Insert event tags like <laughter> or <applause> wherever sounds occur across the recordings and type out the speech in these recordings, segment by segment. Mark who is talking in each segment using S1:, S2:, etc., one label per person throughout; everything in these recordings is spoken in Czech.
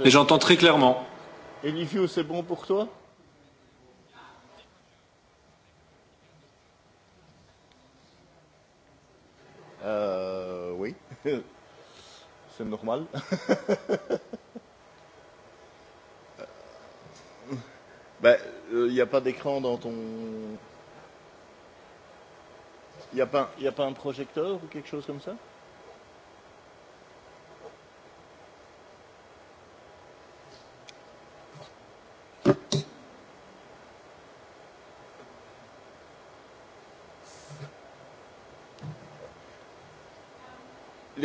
S1: Et j'entends très clairement.
S2: Et Livio, c'est bon pour toi Euh, oui. <laughs> c'est normal. <laughs> Euh, ben, il euh, n'y a pas d'écran dans ton. Il n'y a, a pas un projecteur ou quelque chose comme ça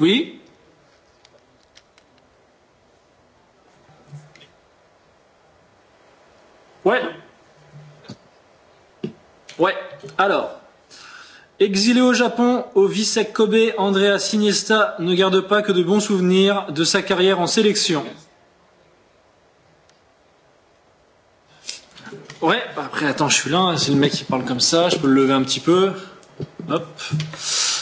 S1: Oui. oui Ouais. Ouais. Alors, exilé au Japon, au Visek Kobe, Andrea Siniesta ne garde pas que de bons souvenirs de sa carrière en sélection. Ouais, après attends, je suis là, c'est le mec qui parle comme ça, je peux le lever un petit peu. Hop.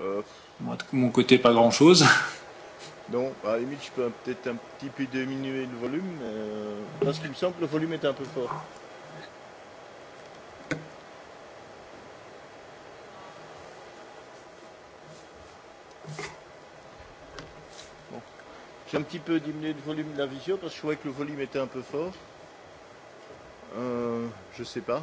S2: Euh,
S1: moi, de mon côté, pas grand chose.
S2: Donc, <laughs> à la limite, je peux peut-être un petit peu diminuer le volume, mais euh, parce qu'il me semble que le volume est un peu fort. Bon. J'ai un petit peu diminué le volume de la visio, parce que je trouvais que le volume était un peu fort. Euh, je sais pas.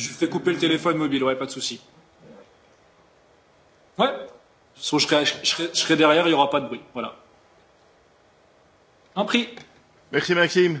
S1: Je vous fais couper le téléphone mobile, ouais, pas de souci. Ouais. Sauf je serai, je, serai, je serai derrière, il n'y aura pas de bruit. Voilà.
S2: En prix. Merci Maxime.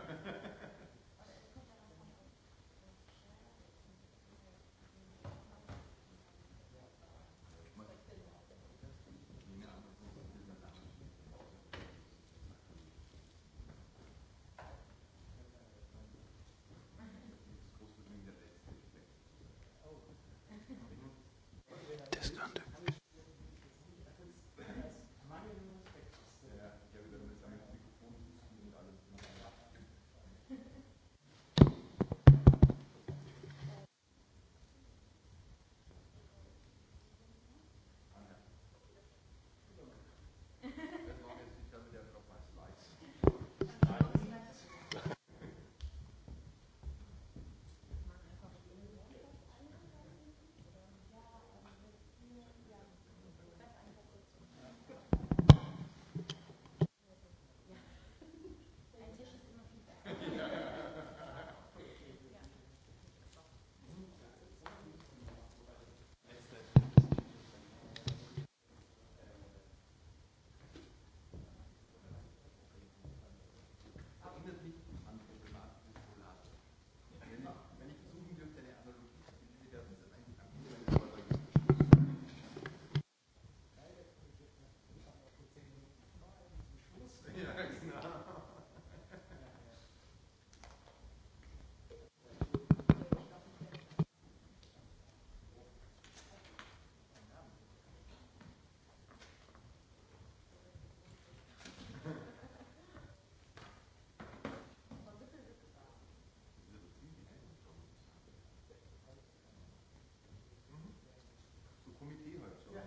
S3: Yeah.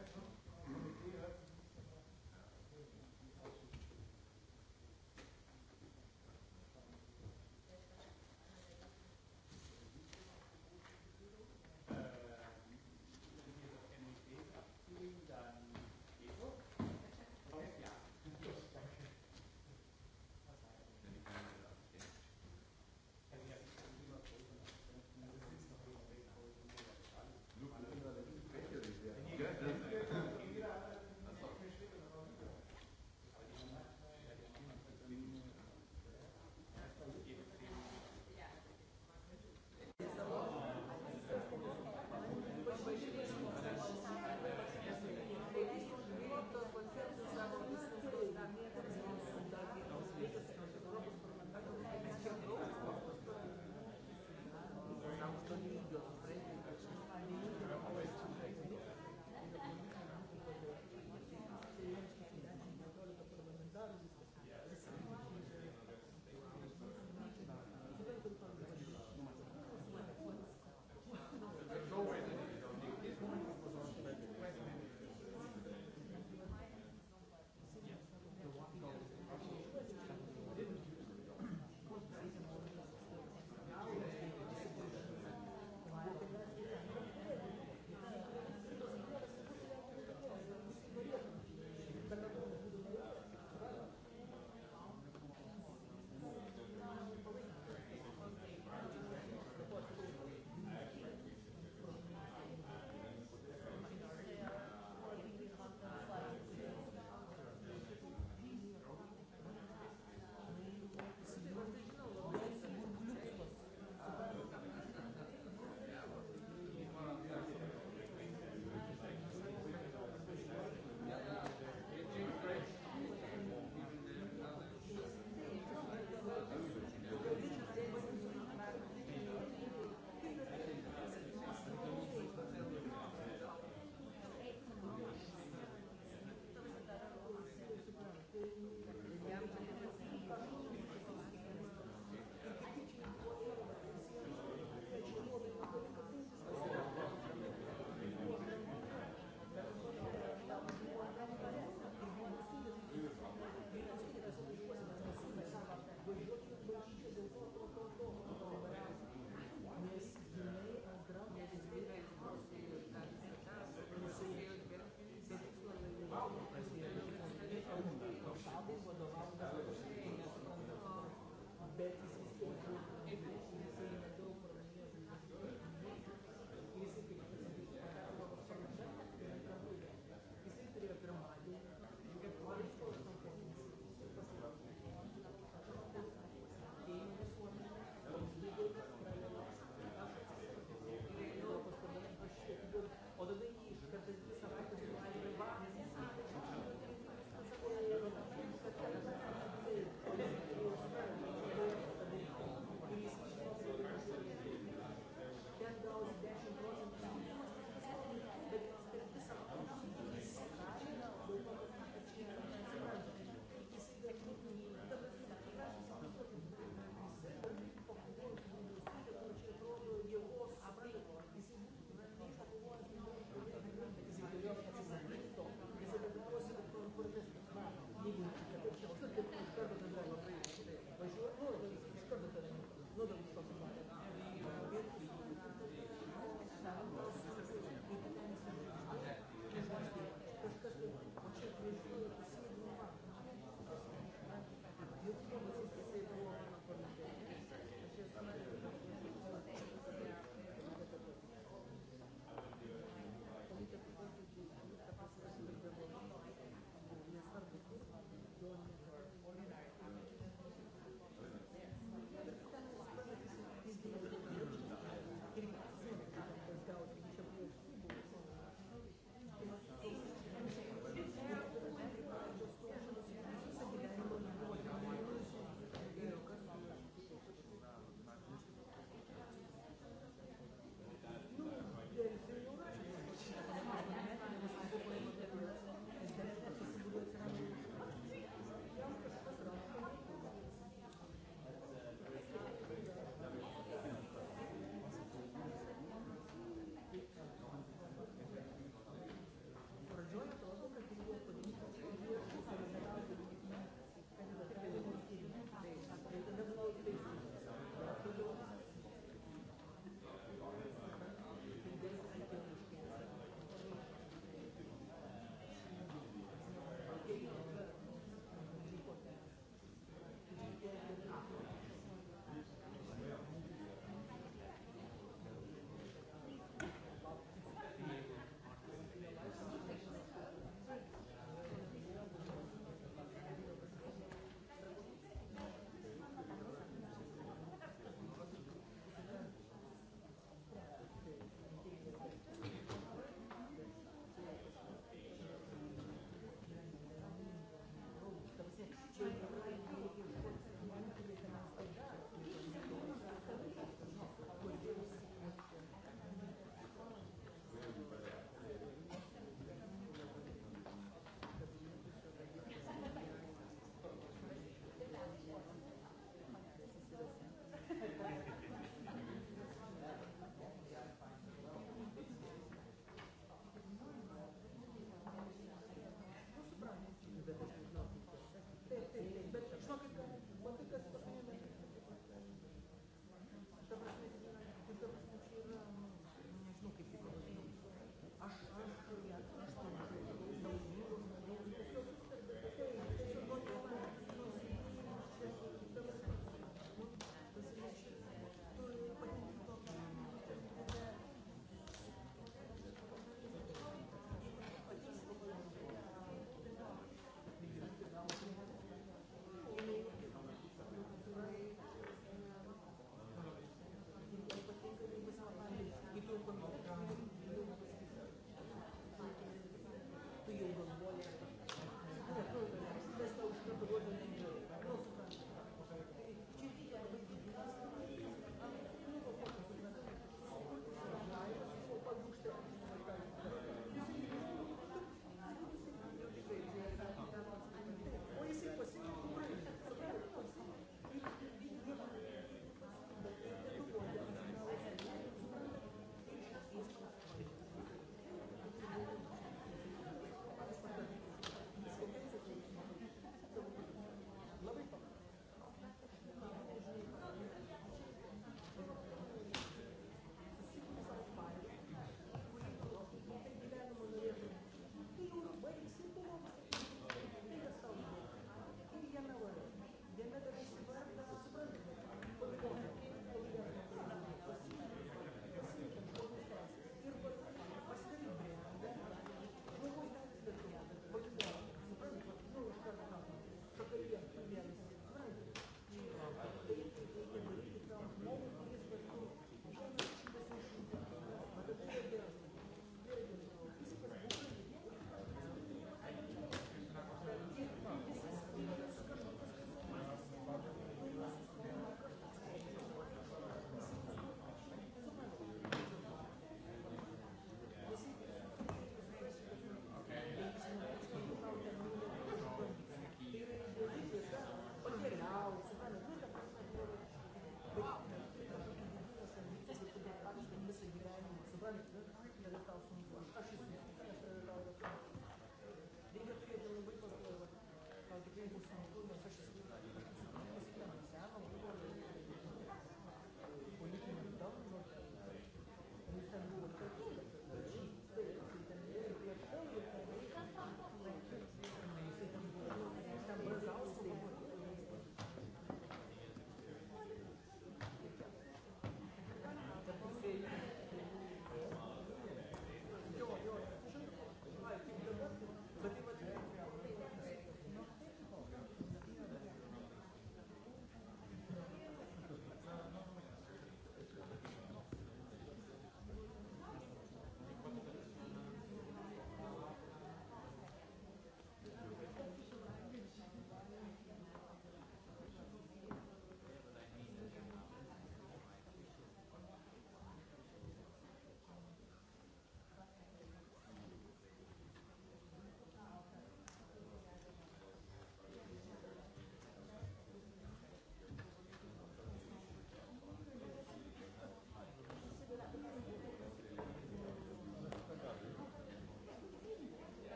S3: No dobrý.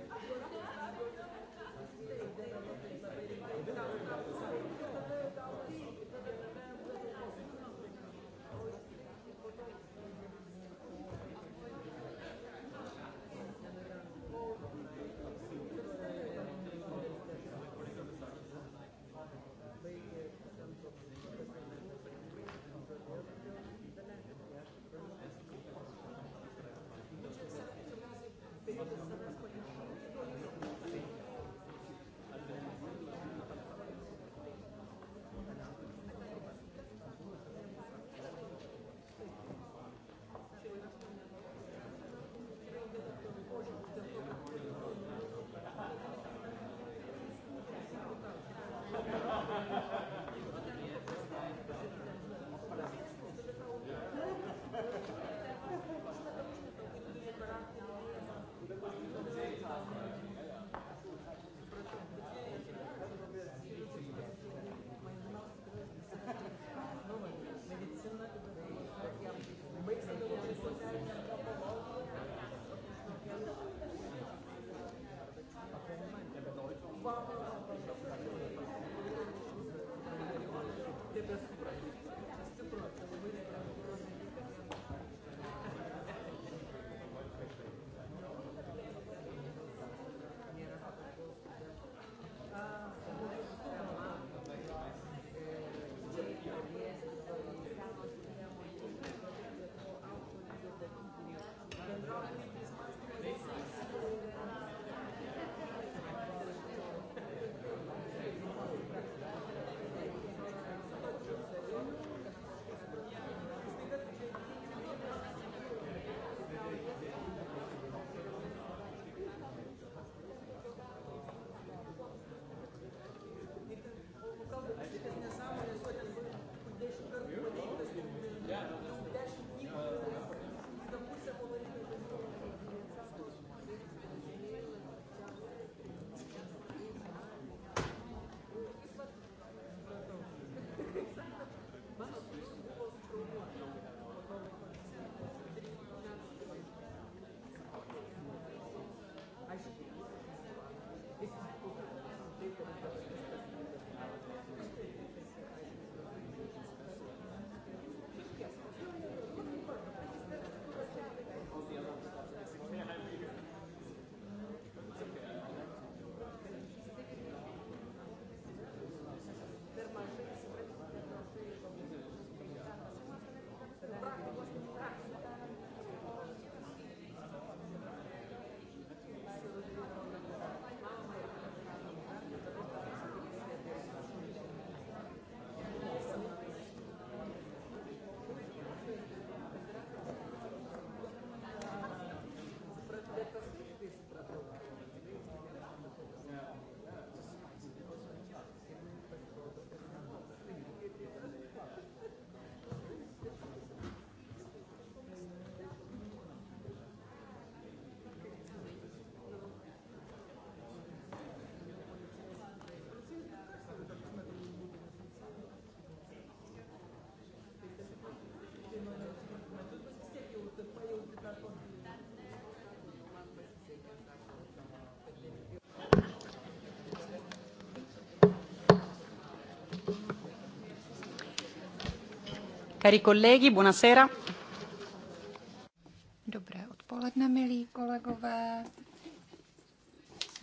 S3: zde
S4: Cari colleghi, buonasera. Dobré odpoledne, milí kolegové.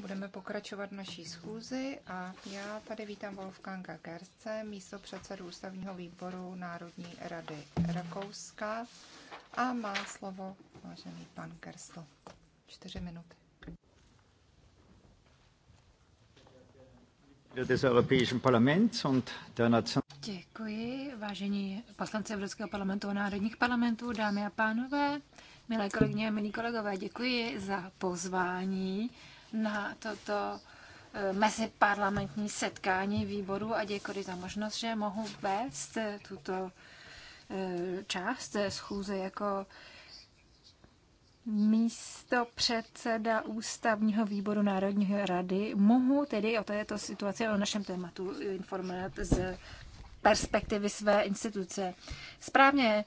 S4: Budeme pokračovat naší schůzi a já tady vítám Wolfganga Gerce, místo předsedu ústavního výboru Národní rady Rakouska a má slovo vážený pan Gerstl. Čtyři minuty.
S5: des Europäischen Parlaments und der Nation
S6: Děkuji, vážení poslanci Evropského parlamentu a národních parlamentů, dámy a pánové, milé kolegyně a milí kolegové, děkuji za pozvání na toto eh, meziparlamentní setkání výboru a děkuji za možnost, že mohu vést tuto eh, část schůze jako místo předseda Ústavního výboru Národní rady. Mohu tedy o této situaci, o našem tématu informovat z perspektivy své instituce. Správně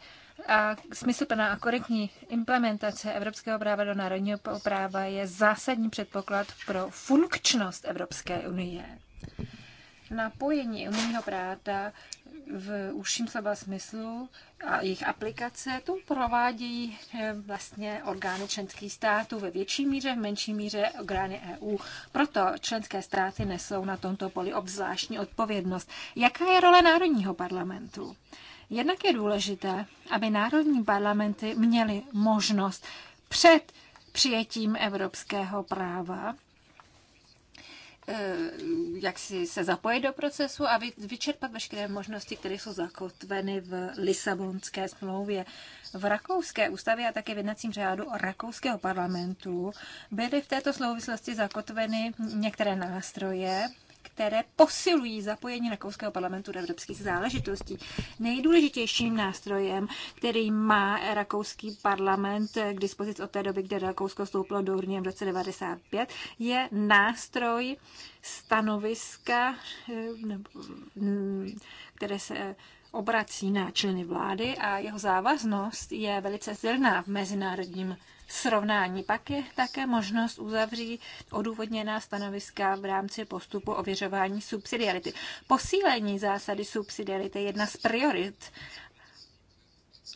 S6: a smysluplná a korektní implementace evropského práva do národního práva je zásadní předpoklad pro funkčnost Evropské unie. Napojení unijního práva v užším slova smyslu a jejich aplikace, to provádějí eh, vlastně orgány členských států ve větší míře, v menší míře orgány EU. Proto členské státy nesou na tomto poli obzvláštní odpovědnost. Jaká je role Národního parlamentu? Jednak je důležité, aby národní parlamenty měly možnost před přijetím evropského práva Eh, jak si se zapojit do procesu a vyčerpat veškeré možnosti, které jsou zakotveny v Lisabonské smlouvě. V rakouské ústavě a také v jednacím řádu rakouského parlamentu byly v této souvislosti zakotveny některé nástroje, které posilují zapojení rakouského parlamentu do evropských záležitostí. Nejdůležitějším nástrojem, který má rakouský parlament k dispozici od té doby, kdy Rakousko vstoupilo do Unie v roce 95, je nástroj stanoviska, eh, mm, které se obrací na členy vlády a jeho závaznost je velice silná v mezinárodním srovnání. Pak je také možnost uzavřít odůvodněná stanoviska v rámci postupu ověřování subsidiarity. Posílení zásady subsidiarity je jedna z priorit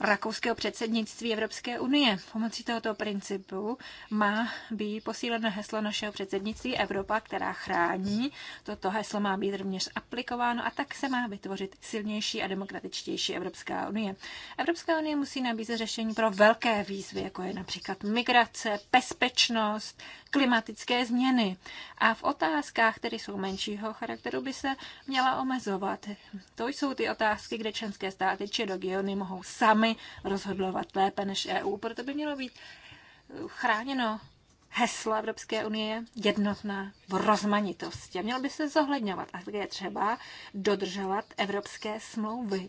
S6: rakouského předsednictví Evropské unie. Pomocí tohoto principu má být posíleno heslo našeho předsednictví Evropa, která chrání. Toto heslo má být rovněž aplikováno a tak se má vytvořit silnější a demokratičtější Evropská unie. Evropská unie musí nabízet řešení pro velké výzvy, jako je například migrace, bezpečnost, klimatické změny. A v otázkách, které jsou menšího charakteru, by se měla omezovat. To jsou ty otázky, kde členské státy či regiony mohou sami sami rozhodovat lépe než EU. Proto by mělo být eh, chráněno heslo Evropské unie jednotná v rozmanitosti. A mělo by se zohledňovat, a je třeba dodržovat evropské smlouvy.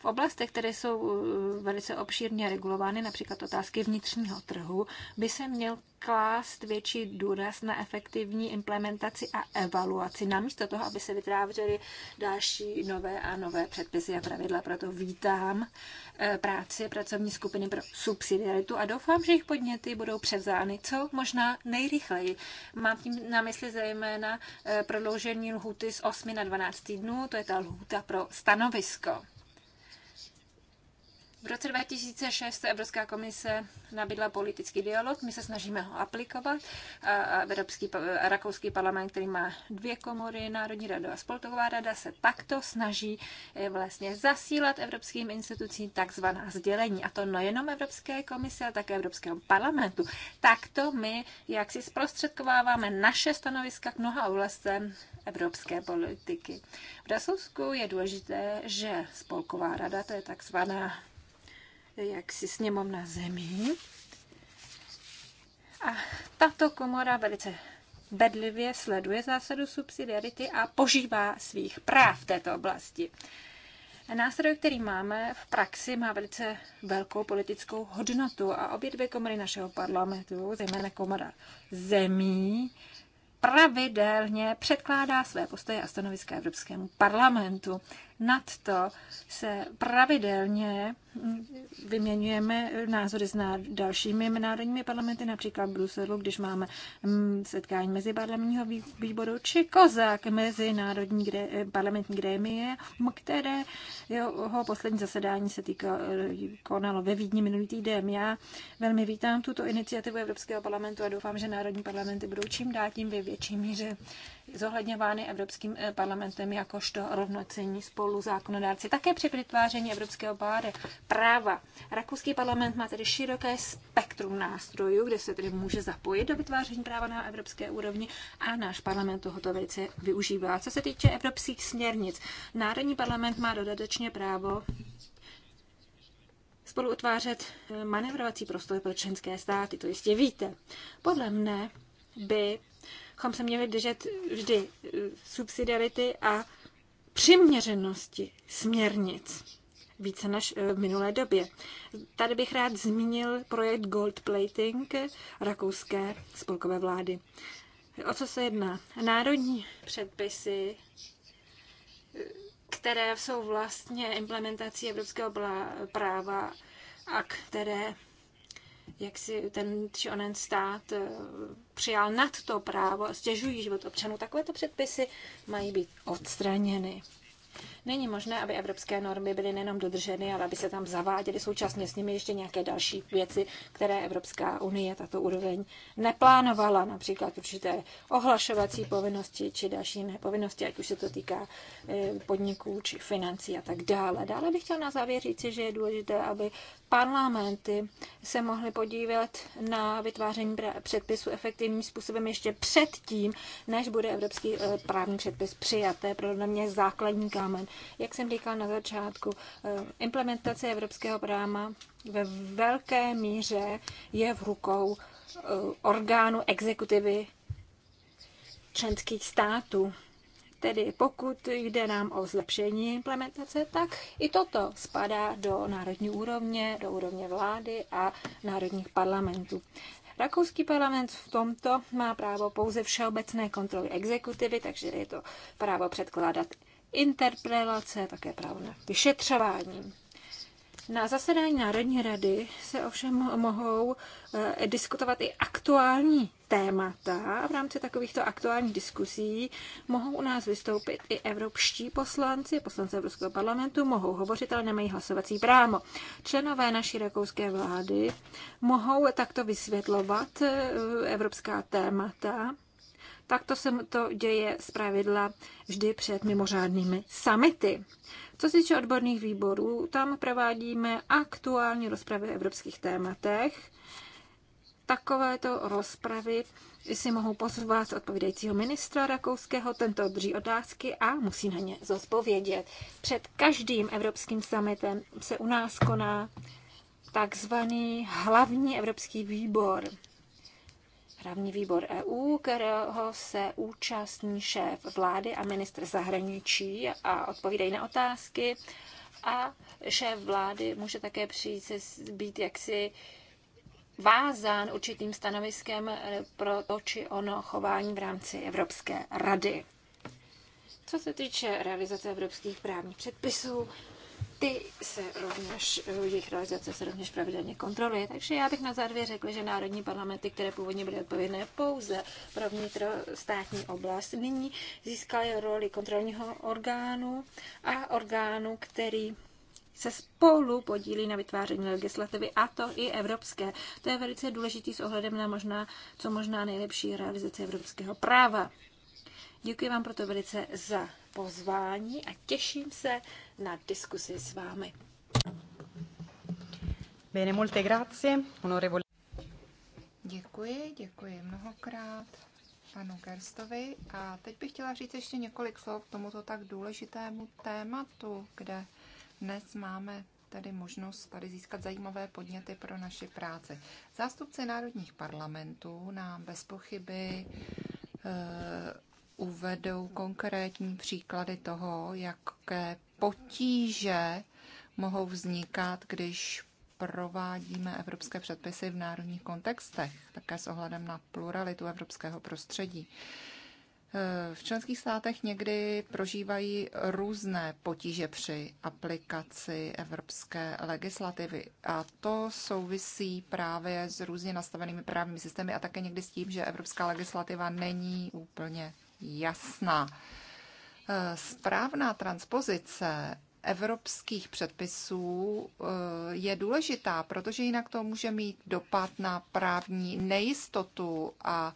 S6: V oblastech, které jsou uh, velice obšírně regulovány, například otázky vnitřního trhu, by se měl klást větší důraz na efektivní implementaci a evaluaci, namísto toho, aby se vytrávřely další nové a nové předpisy a pravidla. Proto vítám eh, práci pracovní skupiny pro subsidiaritu a doufám, že jejich podněty budou převzány co možná nejrychleji. Mám tím na mysli zejména eh, prodloužení lhuty z 8 na 12 týdnů, to je ta lhuta pro stanovisko. V roce 2006 Evropská komise nabídla politický dialog, my se snažíme ho aplikovat. Evropský, rakouský parlament, který má dvě komory, Národní rada a Spolková rada, se takto snaží eh, vlastně zasílat evropským institucím takzvaná sdělení. A to nejenom Evropské komise, ale také Evropského parlamentu. Takto my jak si zprostředkováváme naše stanoviska k mnoha oblastem evropské politiky. V Rasovsku je důležité, že Spolková rada, to je takzvaná jak si jaksi na zemí. A tato komora velice bedlivě sleduje zásadu subsidiarity a požívá svých práv v této oblasti. Nástroj, který máme v praxi, má velice velkou politickou hodnotu a obě dvě komory našeho parlamentu, zejména komora zemí, pravidelně předkládá své postoje a stanoviska Evropskému parlamentu. Nad to se pravidelně vyměňujeme názory s dalšími národními parlamenty, například v Bruselu, když máme mm, setkání mezi parlamentního výboru, či Kozák mezi národní parlamentní grémie, které jeho poslední zasedání se týká, konalo ve Vídni minulý týden. Já velmi vítám tuto iniciativu Evropského parlamentu a doufám, že národní parlamenty budou čím dál tím ve větší míře zohledňovány Evropským eh, parlamentem jakožto rovnocení spolu zákonodárci. Také při vytváření Evropského báde práva. Rakouský parlament má tedy široké spektrum nástrojů, kde se tedy může zapojit do vytváření práva na evropské úrovni a náš parlament tohoto velice využívá. Co se týče evropských směrnic, Národní parlament má dodatečně právo spolu utvářet eh, manevrovací prostor pro členské státy, to jistě víte. Podle mne by bychom se měli držet vždy eh, subsidiarity a přiměřenosti směrnic více než eh, v minulé době. Tady bych rád zmínil projekt Gold Plating rakouské spolkové vlády. O co se jedná? Národní předpisy, eh, které jsou vlastně implementací evropského práva a které jak si ten či onen stát eh, přijal nad to právo a stěžují život občanů. Takovéto předpisy mají být odstraněny. Není možné, aby evropské normy byly nejenom dodrženy, ale aby se tam zaváděly současně s nimi ještě nějaké další věci, které Evropská unie tato úroveň neplánovala, například určité ohlašovací povinnosti či další povinnosti, ať už se to týká eh, podniků či financí a tak dále. Dále bych chtěl na závěr říci, že je důležité, aby parlamenty se mohly podívat na vytváření předpisu efektivním způsobem ještě předtím, než bude evropský eh, právní předpis přijat. To je pro mě základní kámen jak jsem říkal na začátku, eh, implementace evropského práva ve velké míře je v rukou eh, orgánu exekutivy členských států. Tedy pokud jde nám o zlepšení implementace, tak i toto spadá do národní úrovně, do úrovně vlády a národních parlamentů. Rakouský parlament v tomto má právo pouze všeobecné kontroly exekutivy, takže je to právo předkládat interpelace, také právo na vyšetřování. Na zasedání Národní rady se ovšem mohou e, diskutovat i aktuální témata. V rámci takovýchto aktuálních diskusí mohou u nás vystoupit i evropští poslanci, poslanci Evropského parlamentu, mohou hovořit, ale nemají hlasovací právo. Členové naší rakouské vlády mohou takto vysvětlovat eh, evropská témata Takto se to děje z pravidla vždy před mimořádnými samity. Co se týče odborných výborů, tam provádíme aktuální rozpravy o evropských tématech. Takovéto rozpravy si mohou pozvat odpovídajícího ministra rakouského, tento drží otázky a musí na ně zodpovědět. Před každým evropským summitem se u nás koná takzvaný hlavní evropský výbor – právní výbor EU, kterého se účastní šéf vlády a ministr zahraničí a odpovídají na otázky. A šéf vlády může také přijít být jaksi vázán určitým stanoviskem pro to či ono chování v rámci Evropské rady. Co se týče realizace evropských právních předpisů, ty se rovněž, eh, jejich realizace se rovněž pravidelně kontroluje. Takže já bych na závěr řekl, že národní parlamenty, které původně byly odpovědné pouze pro vnitrostátní oblast, nyní získaly roli kontrolního orgánu a orgánu, který se spolu podílí na vytváření legislativy, a to i evropské. To je velice důležitý s ohledem na možná, co možná nejlepší realizaci evropského práva. Děkuji vám proto velice za pozvání a těším se na
S4: diskusi s vámi.
S6: Bene, molte grazie, onorevole.
S4: Děkuji, děkuji mnohokrát panu Gerstovi. A teď bych chtěla říct ještě několik slov k tomuto tak důležitému tématu, kde dnes máme tady možnost tady získat zajímavé podněty pro naši práci. Zástupci národních parlamentů nám bez pochyby e, uvedou konkrétní příklady toho, jaké potíže mohou vznikat, když provádíme evropské předpisy v národních kontextech, také s ohledem na pluralitu evropského prostředí. Eh, v členských státech někdy prožívají různé potíže při aplikaci evropské legislativy a to souvisí právě s různě nastavenými právními systémy a také někdy s tím, že evropská legislativa není úplně jasná. Eh, správná transpozice evropských předpisů eh, je důležitá, protože jinak to může mít dopad na právní nejistotu a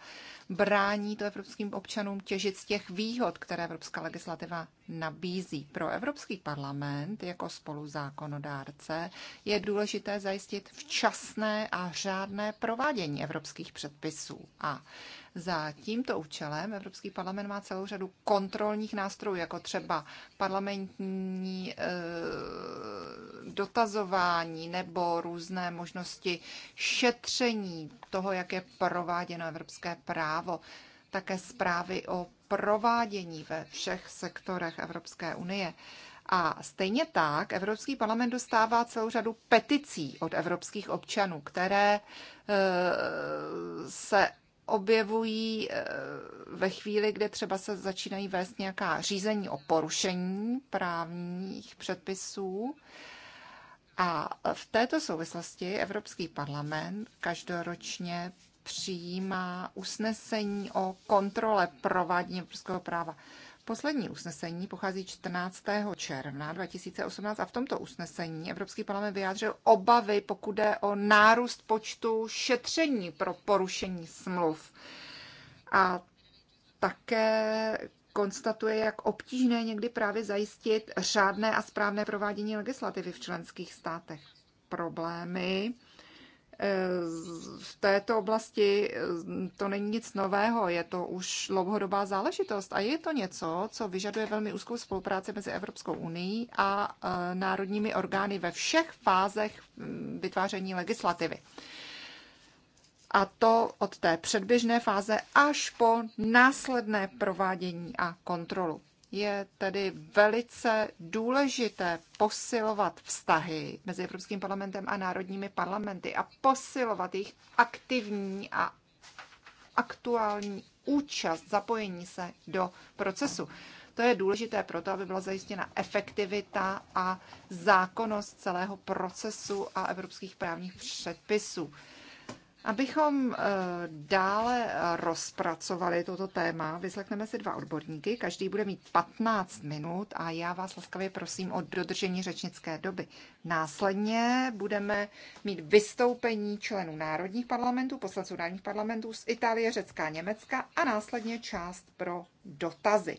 S4: brání to evropským občanům těžit z těch výhod, které evropská legislativa nabízí. Pro Evropský parlament jako spoluzákonodárce je důležité zajistit včasné a řádné provádění evropských předpisů. A za tímto účelem Evropský parlament má celou řadu kontrolních nástrojů, jako třeba parlamentní e, dotazování nebo různé možnosti šetření toho, jak je prováděno evropské právo také zprávy o provádění ve všech sektorech Evropské unie. A stejně tak Evropský parlament dostává celou řadu peticí od evropských občanů, které eh, se objevují eh, ve chvíli, kde třeba se začínají vést nějaká řízení o porušení právních předpisů. A v této souvislosti Evropský parlament každoročně přijímá usnesení o kontrole provádění evropského práva. Poslední usnesení pochází 14. června 2018 a v tomto usnesení Evropský parlament vyjádřil obavy, pokud jde o nárůst počtu šetření pro porušení smluv. A také konstatuje, jak obtížné někdy právě zajistit řádné a správné provádění legislativy v členských státech. Problémy v této oblasti to není nic nového, je to už dlouhodobá záležitost a je to něco, co vyžaduje velmi úzkou spolupráci mezi Evropskou unii a e, národními orgány ve všech fázech mm, vytváření legislativy. A to od té předběžné fáze až po následné provádění a kontrolu je tedy velice důležité posilovat vztahy mezi Evropským parlamentem a národními parlamenty a posilovat jejich aktivní a aktuální účast, zapojení se do procesu. To je důležité proto, aby byla zajištěna efektivita a zákonnost celého procesu a evropských právních předpisů. Abychom eh, dále eh, rozpracovali toto téma, vyslechneme si dva odborníky, každý bude mít 15 minut a já vás laskavě prosím o dodržení řečnické doby. Následně budeme mít vystoupení členů národních parlamentů, poslanců národních parlamentů z Itálie, Řecka, Německa a následně část pro dotazy.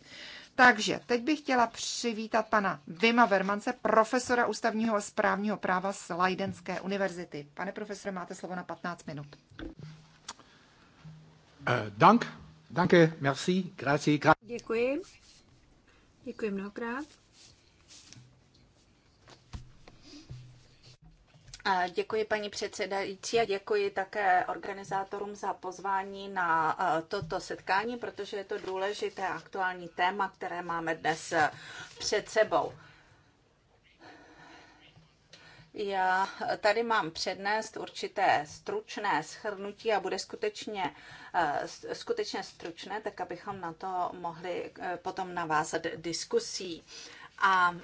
S4: Takže teď bych chtěla přivítat pana Vima Vermance, profesora ústavního a správního práva z Leidenské univerzity. Pane profesore, máte slovo na 15 minut. Eh, dank, danke, merci, grazie, grazie.
S6: Děkuji. Děkuji mnohokrát.
S5: Děkuji paní předsedající a děkuji také organizátorům za pozvání na e, toto setkání, protože je to důležité aktuální téma, které máme dnes e, před sebou. Já tady mám přednést určité stručné schrnutí a bude skutečně, e, skutečně stručné, tak abychom na to mohli potom navázat diskusí. A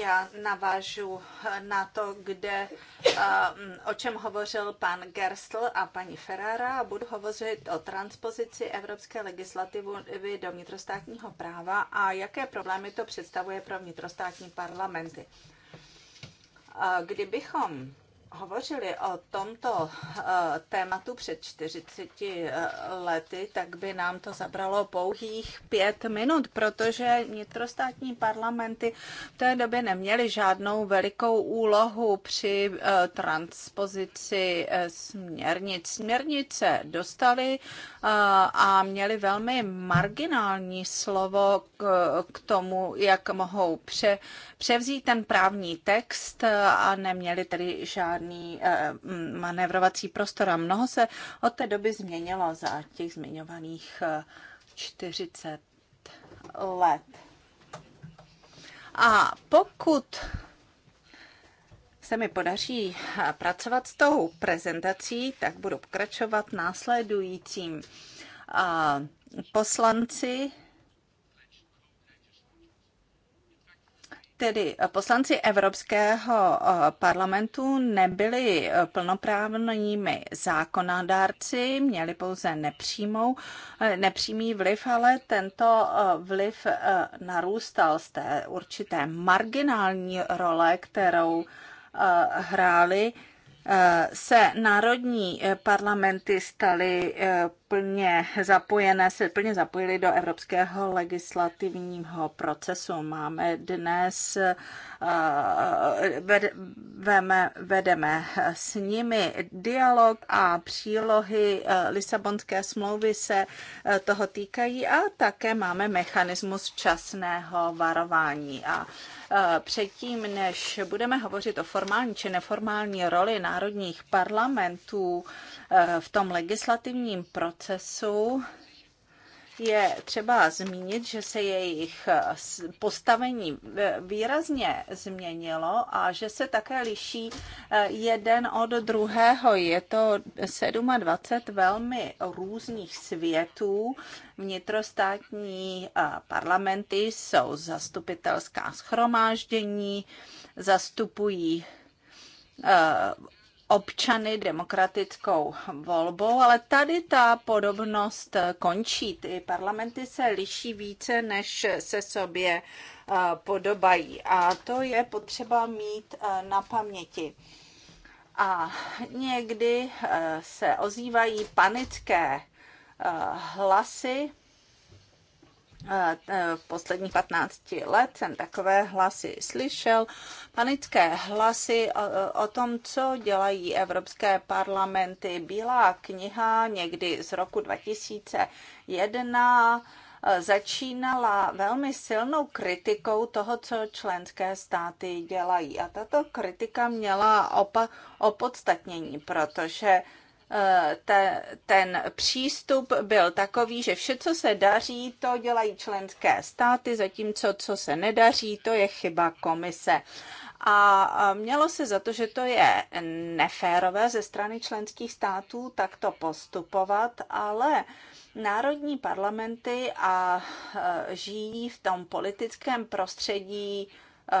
S5: já navážu eh, na to, kde, eh, o čem hovořil pan Gerstl a paní Ferrara a budu hovořit o transpozici evropské legislativy do vnitrostátního práva a jaké problémy to představuje pro vnitrostátní parlamenty. Eh, kdybychom hovořili o tomto eh, tématu před 40 eh, lety, tak by nám to zabralo pouhých pět minut, protože nitrostátní parlamenty v té době neměly žádnou velikou úlohu při eh, transpozici směrnic. Směrnice dostali a měli velmi marginální slovo k tomu, jak mohou pře, převzít ten právní text a neměli tedy žádný žádný eh, mm, manévrovací prostor a mnoho se od té doby změnilo za těch zmiňovaných 40 eh, let. A pokud se mi podaří eh, pracovat s tou prezentací, tak budu pokračovat následujícím. Poslanci Tedy eh, poslanci Evropského eh, parlamentu nebyli eh, plnoprávnými zákonodárci, měli pouze nepřímou, nepřímý vliv, ale tento vliv narůstal z té určité marginální role, kterou hráli se národní parlamenty staly plně zapojené, se plně zapojili do evropského legislativního procesu. Máme dnes, eh, vedeme, vedeme s nimi dialog a přílohy eh, Lisabonské smlouvy se eh, toho týkají a také máme mechanismus časného varování. A předtím, než budeme hovořit o formální či neformální roli národních parlamentů v tom legislativním procesu, procesu je třeba zmínit, že se jejich postavení výrazně změnilo a že se také liší eh, jeden od druhého. Je to 27 velmi různých světů. Vnitrostátní eh, parlamenty jsou zastupitelská schromáždění, zastupují eh, občany demokratickou volbou, ale tady ta podobnost končí. Ty parlamenty se liší více, než se sobě eh, podobají. A to je potřeba mít eh, na paměti. A někdy eh, se ozývají panické hlasy, E, v posledních 15 let jsem takové hlasy slyšel, panické hlasy o, e, o tom, co dělají evropské parlamenty. Bílá kniha někdy z roku 2001 e, začínala velmi silnou kritikou toho, co členské státy dělají. A tato kritika měla opa- opodstatnění, protože Eh, ten přístup byl takový, že vše, co se daří, to dělají členské státy, zatímco co se nedaří, to je chyba komise. A mělo se za to, že to je neférové ze strany členských států takto postupovat, ale národní parlamenty a eh, žijí v tom politickém prostředí eh,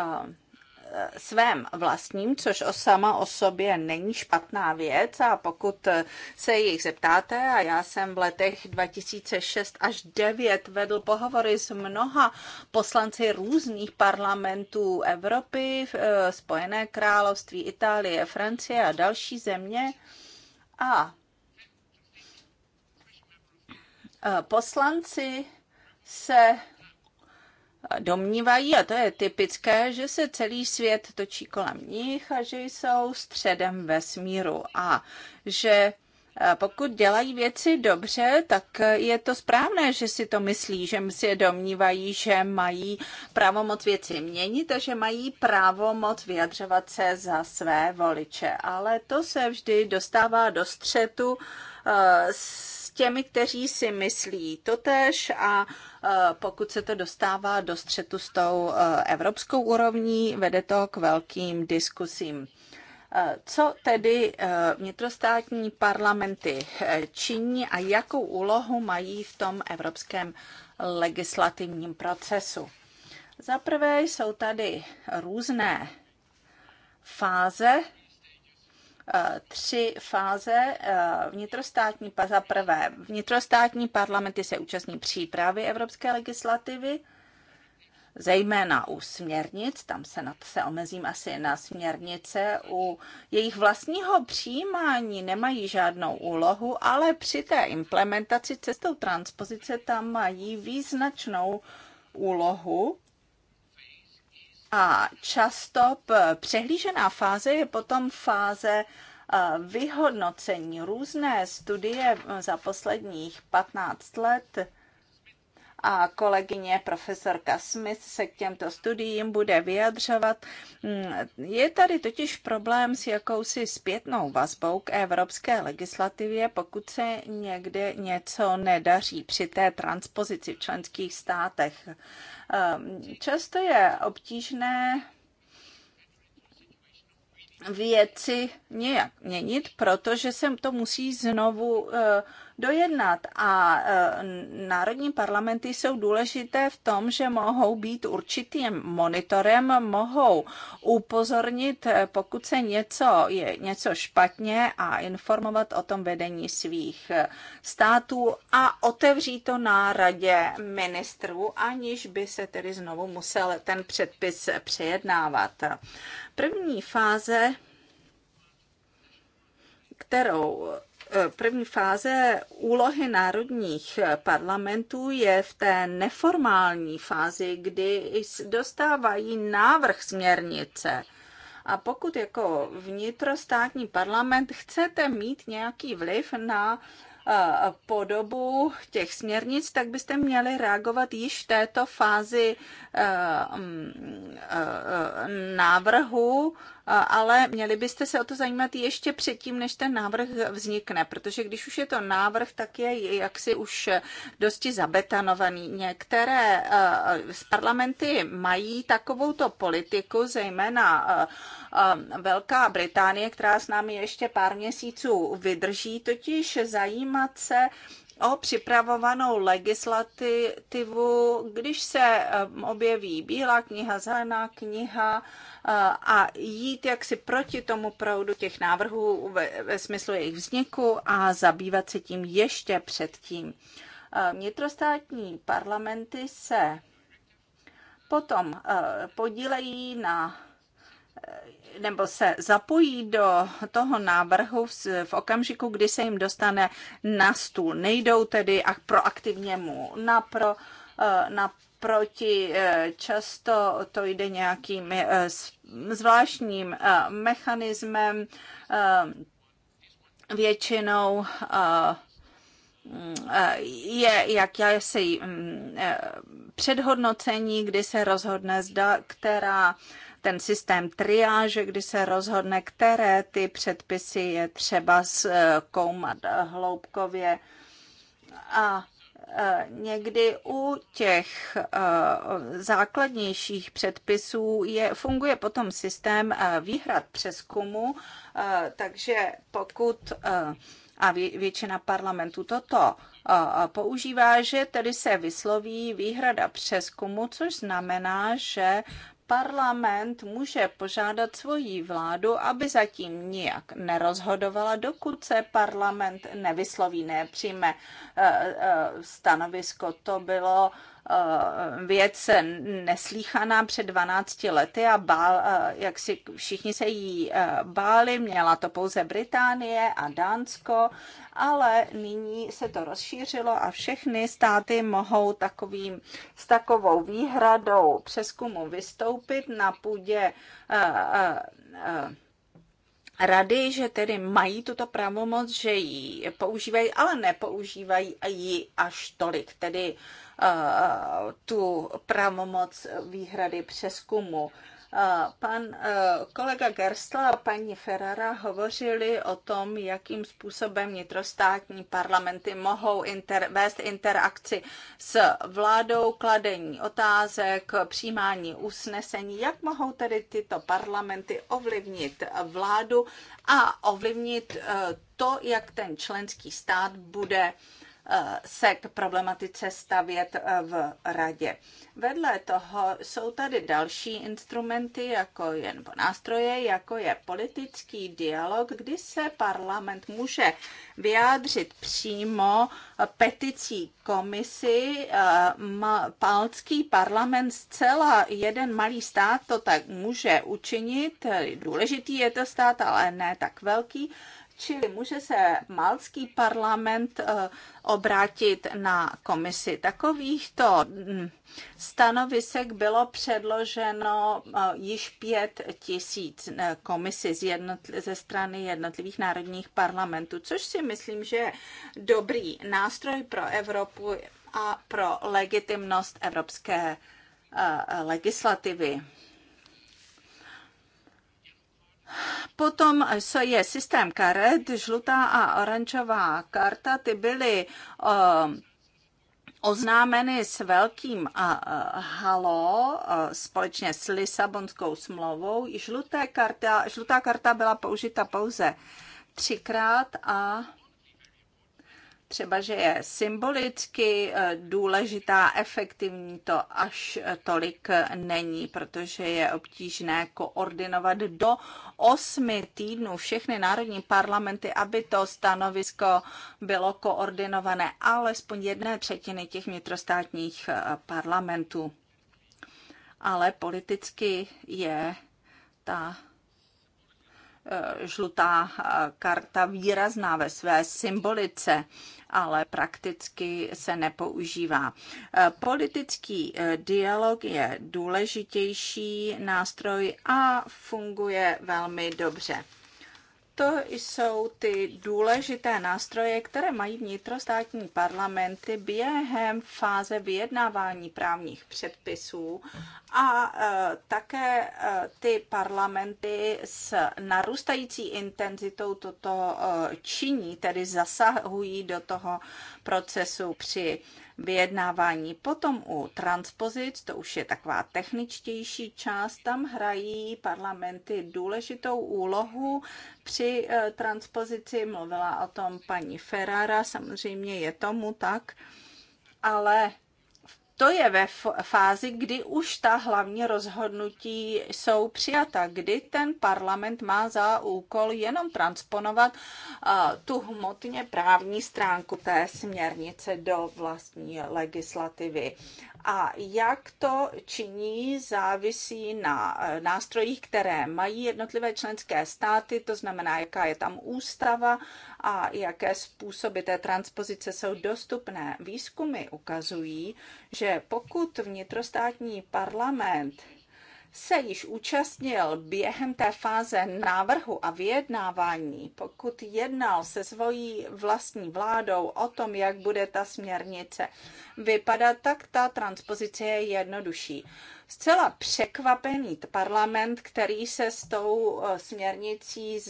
S5: svém vlastním, což o sama o sobě není špatná věc a pokud se jich zeptáte, a já jsem v letech 2006 až 2009 vedl pohovory s mnoha poslanci různých parlamentů Evropy, eh, Spojené království, Itálie, Francie a další země a eh, poslanci se domnívají, a to je typické, že se celý svět točí kolem nich a že jsou středem vesmíru a že eh, pokud dělají věci dobře, tak je to správné, že si to myslí, že si je domnívají, že mají právo moc věci měnit a že mají právo moc vyjadřovat se za své voliče. Ale to se vždy dostává do střetu eh, s těmi, kteří si myslí totéž a e, pokud se to dostává do střetu s tou e, evropskou úrovní, vede to k velkým diskusím. E, co tedy vnitrostátní parlamenty činí a jakou úlohu mají v tom evropském legislativním procesu? Za prvé jsou tady různé fáze tři fáze. Eh, vnitrostátní, za prvé, vnitrostátní parlamenty se účastní přípravy evropské legislativy, zejména u směrnic, tam se, na, se omezím asi na směrnice, u jejich vlastního přijímání nemají žádnou úlohu, ale při té implementaci cestou transpozice tam mají význačnou úlohu a často přehlížená fáze je potom fáze vyhodnocení. Různé studie za posledních 15 let a kolegyně profesorka Smith se k těmto studiím bude vyjadřovat. Mm, je tady totiž problém s jakousi zpětnou vazbou k evropské legislativě, pokud se někde něco nedaří při té transpozici v členských státech. Ehm, často je obtížné věci nějak měnit, protože se to musí znovu eh, dojednat. A e, národní parlamenty jsou důležité v tom, že mohou být určitým monitorem, mohou upozornit, e, pokud se něco je něco špatně a informovat o tom vedení svých e, států a otevří to na radě ministrů, aniž by se tedy znovu musel ten předpis přejednávat. První fáze kterou První fáze úlohy národních parlamentů je v té neformální fázi, kdy dostávají návrh směrnice. A pokud jako vnitrostátní parlament chcete mít nějaký vliv na eh, podobu těch směrnic, tak byste měli reagovat již v této fázi eh, mm, eh, návrhu ale měli byste se o to zajímat ještě předtím, než ten návrh vznikne, protože když už je to návrh, tak je jaksi už dosti zabetanovaný. Některé e, z parlamenty mají takovouto politiku, zejména e, e, Velká Británie, která s námi ještě pár měsíců vydrží, totiž zajímat se o připravovanou legislativu, když se um, objeví bílá kniha, zelená kniha uh, a jít jaksi proti tomu proudu těch návrhů ve, ve smyslu jejich vzniku a zabývat se tím ještě předtím. Uh, vnitrostátní parlamenty se potom uh, podílejí na nebo se zapojí do toho návrhu v okamžiku, kdy se jim dostane na stůl. Nejdou tedy a proaktivně mu napro, eh, na proti. Eh, často to jde nějakým eh, zvláštním mechanismem, většinou mm, je jak já jakési mm, předhodnocení, kdy se rozhodne, zda která ten systém triáže, kdy se rozhodne, které ty předpisy je třeba zkoumat hloubkově. A e, někdy u těch e, základnějších předpisů je, funguje potom systém e, výhrad přeskumu, takže pokud a většina parlamentů toto používá, že tedy se vysloví výhrada přeskumu, což znamená, že parlament může požádat svoji vládu, aby zatím nijak nerozhodovala, dokud se parlament nevysloví, nepřijme eh, eh, stanovisko. To bylo Eh, věc neslíchaná před 12 lety a bál, eh, jak si všichni se jí eh, báli, měla to pouze Británie a Dánsko, ale nyní se to rozšířilo a všechny státy mohou takovým, s takovou výhradou přeskumu vystoupit na půdě rady, že tedy mají tuto pravomoc, že ji používají, ale nepoužívají ji až tolik. Tedy uh, tu pravomoc výhrady přeskumu. Pan e, kolega Gerstl a paní Ferrara hovořili o tom, jakým způsobem nitrostátní parlamenty mohou inter, vést interakci s vládou, kladení otázek, přijímání usnesení, jak mohou tedy tyto parlamenty ovlivnit vládu a ovlivnit e, to, jak ten členský stát bude uh, Eh, se k problematice stavět eh, v radě. Vedle toho jsou tady další instrumenty, jako je nebo nástroje, jako je politický dialog, kdy se parlament může vyjádřit přímo eh, peticí komisi. Palcký parlament zcela jeden malý stát to tak může učinit. Důležitý je to stát, ale ne tak velký. Čili může se malský parlament eh, obrátit na komisi. Takovýchto mm, stanovisek bylo předloženo eh, již pět tisíc eh, komisi z jednotl- ze strany jednotlivých národních parlamentů, což si myslím, že je dobrý nástroj pro Evropu a pro legitimnost evropské legislativy. Potom je systém karet, žlutá a oranžová karta, ty byly ehm, oznámeny s velkým halo společně s Lisabonskou smlouvou. Žluté karta, žlutá karta byla použita pouze třikrát a třeba, že je symbolicky eh, důležitá, efektivní to až eh, tolik eh, není, protože je obtížné koordinovat do osmi týdnů všechny národní parlamenty, aby to stanovisko bylo koordinované alespoň jedné třetiny těch vnitrostátních parlamentů. Ale politicky je ta Eh, žlutá eh, karta výrazná ve své symbolice, ale prakticky se nepoužívá. Eh, politický dialog je důležitější nástroj a funguje velmi dobře to jsou ty důležité nástroje, které mají vnitrostátní parlamenty během fáze vyjednávání právních předpisů a e, také e, ty parlamenty s narůstající intenzitou toto e, činí, tedy zasahují do toho procesu při vyjednávání. Potom u transpozic, to už je taková techničtější část, tam hrají parlamenty důležitou úlohu při eh, transpozici. Mluvila o tom paní Ferrara, samozřejmě je tomu tak, ale to je ve fázi, kdy už ta hlavní rozhodnutí jsou přijata, kdy ten parlament má za úkol jenom transponovat tu hmotně právní stránku té směrnice do vlastní legislativy. A jak to činí, závisí na eh, nástrojích, které mají jednotlivé členské státy, to znamená, jaká je tam ústava a jaké způsoby té transpozice jsou dostupné. Výzkumy ukazují, že pokud vnitrostátní parlament se již účastnil během té fáze návrhu a vyjednávání, pokud jednal se svojí vlastní vládou o tom, jak bude ta směrnice vypadat, tak ta transpozice je jednodušší. Zcela překvapený parlament, který se s tou eh, směrnicí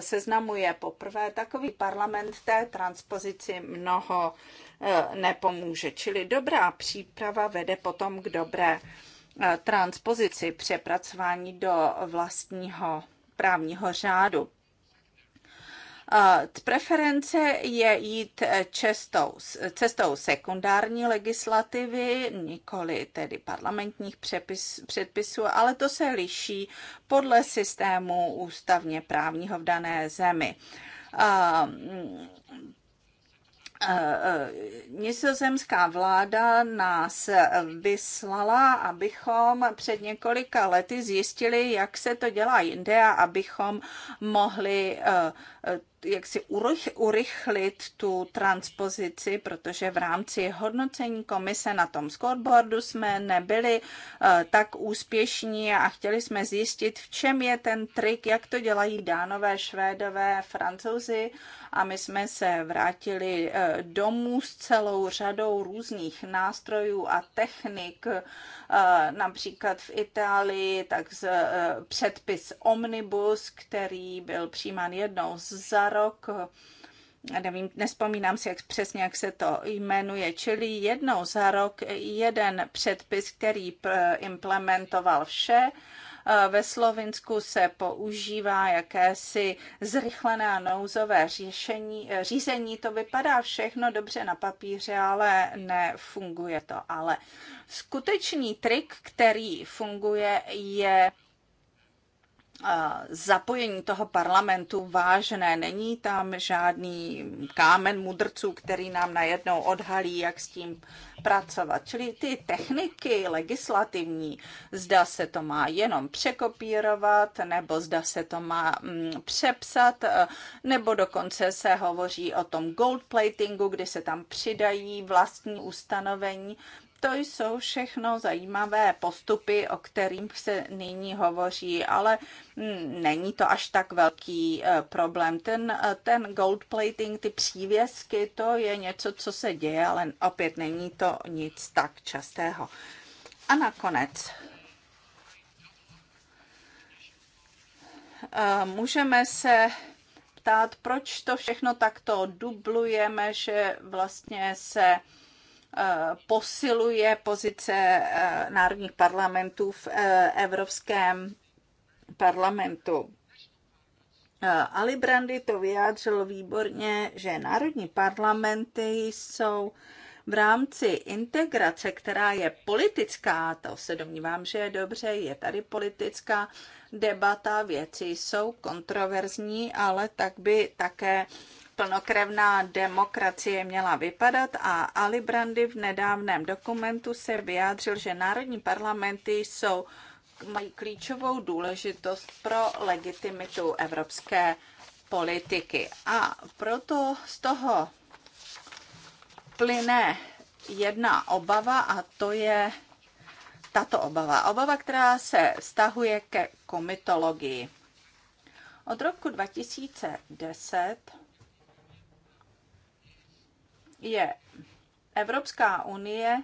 S5: seznamuje poprvé, takový parlament té transpozici mnoho eh, nepomůže. Čili dobrá příprava vede potom k dobré Eh, transpozici, přepracování do vlastního právního řádu. Eh, preference je jít cestou, eh, cestou sekundární legislativy, nikoli tedy parlamentních přepis, předpisů, ale to se liší podle systému ústavně právního v dané zemi Eh, eh, nizozemská vláda nás vyslala, abychom před několika lety zjistili, jak se to dělá jinde a abychom mohli eh, jak si urychlit tu transpozici, protože v rámci hodnocení komise na tom scoreboardu jsme nebyli eh, tak úspěšní a chtěli jsme zjistit, v čem je ten trik, jak to dělají dánové, švédové, francouzi a my jsme se vrátili eh, domů s celou řadou různých nástrojů a technik, eh, například v Itálii, tak z, předpis Omnibus, který byl přijímán jednou za rok nevím, nespomínám si jak přesně, jak se to jmenuje, čili jednou za rok jeden předpis, který implementoval vše. Eh, ve Slovinsku se používá jakési zrychlené nouzové řešení, eh, řízení. To vypadá všechno dobře na papíře, ale nefunguje to. Ale skutečný trik, který funguje, je zapojení toho parlamentu vážné. Není tam žádný kámen mudrců, který nám najednou odhalí, jak s tím pracovat. Čili ty techniky legislativní, zda se to má jenom překopírovat, nebo zda se to má mm, přepsat, e, nebo dokonce se hovoří o tom gold platingu, kdy se tam přidají vlastní ustanovení. To jsou všechno zajímavé postupy, o kterým se nyní hovoří, ale hm, není to až tak velký eh, problém. Ten, eh, ten gold plating, ty přívězky, to je něco, co se děje, ale opět není to nic tak častého. A nakonec eh, můžeme se ptát, proč to všechno takto dublujeme, že vlastně se Eh, posiluje pozice eh, národních parlamentů v eh, Evropském parlamentu. Ali Brandy to vyjádřil výborně, že národní parlamenty jsou v rámci integrace, která je politická, to se domnívám, že je dobře, je tady politická debata, věci jsou kontroverzní, ale tak by také plnokrevná demokracie měla vypadat a Ali Brandy v nedávném dokumentu se vyjádřil, že národní parlamenty jsou, mají klíčovou důležitost pro legitimitu evropské politiky. A proto z toho plyne jedna obava a to je tato obava. Obava, která se vztahuje ke komitologii. Od roku 2010 je Evropská unie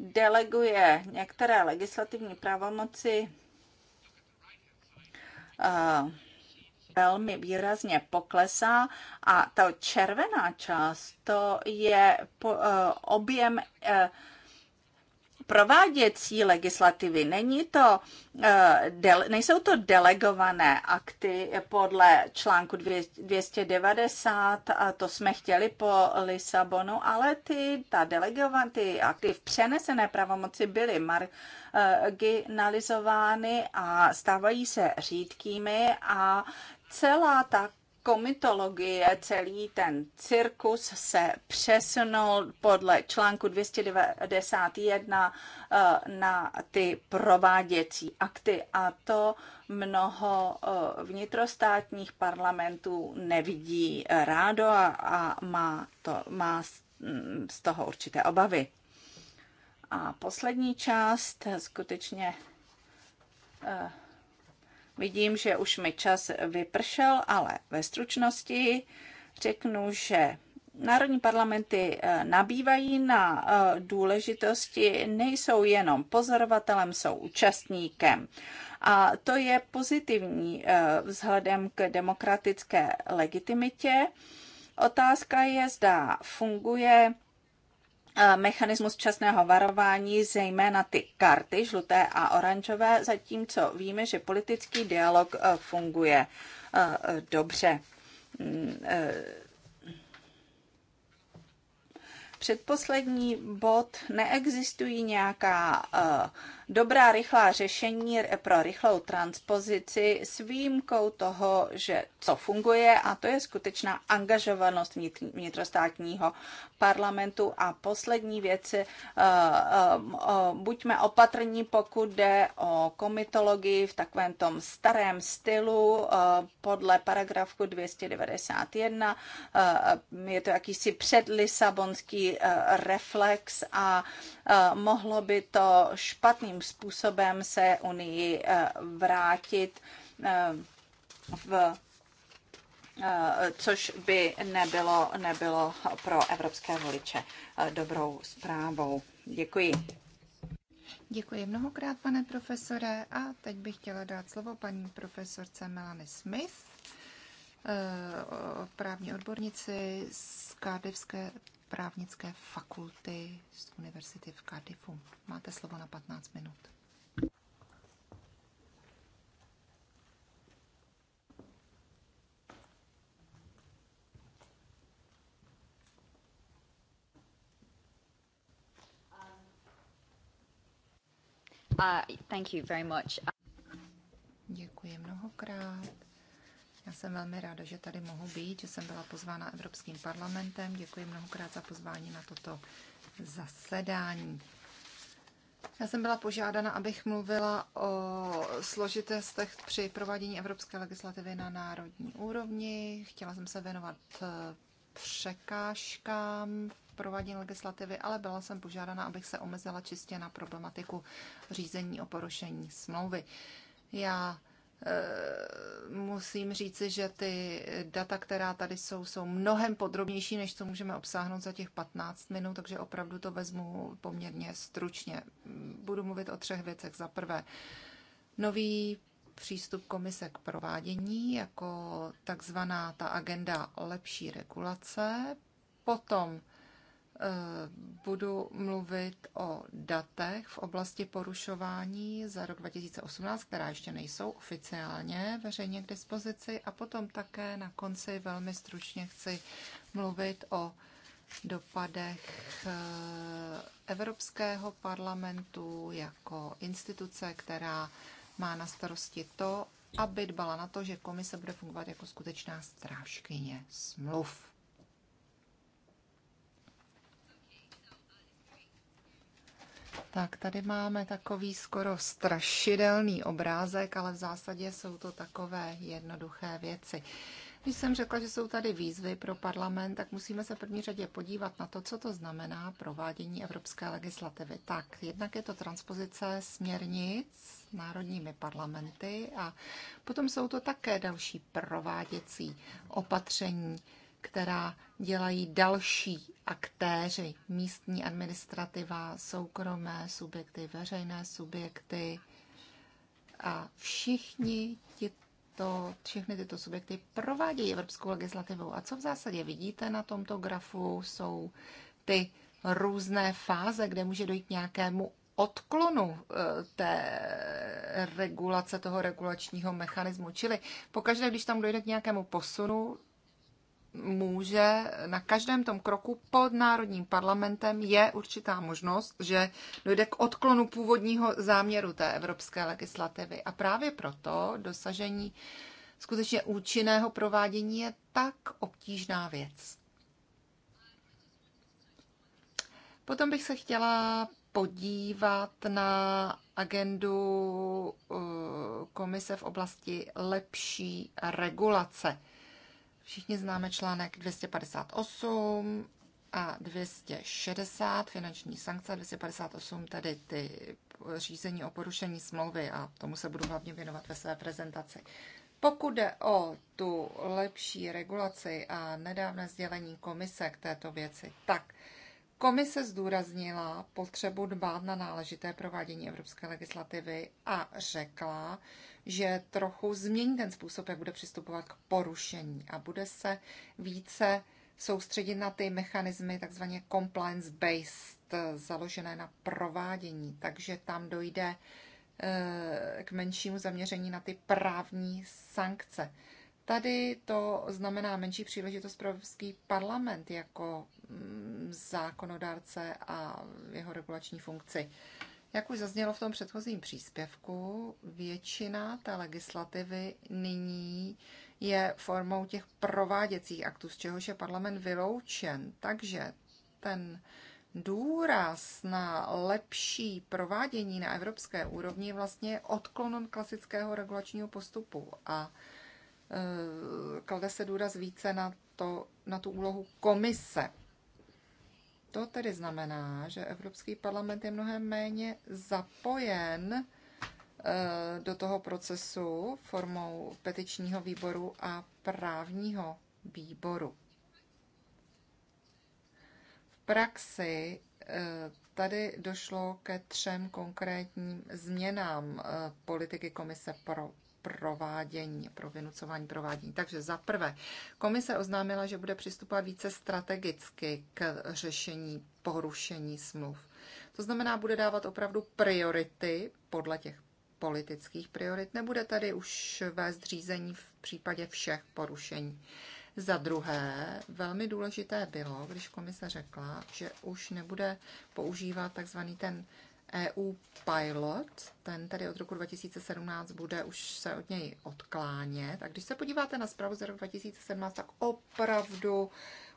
S5: deleguje některé legislativní pravomoci eh, velmi výrazně poklesá a ta červená část to je po, uh, objem uh, prováděcí legislativy. Není to, eh, nejsou to delegované akty podle článku 290, a to jsme chtěli po Lisabonu, ale ty, ta delegované ty akty v přenesené pravomoci byly marginalizovány a stávají se řídkými a celá ta komitologie, celý ten cirkus se přesunul podle článku 291 eh, na ty prováděcí akty a to mnoho eh, vnitrostátních parlamentů nevidí rádo a, a má, to, má mm, z toho určité obavy. A poslední část eh, skutečně Vidím, že už mi čas vypršel, ale ve stručnosti řeknu, že Národní parlamenty eh, nabývají na eh, důležitosti, nejsou jenom pozorovatelem, jsou účastníkem. A to je pozitivní eh, vzhledem k demokratické legitimitě. Otázka je, zda funguje mechanismus časného varování, zejména ty karty žluté a oranžové, zatímco víme, že politický dialog e, funguje e, dobře. Mm, e, předposlední bod, neexistují nějaká uh, dobrá rychlá řešení pro rychlou transpozici s výjimkou toho, že co funguje a to je skutečná angažovanost vnitrostátního parlamentu. A poslední věci, eh, eh, eh, buďme opatrní, pokud jde o komitologii v takovém tom starém stylu podle paragrafu 291. Je to jakýsi předlisabonský reflex a mohlo by to špatným jakým způsobem se Unii eh, vrátit eh, v eh, což by nebylo, nebylo pro evropské voliče dobrou zprávou. Děkuji.
S4: Děkuji mnohokrát, pane profesore. A teď bych chtěla dát slovo paní profesorce Melanie Smith, právní odbornici z Kádevské právnické fakulty z univerzity v Cardiffu. Máte slovo na 15 minut. Uh, thank you very much. Děkuji mnohokrát. Já jsem velmi ráda, že tady mohu být, že jsem byla pozvána Evropským parlamentem. Děkuji mnohokrát za pozvání na toto zasedání. Já jsem byla požádána, abych mluvila o složitostech při provádění evropské legislativy na národní úrovni. Chtěla jsem se věnovat eh, překážkám v provádění legislativy, ale byla jsem požádána, abych se omezila čistě na problematiku řízení o porušení smlouvy. Já Eh, musím říci, že ty data, která tady jsou, jsou mnohem podrobnější, než co můžeme obsáhnout za těch 15 minut, takže opravdu to vezmu poměrně stručně. Budu mluvit o třech věcech. Za prvé, nový přístup komise k provádění, jako takzvaná ta agenda lepší regulace, potom Eh, budu mluvit o datech v oblasti porušování za rok 2018, která ještě nejsou oficiálně veřejně k dispozici a potom také na konci velmi stručně chci mluvit o dopadech eh, Evropského parlamentu jako instituce, která má na starosti to, aby dbala na to, že komise bude fungovat jako skutečná strážkyně smluv. Tak tady máme takový skoro strašidelný obrázek, ale v zásadě jsou to takové jednoduché věci. Když jsem řekla, že jsou tady výzvy pro parlament, tak musíme se v první řadě podívat na to, co to znamená provádění evropské legislativy. Tak, jednak je to transpozice směrnic s národními parlamenty a potom jsou to také další prováděcí opatření, která dělají další aktéři, místní administrativa, soukromé subjekty, veřejné subjekty a všichni tyto všechny tyto subjekty provádějí evropskou legislativou. A co v zásadě vidíte na tomto grafu, jsou ty různé fáze, kde může dojít nějakému odklonu eh, té regulace, toho regulačního mechanismu. Čili pokaždé, když tam dojde k nějakému posunu, může na každém tom kroku pod Národním parlamentem je určitá možnost, že dojde k odklonu původního záměru té evropské legislativy. A právě proto dosažení skutečně účinného provádění je tak obtížná věc. Potom bych se chtěla podívat na agendu uh, komise v oblasti lepší regulace. Všichni známe článek 258 a 260 finanční sankce, 258 tedy ty řízení o porušení smlouvy a tomu se budu hlavně věnovat ve své prezentaci. Pokud jde o tu lepší regulaci a nedávné sdělení komise k této věci, tak Komise zdůraznila potřebu dbát na náležité provádění evropské legislativy a řekla, že trochu změní ten způsob, jak bude přistupovat k porušení a bude se více soustředit na ty mechanismy takzvaně compliance-based, založené na provádění. Takže tam dojde eh, k menšímu zaměření na ty právní sankce. Tady to znamená menší příležitost pro Evropský parlament jako Mm, zákonodárce a jeho regulační funkci. Jak už zaznělo v tom předchozím příspěvku, většina té legislativy nyní je formou těch prováděcích aktů, z čehož je parlament vyloučen. Takže ten důraz na lepší provádění na evropské úrovni je vlastně odklon od klasického regulačního postupu a e, klade se důraz více na, to, na tu úlohu komise. To tedy znamená, že Evropský parlament je mnohem méně zapojen eh, do toho procesu formou petičního výboru a právního výboru. V praxi eh, tady došlo ke třem konkrétním změnám eh, politiky Komise pro provádění, pro vynucování provádění. Takže za prvé, komise oznámila, že bude přistupovat více strategicky k řešení porušení smluv. To znamená, bude dávat opravdu priority podle těch politických priorit, nebude tady už vést řízení v případě všech porušení. Za druhé, velmi důležité bylo, když komise řekla, že už nebude používat takzvaný ten EU Pilot, ten tedy od roku 2017 bude už se od něj odklánět. A když se podíváte na zprávu z roku 2017, tak opravdu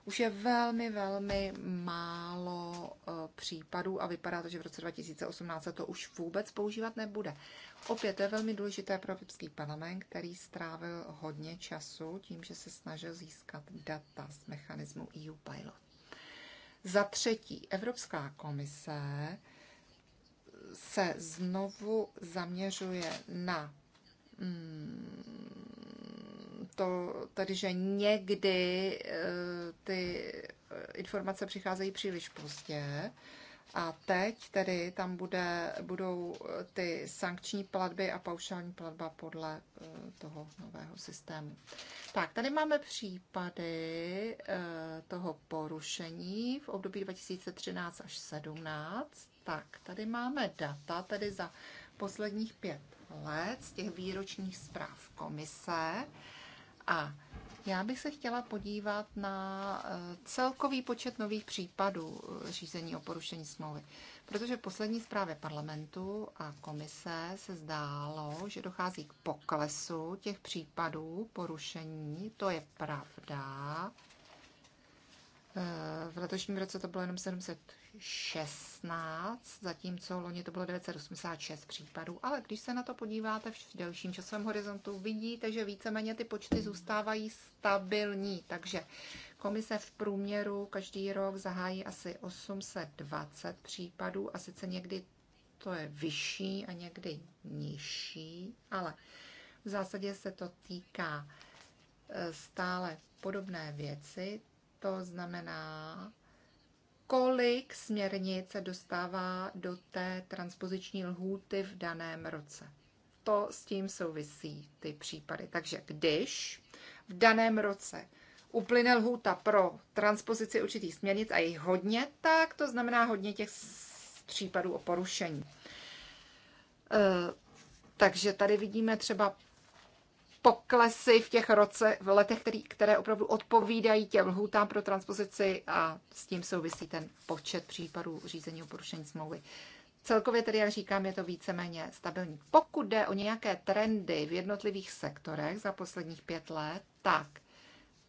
S4: už je velmi, velmi málo e, případů a vypadá to, že v roce 2018 se to už vůbec používat nebude. Opět je velmi důležité pro Evropský parlament, který strávil hodně času tím, že se snažil získat data z mechanismu EU Pilot. Za třetí, Evropská komise se znovu zaměřuje na mm, to, tedy, že někdy eh, ty eh, informace přicházejí příliš pozdě. A teď tedy tam bude, budou eh, ty sankční platby a paušální platba podle toho nového systému. Tak, tady máme případy toho porušení v období 2013 až 17. Tak, tady máme data, tedy za posledních pět let z těch výročních zpráv komise. A já bych se chtěla podívat na eh, celkový počet nových případů eh, řízení o porušení smlouvy, protože v poslední zprávě parlamentu a komise se zdálo, že dochází k poklesu těch případů porušení. To je pravda. Eh, v letošním roce to bylo jenom 700 16, zatímco loni to bylo 986 případů, ale když se na to podíváte v delším časovém horizontu, vidíte, že víceméně ty počty zůstávají stabilní, takže komise v průměru každý rok zahájí asi 820 případů a sice někdy to je vyšší a někdy nižší, ale v zásadě se to týká eh, stále podobné věci, to znamená kolik směrnic se dostává do té transpoziční lhůty v daném roce. To s tím souvisí ty případy. Takže když v daném roce uplyne lhůta pro transpozici určitých směrnic a jich hodně, tak to znamená hodně těch případů o porušení. Eh, takže tady vidíme třeba poklesy v těch roce, v letech, který, které opravdu odpovídají těm lhůtám pro transpozici a s tím souvisí ten počet případů řízení o porušení smlouvy. Celkově tedy, jak říkám, je to víceméně stabilní. Pokud jde o nějaké trendy v jednotlivých sektorech za posledních pět let, tak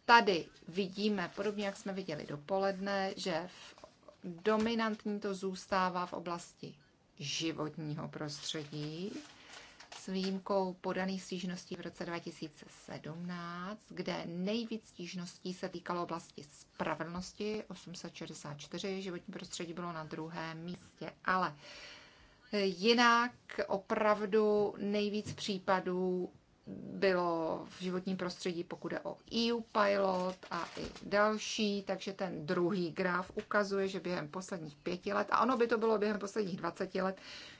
S4: tady vidíme, podobně jak jsme viděli dopoledne, že v dominantní to zůstává v oblasti životního prostředí, s výjimkou podaných stížností v roce 2017, kde nejvíc stížností se týkalo oblasti spravedlnosti, 864, životní prostředí bylo na druhém místě, ale eh, jinak opravdu nejvíc případů bylo v životním prostředí, pokud je o EU pilot a i další, takže ten druhý graf ukazuje, že během posledních pěti let, a ono by to bylo během posledních 20 let,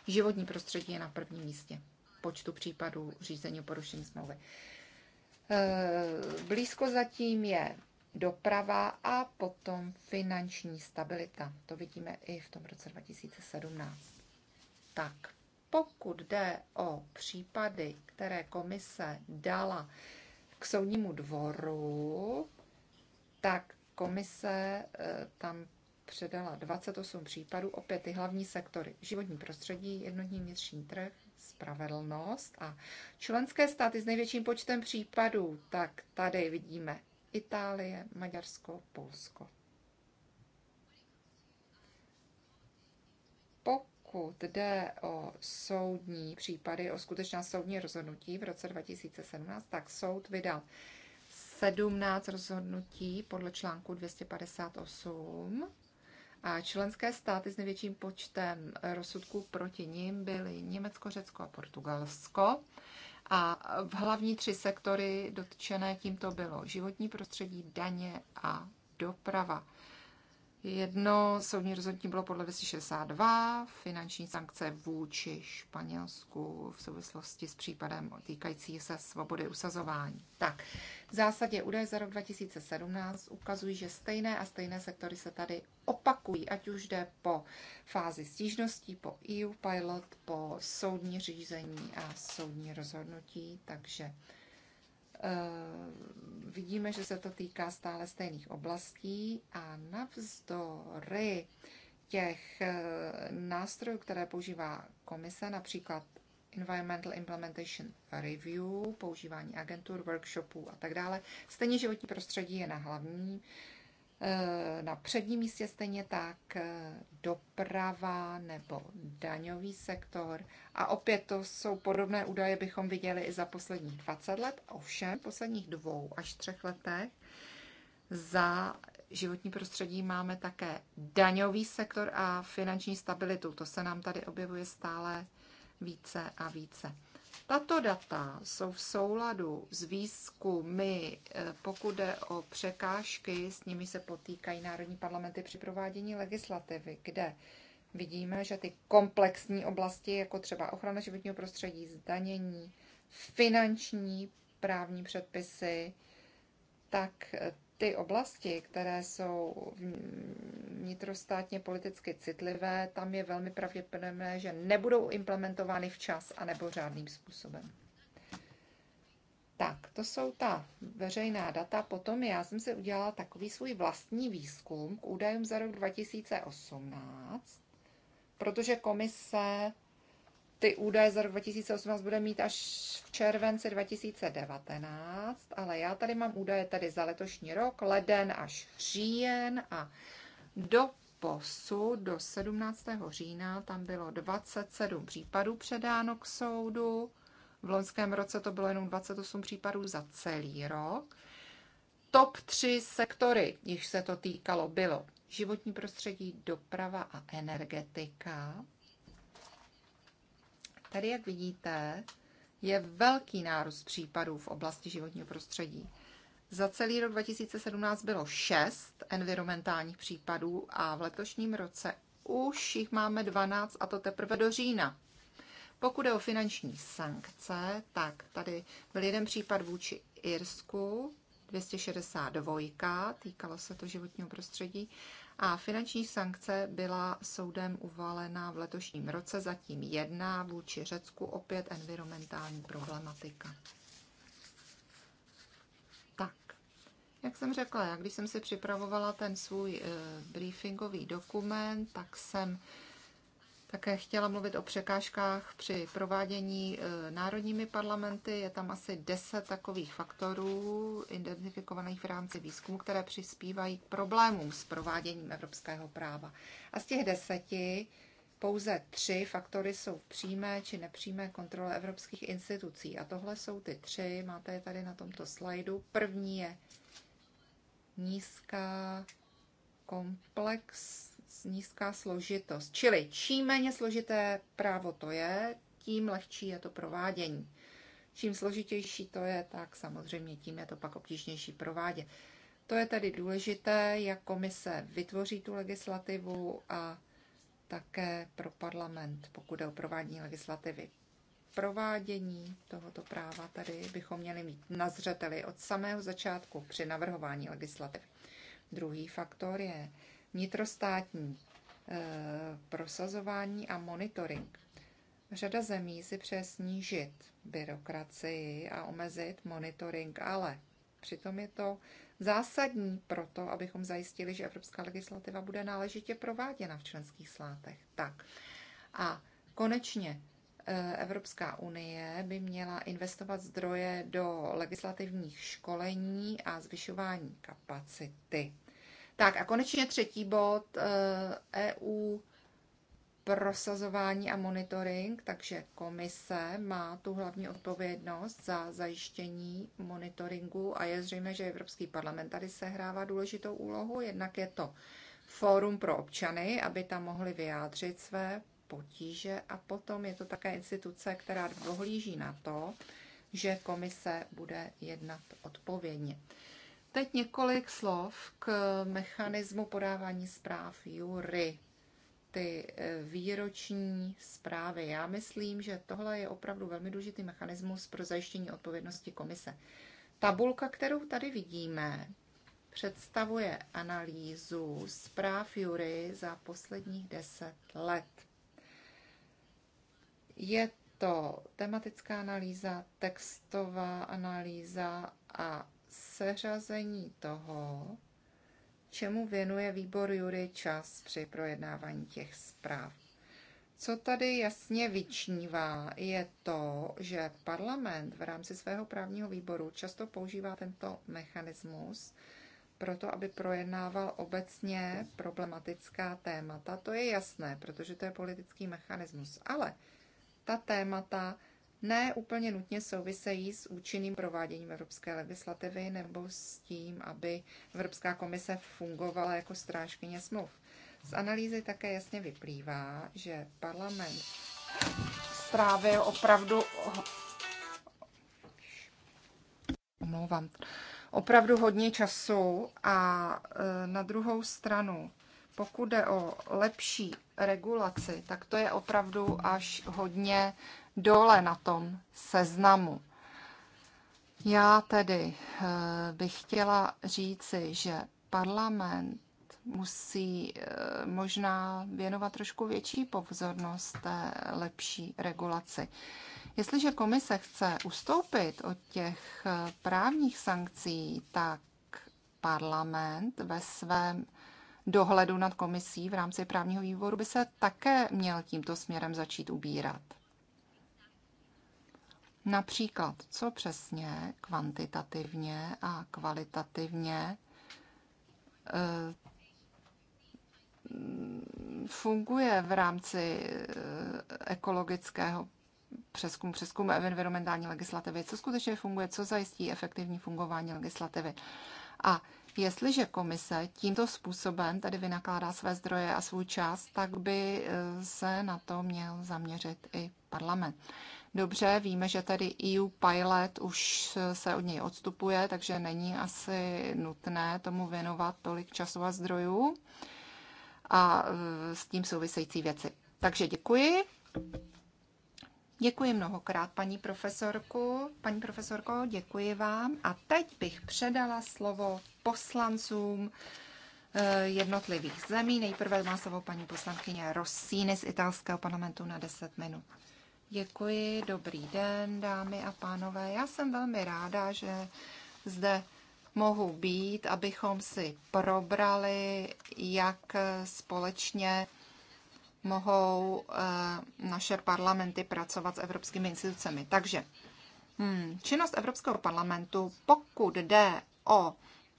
S4: životní prostředí je na prvním místě počtu případů řízení o porušení smlouvy. E, blízko zatím je doprava a potom finanční stabilita. To vidíme i v tom roce 2017. Tak, pokud jde o případy, které komise dala k soudnímu dvoru, tak komise e, tam předala 28 případů, opět ty hlavní sektory. Životní prostředí, jednotní vnitřní trh, spravedlnost a členské státy s největším počtem případů, tak tady vidíme Itálie, Maďarsko, Polsko. Pokud jde o soudní případy, o skutečná soudní rozhodnutí v roce 2017, tak soud vydal 17 rozhodnutí podle článku 258 a členské státy s největším počtem rozsudků proti ním byly Německo, Řecko a Portugalsko. A v hlavní tři sektory dotčené tímto bylo životní prostředí, daně a doprava. Jedno soudní rozhodnutí bylo podle 262, finanční sankce vůči Španělsku v souvislosti s případem týkající se svobody usazování. Tak, v zásadě údaje za rok 2017 ukazují, že stejné a stejné sektory se tady opakují, ať už jde po fázi stížností, po EU pilot, po soudní řízení a soudní rozhodnutí, takže Eh, vidíme, že se to týká stále stejných oblastí a navzdory těch eh, nástrojů, které používá komise, například Environmental Implementation Review, používání agentur, workshopů a tak dále. Stejně životní prostředí je na hlavní Eh, na předním místě stejně tak eh, doprava nebo daňový sektor. A opět to jsou podobné údaje, bychom viděli i za posledních 20 let, ovšem posledních dvou až třech letech. Za životní prostředí máme také daňový sektor a finanční stabilitu. To se nám tady objevuje stále více a více. Tato data jsou v souladu s výzkumy, eh, pokud jde o překážky, s nimi se potýkají národní parlamenty při provádění legislativy, kde vidíme, že ty komplexní oblasti, jako třeba ochrana životního prostředí, zdanění, finanční právní předpisy, tak eh, ty oblasti, které jsou vnitrostátně politicky citlivé, tam je velmi pravděpodobné, že nebudou implementovány včas a nebo řádným způsobem. Tak, to jsou ta veřejná data. Potom já jsem si udělala takový svůj vlastní výzkum k údajům za rok 2018, protože komise ty údaje za rok 2018 bude mít až v červenci 2019, ale já tady mám údaje tady za letošní rok, leden až říjen a do posu do 17. října tam bylo 27 případů předáno k soudu. V loňském roce to bylo jenom 28 případů za celý rok. Top 3 sektory, již se to týkalo, bylo životní prostředí, doprava a energetika. Tady, jak vidíte, je velký nárůst případů v oblasti životního prostředí. Za celý rok 2017 bylo 6 environmentálních případů a v letošním roce už jich máme 12 a to teprve do října. Pokud je o finanční sankce, tak tady byl jeden případ vůči Irsku, 262, týkalo se to životního prostředí, a finanční sankce byla soudem uvalena v letošním roce, zatím jedna vůči Řecku, opět environmentální problematika. Tak, jak jsem řekla, já když jsem si připravovala ten svůj e, briefingový dokument, tak jsem také chtěla mluvit o překážkách při provádění e, národními parlamenty. Je tam asi deset takových faktorů identifikovaných v rámci výzkumu, které přispívají k problémům s prováděním evropského práva. A z těch deseti pouze tři faktory jsou přímé či nepřímé kontrole evropských institucí. A tohle jsou ty tři, máte je tady na tomto slajdu. První je nízká komplex nízká složitost. Čili čím méně složité právo to je, tím lehčí je to provádění. Čím složitější to je, tak samozřejmě tím je to pak obtížnější provádět. To je tedy důležité, jak komise vytvoří tu legislativu a také pro parlament, pokud je o provádění legislativy. Provádění tohoto práva tady bychom měli mít na zřeteli od samého začátku při navrhování legislativy. Druhý faktor je vnitrostátní eh, prosazování a monitoring. Řada zemí si přeje snížit byrokracii a omezit monitoring, ale přitom je to zásadní pro to, abychom zajistili, že evropská legislativa bude náležitě prováděna v členských státech. Tak. A konečně eh, Evropská unie by měla investovat zdroje do legislativních školení a zvyšování kapacity. Tak a konečně třetí bod, EU eh, e prosazování a monitoring, takže komise má tu hlavní odpovědnost za zajištění monitoringu a je zřejmé, že Evropský parlament tady sehrává důležitou úlohu. Jednak je to fórum pro občany, aby tam mohli vyjádřit své potíže a potom je to také instituce, která dohlíží na to, že komise bude jednat odpovědně. Teď několik slov k mechanismu podávání zpráv Jury. Ty e, výroční zprávy. Já myslím, že tohle je opravdu velmi důležitý mechanismus pro zajištění odpovědnosti komise. Tabulka, kterou tady vidíme, představuje analýzu zpráv Jury za posledních deset let. Je to tematická analýza, textová analýza a seřazení toho, čemu věnuje výbor Jury čas při projednávání těch zpráv. Co tady jasně vyčnívá, je to, že parlament v rámci svého právního výboru často používá tento mechanismus proto, aby projednával obecně problematická témata. To je jasné, protože to je politický mechanismus. Ale ta témata ne úplně nutně souvisejí s účinným prováděním evropské legislativy nebo s tím, aby Evropská komise fungovala jako strážkyně smluv. Z analýzy také jasně vyplývá, že parlament strávil opravdu omlouvám, opravdu hodně času a e, na druhou stranu, pokud jde o lepší regulaci, tak to je opravdu až hodně dole na tom seznamu. Já tedy eh, bych chtěla říci, že parlament musí eh, možná věnovat trošku větší pozornost té lepší regulaci. Jestliže komise chce ustoupit od těch eh, právních sankcí, tak parlament ve svém dohledu nad komisí v rámci právního výboru by se také měl tímto směrem začít ubírat. Například, co přesně kvantitativně a kvalitativně eh, funguje v rámci eh, ekologického přeskumu, přeskumu environmentální legislativy, co skutečně funguje, co zajistí efektivní fungování legislativy. A jestliže komise tímto způsobem tady vynakládá své zdroje a svůj čas, tak by eh, se na to měl zaměřit i parlament dobře. Víme, že tady EU Pilot už se od něj odstupuje, takže není asi nutné tomu věnovat tolik času a zdrojů a e, s tím související věci. Takže děkuji. Děkuji mnohokrát, paní profesorku. Paní profesorko, děkuji vám. A teď bych předala slovo poslancům e, jednotlivých zemí. Nejprve má slovo paní poslankyně Rossini z italského parlamentu na 10 minut. Děkuji, dobrý den, dámy a pánové. Já jsem velmi ráda, že zde mohu být, abychom si probrali, jak společně mohou eh, naše parlamenty pracovat s evropskými institucemi. Takže hmm, činnost Evropského parlamentu, pokud jde o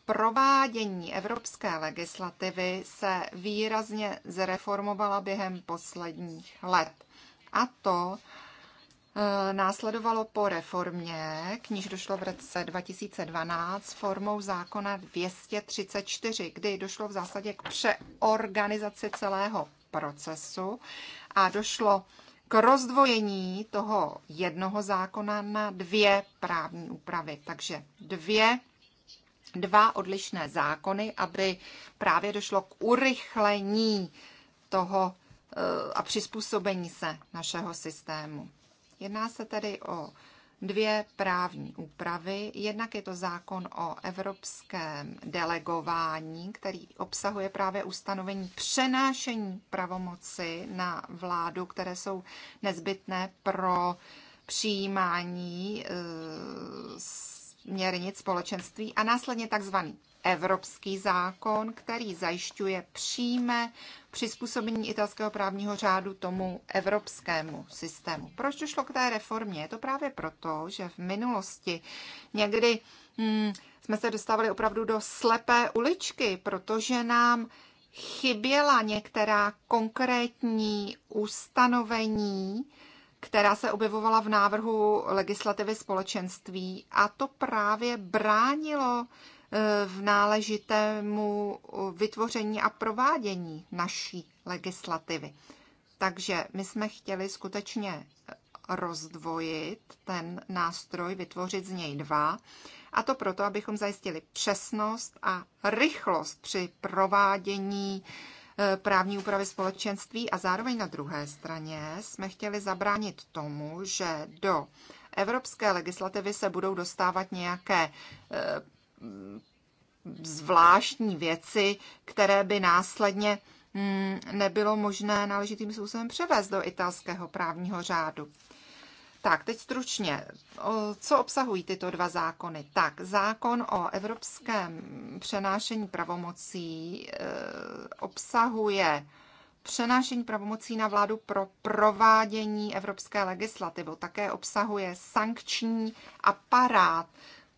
S4: provádění evropské legislativy, se výrazně zreformovala během posledních let. A to Eh, následovalo po reformě, k níž došlo v roce 2012 formou zákona 234, kdy došlo v zásadě k přeorganizaci celého procesu a došlo k rozdvojení toho jednoho zákona na dvě právní úpravy. Takže dvě dva odlišné zákony, aby právě došlo k urychlení toho eh, a přizpůsobení se našeho systému. Jedná se tedy o dvě právní úpravy. Jednak je to zákon o evropském delegování, který obsahuje právě ustanovení přenášení pravomoci na vládu, které jsou nezbytné pro přijímání eh, směrnic společenství a následně takzvaný evropský zákon, který zajišťuje přímé přizpůsobení italského právního řádu tomu evropskému systému. Proč došlo k té reformě? Je to právě proto, že v minulosti někdy hmm, jsme se dostávali opravdu do slepé uličky, protože nám chyběla některá konkrétní ustanovení, která se objevovala v návrhu legislativy společenství a to právě bránilo v náležitému vytvoření a provádění naší legislativy. Takže my jsme chtěli skutečně rozdvojit ten nástroj, vytvořit z něj dva, a to proto, abychom zajistili přesnost a rychlost při provádění eh, právní úpravy společenství a zároveň na druhé straně jsme chtěli zabránit tomu, že do evropské legislativy se budou dostávat nějaké eh, zvláštní věci, které by následně mm, nebylo možné náležitým způsobem převést do italského právního řádu. Tak, teď stručně, co obsahují tyto dva zákony? Tak, zákon o evropském přenášení pravomocí e, obsahuje přenášení pravomocí na vládu pro provádění evropské legislativy. Také obsahuje sankční aparát,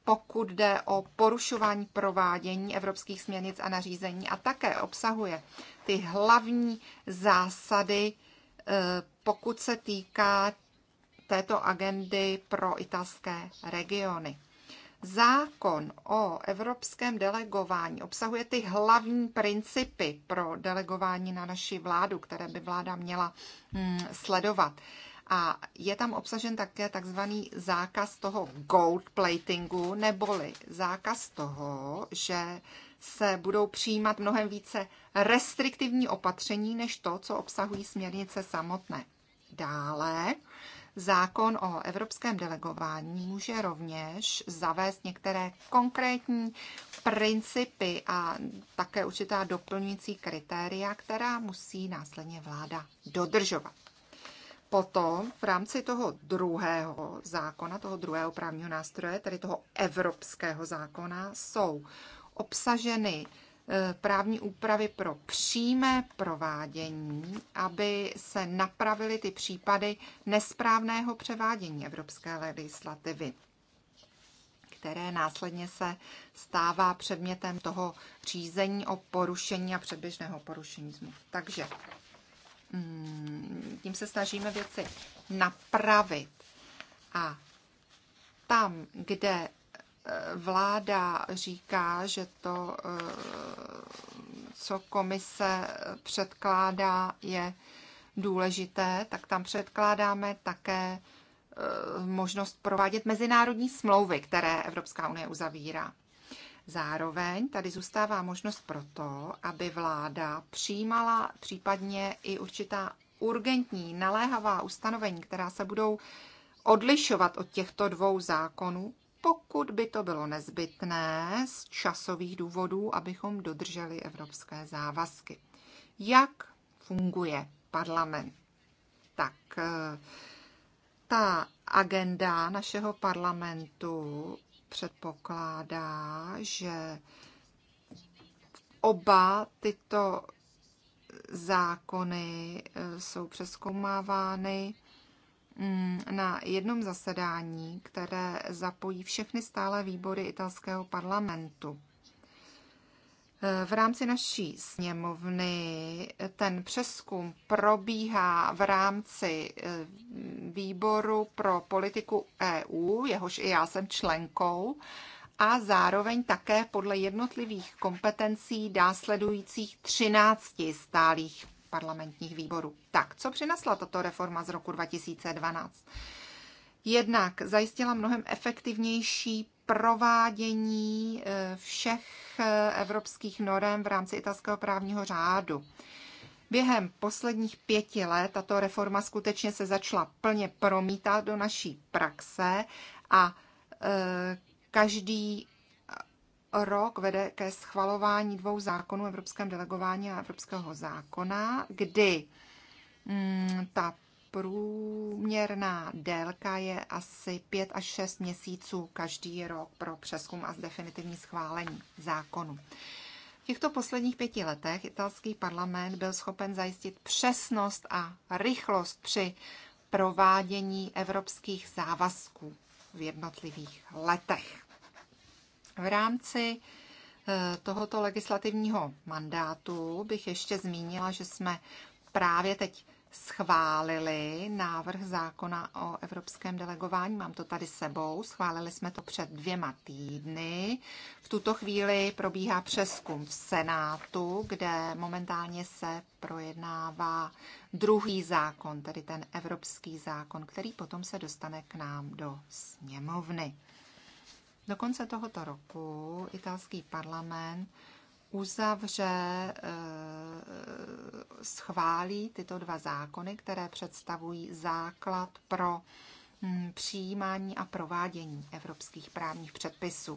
S4: pokud jde o porušování provádění evropských směrnic a nařízení a také obsahuje ty hlavní zásady, eh, pokud se týká této agendy pro italské regiony. Zákon o evropském delegování obsahuje ty hlavní principy pro delegování na naši vládu, které by vláda měla hm, sledovat. A je tam obsažen také takzvaný zákaz toho gold platingu, neboli zákaz toho, že se budou přijímat mnohem více restriktivní opatření než to, co obsahují směrnice samotné. Dále zákon o evropském delegování může rovněž zavést některé konkrétní principy a také určitá doplňující kritéria, která musí následně vláda dodržovat. Potom v rámci toho druhého zákona, toho druhého právního nástroje, tedy toho evropského zákona, jsou obsaženy e, právní úpravy pro přímé provádění, aby se napravily ty případy nesprávného převádění evropské legislativy, které následně se stává předmětem toho řízení o porušení a předběžného porušení Takže Mm, tím se snažíme věci napravit. A tam, kde eh, vláda říká, že to, eh, co komise předkládá, je důležité, tak tam předkládáme také eh, možnost provádět mezinárodní smlouvy, které Evropská unie uzavírá. Zároveň tady zůstává možnost pro to, aby vláda přijímala případně i určitá urgentní, naléhavá ustanovení, která se budou odlišovat od těchto dvou zákonů, pokud by to bylo nezbytné z časových důvodů, abychom dodrželi evropské závazky. Jak funguje parlament? Tak eh, ta agenda našeho parlamentu předpokládá, že oba tyto zákony eh, jsou přeskoumávány mm, na jednom zasedání, které zapojí všechny stále výbory italského parlamentu. V rámci naší sněmovny ten přeskum probíhá v rámci eh, výboru pro politiku EU, jehož i já jsem členkou, a zároveň také podle jednotlivých kompetencí následujících 13 stálých parlamentních výborů. Tak, co přinesla tato reforma z roku 2012? Jednak zajistila mnohem efektivnější provádění eh, všech eh, evropských norem v rámci italského právního řádu. Během posledních pěti let tato reforma skutečně se začala plně promítat do naší praxe a eh, každý rok vede ke schvalování dvou zákonů, evropském delegování a evropského zákona, kdy mm, ta průměrná délka je asi 5 až 6 měsíců každý rok pro přeskum a definitivní schválení zákonu. V těchto posledních pěti letech italský parlament byl schopen zajistit přesnost a rychlost při provádění evropských závazků v jednotlivých letech. V rámci eh, tohoto legislativního mandátu bych ještě zmínila, že jsme právě teď schválili návrh zákona o evropském delegování. Mám to tady sebou. Schválili jsme to před dvěma týdny. V tuto chvíli probíhá přeskum v Senátu, kde momentálně se projednává druhý zákon, tedy ten evropský zákon, který potom se dostane k nám do sněmovny. Do konce tohoto roku italský parlament uzavře, eh, schválí tyto dva zákony, které představují základ pro hm, přijímání a provádění evropských právních předpisů.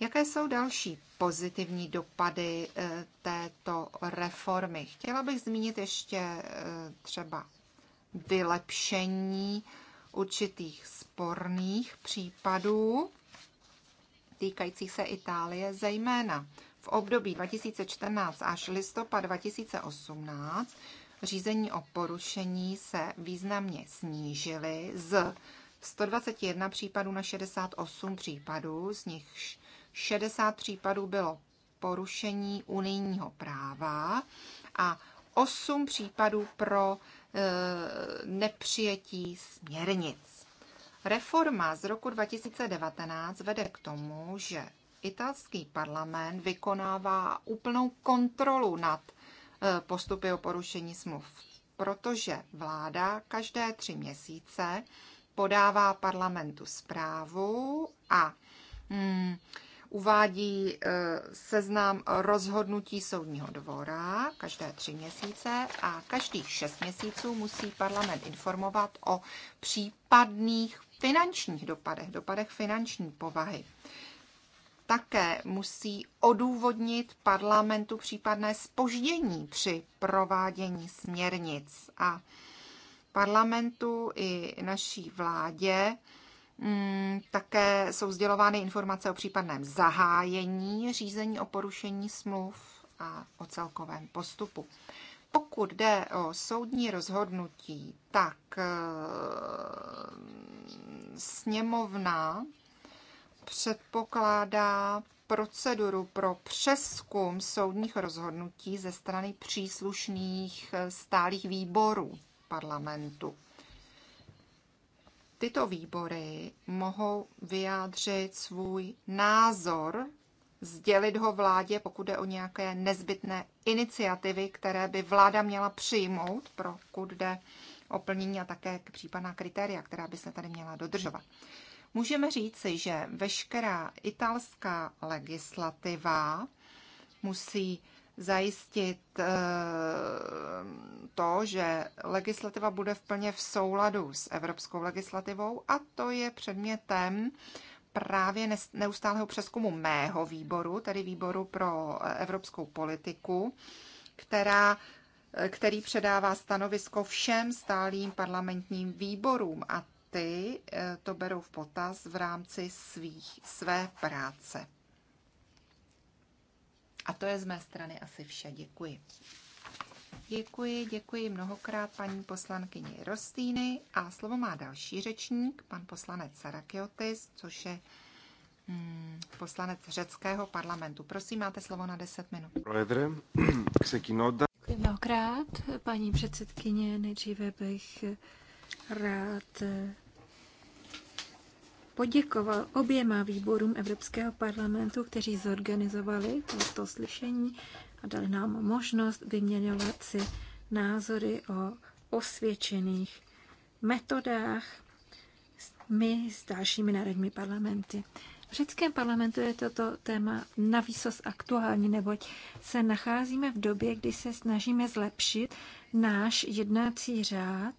S4: Jaké jsou další pozitivní dopady eh, této reformy? Chtěla bych zmínit ještě eh, třeba vylepšení určitých sporných případů týkajících se Itálie zejména. V období 2014 až listopad 2018 řízení o porušení se významně snížily z 121 případů na 68 případů, z nich 60 případů bylo porušení unijního práva a 8 případů pro e, nepřijetí směrnic. Reforma z roku 2019 vede k tomu, že italský parlament vykonává úplnou kontrolu nad eh, postupy o porušení smluv, protože vláda každé tři měsíce podává parlamentu zprávu a hmm, uvádí eh, seznam rozhodnutí soudního dvora každé tři měsíce a každých šest měsíců musí parlament informovat o případných finančních dopadech, dopadech finanční povahy. Také musí odůvodnit parlamentu případné spoždění při provádění směrnic a parlamentu i naší vládě mm, také jsou sdělovány informace o případném zahájení řízení o porušení smluv a o celkovém postupu. Pokud jde o soudní rozhodnutí, tak eh, sněmovna předpokládá proceduru pro přeskum soudních rozhodnutí ze strany příslušných eh, stálých výborů parlamentu. Tyto výbory mohou vyjádřit svůj názor sdělit ho vládě, pokud jde o nějaké nezbytné iniciativy, které by vláda měla přijmout, pokud jde o plnění a také případná kritéria, která by se tady měla dodržovat. Můžeme říci, že veškerá italská legislativa musí zajistit eh, to, že legislativa bude v plně v souladu s evropskou legislativou a to je předmětem právě neustálého přeskumu mého výboru, tedy výboru pro eh, evropskou politiku, která eh, který předává stanovisko všem stálým parlamentním výborům a ty eh, to berou v potaz v rámci svých, své práce. A to je z mé strany asi vše. Děkuji. Děkuji, děkuji mnohokrát paní poslankyni Rostýny a slovo má další řečník, pan poslanec Sarakiotis, což je hmm, poslanec řeckého parlamentu. Prosím, máte slovo na 10 minut. Děkuji mnohokrát, paní předsedkyně. Nejdříve
S6: bych rád poděkoval oběma výborům Evropského parlamentu, kteří zorganizovali toto slyšení a dali nám možnost vyměňovat si názory o osvědčených metodách my s dalšími národními parlamenty. V řeckém parlamentu je toto téma navýsost aktuální, neboť se nacházíme v době, kdy se snažíme zlepšit náš jednací řád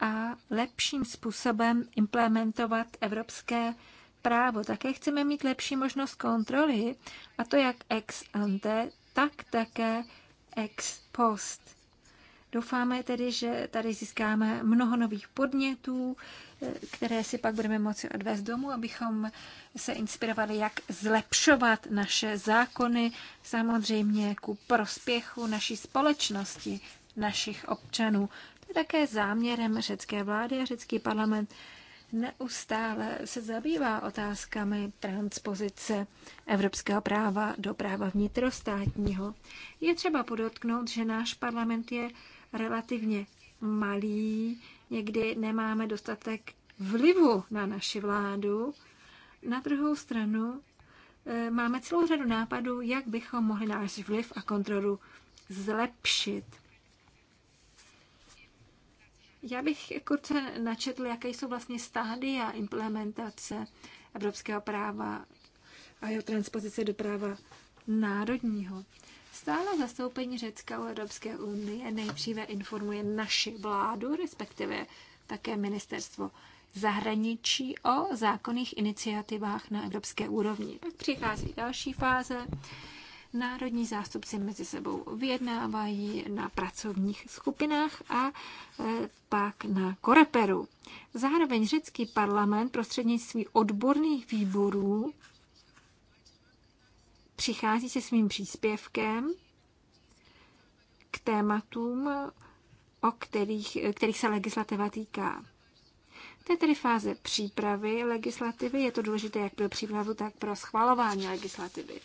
S6: a lepším způsobem implementovat evropské právo. Také chceme mít lepší možnost kontroly, a to jak ex ante, tak také ex post. Doufáme tedy, že tady získáme mnoho nových podnětů, eh, které si pak budeme moci odvést domů, abychom se inspirovali, jak zlepšovat naše zákony, samozřejmě ku prospěchu naší společnosti, našich občanů. To je také záměrem řecké vlády a řecký parlament neustále se zabývá otázkami transpozice evropského práva do práva vnitrostátního. Je třeba podotknout, že náš parlament je relativně malý, někdy nemáme dostatek vlivu na naši vládu. Na druhou stranu e, máme celou řadu nápadů, jak bychom mohli náš vliv a kontrolu zlepšit. Já bych kurce načetl, jaké jsou vlastně stádia implementace evropského práva a jeho transpozice do práva národního. Stále zastoupení Řecka u Evropské unie nejdříve informuje naši vládu, respektive také ministerstvo zahraničí o zákonných iniciativách na evropské úrovni. Pak přichází další fáze, národní zástupci mezi sebou vyjednávají na pracovních skupinách a e, pak na koreperu. Zároveň řecký parlament prostřednictvím odborných výborů přichází se svým příspěvkem k tématům, o kterých, e, kterých se legislativa týká. To je tedy fáze přípravy legislativy. Je to důležité jak pro přípravu, tak pro schvalování legislativy.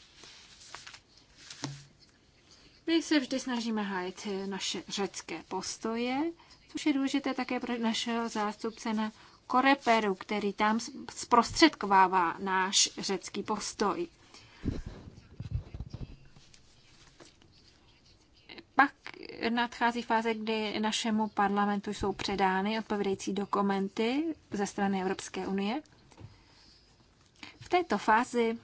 S6: My se vždy snažíme hájit naše řecké postoje, což je důležité také pro našeho zástupce na Koreperu, který tam zprostředkovává náš řecký postoj. Pak nadchází fáze, kdy našemu parlamentu jsou předány odpovědející dokumenty ze strany Evropské unie. V této fázi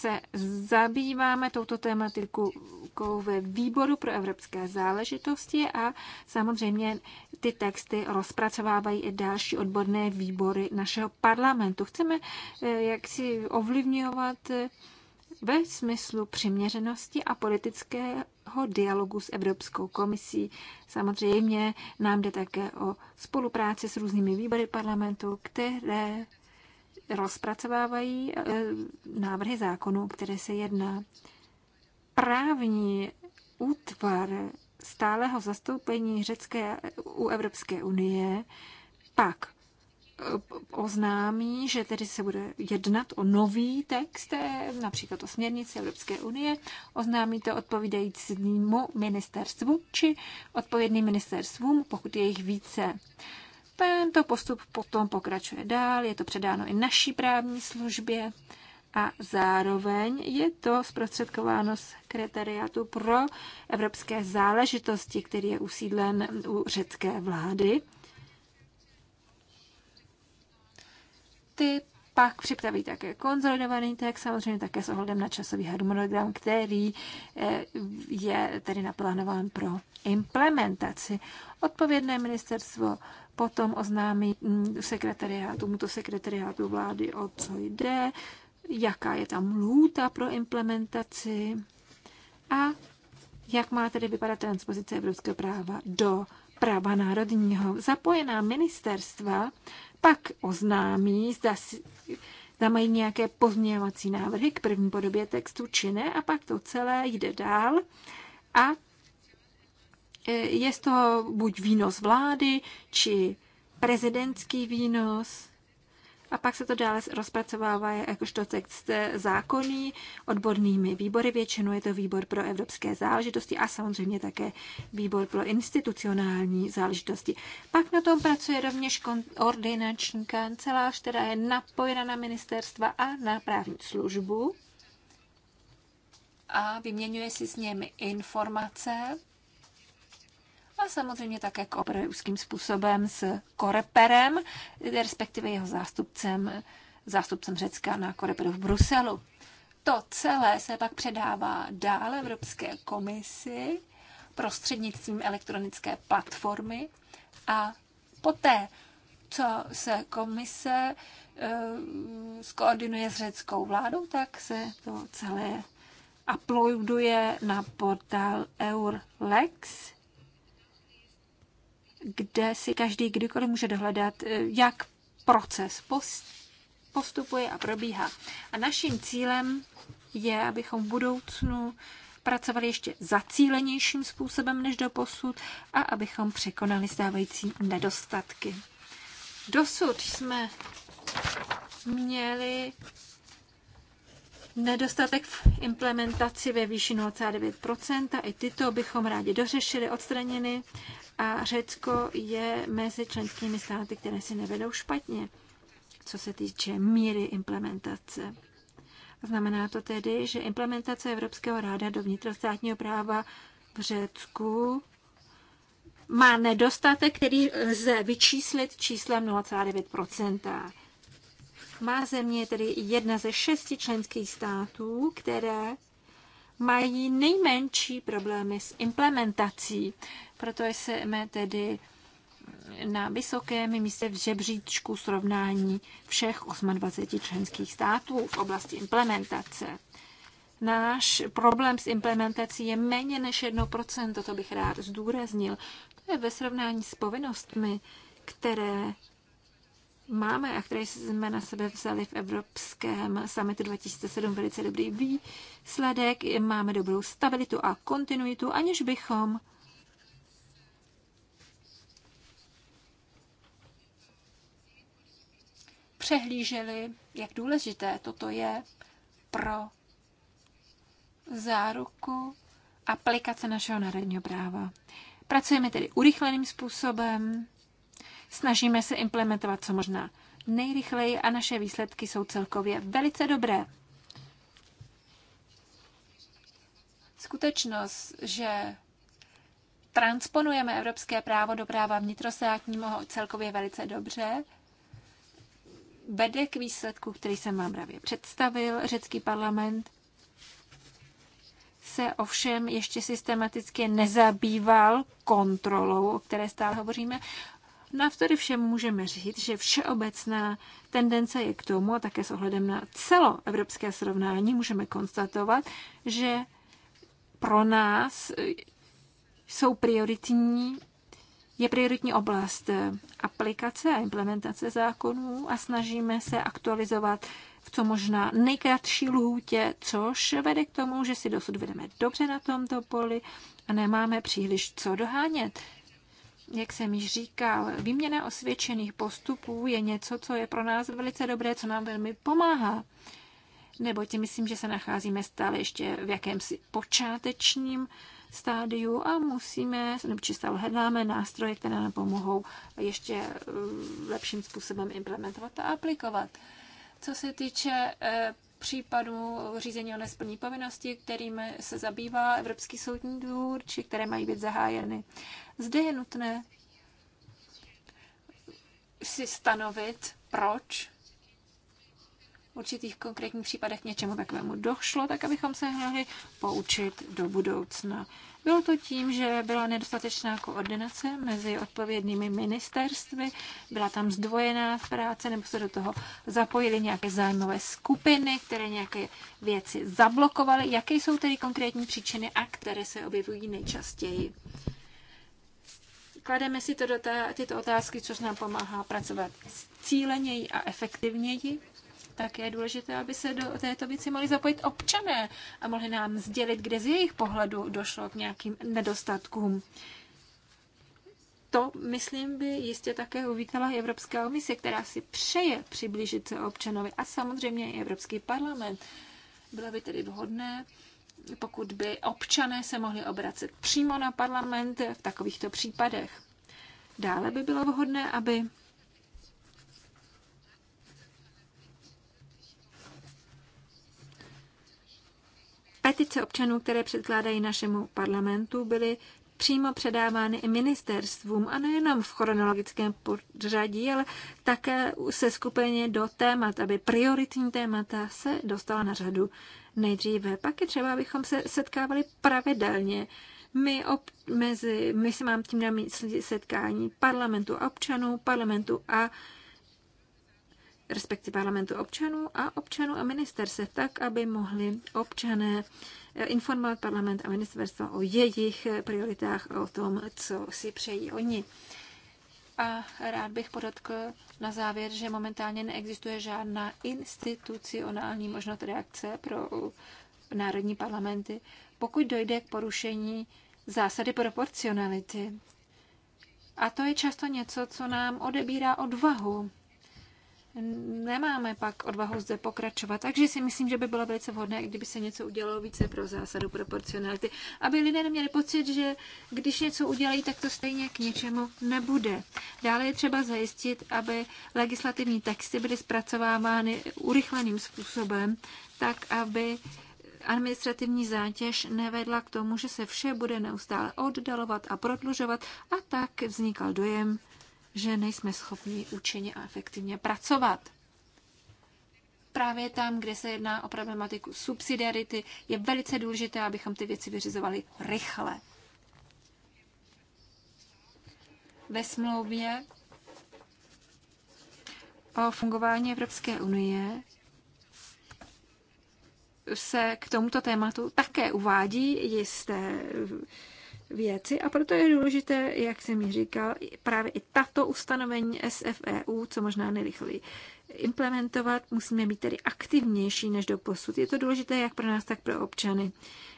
S6: se zabýváme touto tématikou ve výboru pro evropské záležitosti a samozřejmě ty texty rozpracovávají i další odborné výbory našeho parlamentu. Chceme eh, jak si ovlivňovat eh, ve smyslu přiměřenosti a politického dialogu s Evropskou komisí. Samozřejmě nám jde také o spolupráci s různými výbory parlamentu, které rozpracovávají eh, návrhy zákonů, které se jedná. Právní útvar stáleho zastoupení řecké u Evropské unie pak eh, oznámí, že tedy se bude jednat o nový text, eh, například o směrnici Evropské unie, oznámí to odpovídajícímu ministerstvu či odpovědným ministerstvům, pokud je jich více. Tento postup potom pokračuje dál, je to předáno i naší právní službě a zároveň je to zprostředkováno sekretariátu pro evropské záležitosti, který je usídlen u řecké vlády. Ty pak připraví také konzolidovaný text, samozřejmě také s ohledem na časový harmonogram, který eh, je tedy naplánován pro implementaci. Odpovědné ministerstvo potom oznámí mm, sekretariátu, mu to sekretariátu vlády, o co jde, jaká je tam lhůta pro implementaci a jak má tedy vypadat transpozice evropského práva do práva národního. Zapojená ministerstva pak oznámí, zda, zda mají nějaké pozměňovací návrhy k první podobě textu či ne, a pak to celé jde dál a e, je z toho buď výnos vlády, či prezidentský výnos, a pak se to dále rozpracovává jakožto text zákonný odbornými výbory. Většinou je to výbor pro evropské záležitosti a samozřejmě také výbor pro institucionální záležitosti. Pak na tom pracuje rovněž ordinační kancelář, která je napojena na ministerstva a na právní službu a vyměňuje si s nimi informace a samozřejmě také kooperuje úzkým způsobem s Koreperem, respektive jeho zástupcem, zástupcem Řecka na Koreperu v Bruselu. To celé se pak předává dále Evropské komisi prostřednictvím elektronické platformy a poté, co se komise eh, skoordinuje s řeckou vládou, tak se to celé uploaduje na portál Eurlex kde si každý kdykoliv může dohledat, eh, jak proces postupuje a probíhá. A naším cílem je, abychom v budoucnu pracovali ještě zacílenějším způsobem než do posud a abychom překonali stávající nedostatky. Dosud jsme měli Nedostatek v implementaci ve výši 0,9%, i tyto bychom rádi dořešili, odstraněny a Řecko je mezi členskými státy, které si nevedou špatně, co se týče míry implementace. Znamená to tedy, že implementace Evropského ráda do vnitrostátního práva v Řecku má nedostatek, který lze vyčíslit číslem 0,9 má země tedy jedna ze šesti členských států, které mají nejmenší problémy s implementací. Proto jsme tedy na vysokém místě v žebříčku srovnání všech 28 členských států v oblasti implementace. Náš problém s implementací je méně než 1%, to bych rád zdůraznil. To je ve srovnání s povinnostmi, které máme a které jsme na sebe vzali v Evropském summitu 2007 velice dobrý výsledek. Máme dobrou stabilitu a kontinuitu, aniž bychom přehlíželi, jak důležité toto je pro záruku aplikace našeho národního práva. Pracujeme tedy urychleným způsobem, Snažíme se implementovat co možná nejrychleji a naše výsledky jsou celkově velice dobré. Skutečnost, že transponujeme evropské právo do práva vnitrostátního celkově velice dobře, vede k výsledku, který jsem vám právě představil. Řecký parlament se ovšem ještě systematicky nezabýval kontrolou, o které stále hovoříme. Navzdory všem můžeme říct, že všeobecná tendence je k tomu, a také s ohledem na celoevropské srovnání, můžeme konstatovat, že pro nás jsou prioritní, je prioritní oblast aplikace a implementace zákonů a snažíme se aktualizovat v co možná nejkratší lhůtě, což vede k tomu, že si dosud vedeme dobře na tomto poli a nemáme příliš co dohánět jak jsem již říkal, výměna osvědčených postupů je něco, co je pro nás velice dobré, co nám velmi pomáhá. Nebo tím myslím, že se nacházíme stále ještě v jakémsi počátečním stádiu a musíme, nebo či stále hledáme nástroje, které nám pomohou ještě eh, lepším způsobem implementovat a aplikovat. Co se týče eh, případů řízení o nesplní povinnosti, kterými se zabývá Evropský soudní dvůr, či které mají být zahájeny. Zde je nutné si stanovit, proč v určitých konkrétních případech něčemu takovému došlo, tak abychom se mohli poučit do budoucna. Bylo to tím, že byla nedostatečná koordinace mezi odpovědnými ministerstvy, byla tam zdvojená v práce, nebo se do toho zapojily nějaké zájmové skupiny, které nějaké věci zablokovaly. Jaké jsou tedy konkrétní příčiny a které se objevují nejčastěji? Klademe si to do ta, tyto otázky, což nám pomáhá pracovat cíleněji a efektivněji tak je důležité, aby se do této věci mohli zapojit občané a mohli nám sdělit, kde z jejich pohledu došlo k nějakým nedostatkům. To, myslím, by jistě také uvítala i Evropská komise, která si přeje přiblížit se občanovi a samozřejmě i Evropský parlament. Bylo by tedy vhodné, pokud by občané se mohli obracet přímo na parlament v takovýchto případech. Dále by bylo vhodné, aby Petice občanů, které předkládají našemu parlamentu, byly přímo předávány i ministerstvům, a nejenom v chronologickém pořadí, ale také se skupeně do témat, aby prioritní témata se dostala na řadu nejdříve. Pak je třeba, abychom se setkávali pravidelně. My, ob, mezi, my se mám tím na mysli setkání parlamentu a občanů, parlamentu a respektive parlamentu občanů a občanů a ministerstev, tak, aby mohli občané eh, informovat parlament a ministerstva o jejich eh, prioritách, o tom, co si přejí oni. A rád bych podotkl na závěr, že momentálně neexistuje žádná institucionální možnost reakce pro eh, národní parlamenty, pokud dojde k porušení zásady proporcionality. A to je často něco, co nám odebírá odvahu nemáme pak odvahu zde pokračovat. Takže si myslím, že by bylo velice vhodné, kdyby se něco udělalo více pro zásadu proporcionality, aby lidé neměli pocit, že když něco udělají, tak to stejně k něčemu nebude. Dále je třeba zajistit, aby legislativní texty byly zpracovávány urychleným způsobem, tak aby administrativní zátěž nevedla k tomu, že se vše bude neustále oddalovat a prodlužovat a tak vznikal dojem, že nejsme schopni účinně a efektivně pracovat. Právě tam, kde se jedná o problematiku subsidiarity, je velice důležité, abychom ty věci vyřizovali rychle. Ve smlouvě o fungování Evropské unie se k tomuto tématu také uvádí jisté věci a proto je důležité, jak jsem ji říkal, právě i tato ustanovení SFEU, co možná nejrychleji implementovat, musíme být tedy aktivnější než do posud. Je to důležité jak pro nás, tak pro občany.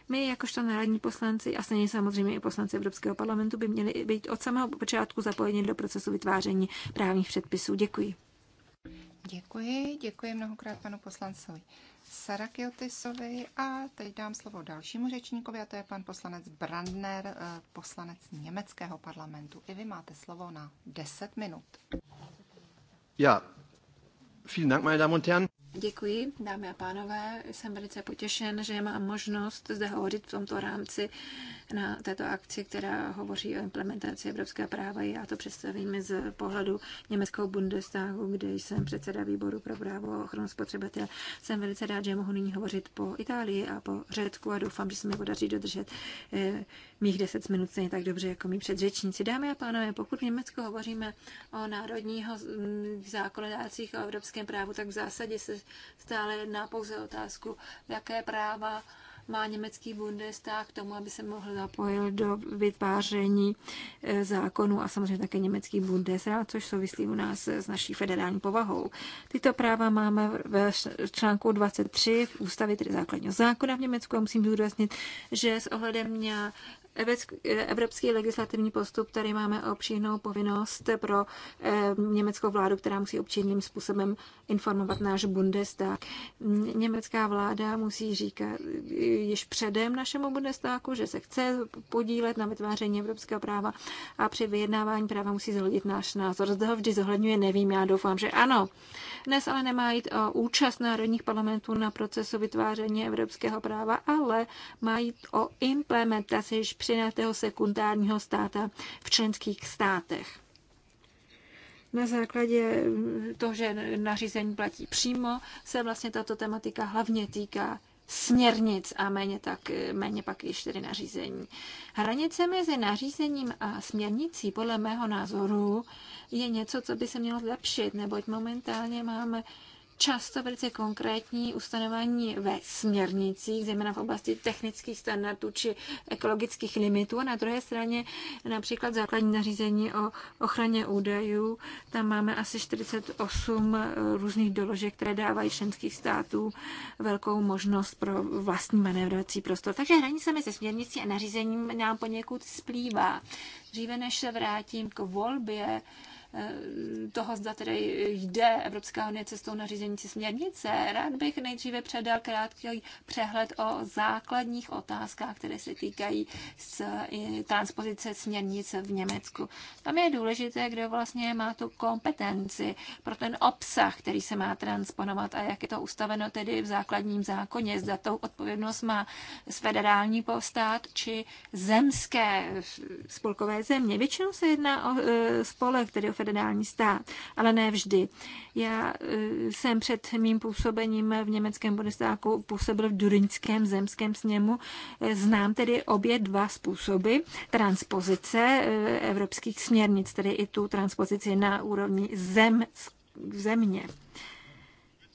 S6: My, jakožto národní poslanci, a stejně samozřejmě i poslanci Evropského parlamentu, by měli být od samého počátku zapojeni do procesu vytváření právních předpisů. Děkuji.
S4: Děkuji, děkuji mnohokrát panu poslancovi Sarakiotisovi a teď dám slovo dalšímu řečníkovi a to je pan poslanec Brandner, eh, poslanec německého parlamentu. I vy máte slovo na 10 minut.
S2: Ja, vielen Dank, meine Damen und Herren.
S4: Děkuji, dámy
S6: a pánové. Jsem velice potěšen, že mám možnost zde hovořit v tomto rámci na této akci, která hovoří o implementaci evropského práva. Já to představím z pohledu německého Bundestagu, kde jsem předseda výboru pro právo a ochranu spotřebitele. Jsem velice rád, že mohu nyní hovořit po Itálii a po Řecku a doufám, že se mi podaří dodržet eh, mých 10 minut stejně tak dobře jako mý předřečníci. Dámy a pánové, pokud v Německu hovoříme o národního mm, zákonodárcích a evropském právu, tak v zásadě se stále jedná pouze otázku, jaké práva má německý Bundestag k tomu, aby se mohl zapojit do vytváření e, zákonů a samozřejmě také německý Bundesrat, což souvislí u nás s naší federální povahou. Tyto práva máme ve článku 23 v ústavě tedy základního zákona v Německu a musím zdůraznit, že s ohledem na Evropský legislativní postup, tady máme obšírnou povinnost pro eh, německou vládu, která musí obšírným způsobem informovat náš Bundestag. Německá vláda musí říkat eh, již předem našemu Bundestagu, že se chce podílet na vytváření evropského práva a při vyjednávání práva musí zhodit náš názor. Zde ho vždy zohledňuje, nevím, já doufám, že ano. Dnes ale nemá jít o účast národních parlamentů na procesu vytváření evropského práva, ale mají o implementaci již přinatého sekundárního státa v členských státech. Na základě toho, že nařízení platí přímo, se vlastně tato tematika hlavně týká směrnic a méně, tak, méně pak již tedy nařízení. Hranice mezi nařízením a směrnicí podle mého názoru je něco, co by se mělo zlepšit, neboť momentálně máme často velice konkrétní ustanovení ve směrnicích, zejména v oblasti technických standardů či ekologických limitů. A na druhé straně například základní nařízení o ochraně údajů. Tam máme asi 48 eh, různých doložek, které dávají členských států velkou možnost pro vlastní manévrovací prostor. Takže hranice mezi směrnicí a nařízením nám poněkud splývá. Dříve než se vrátím k volbě, Eh, toho, zda tedy jde Evropská unie cestou nařízení řízení směrnice. Rád bych nejdříve předal krátký přehled o základních otázkách, které se týkají z transpozice směrnic v Německu. Tam je důležité, kdo vlastně má tu kompetenci pro ten obsah, který se má transponovat a jak je to ustaveno tedy v základním zákoně. Zda tou odpovědnost má z federální postát či zemské spolkové země. Většinou se jedná o eh, spolek, tedy o federální stát, ale ne vždy. Já e, jsem před mým působením v německém Bundestagu působil v Durinském zemském sněmu. E, znám tedy obě dva způsoby transpozice e, evropských směrnic, tedy i tu transpozici na úrovni zem, země.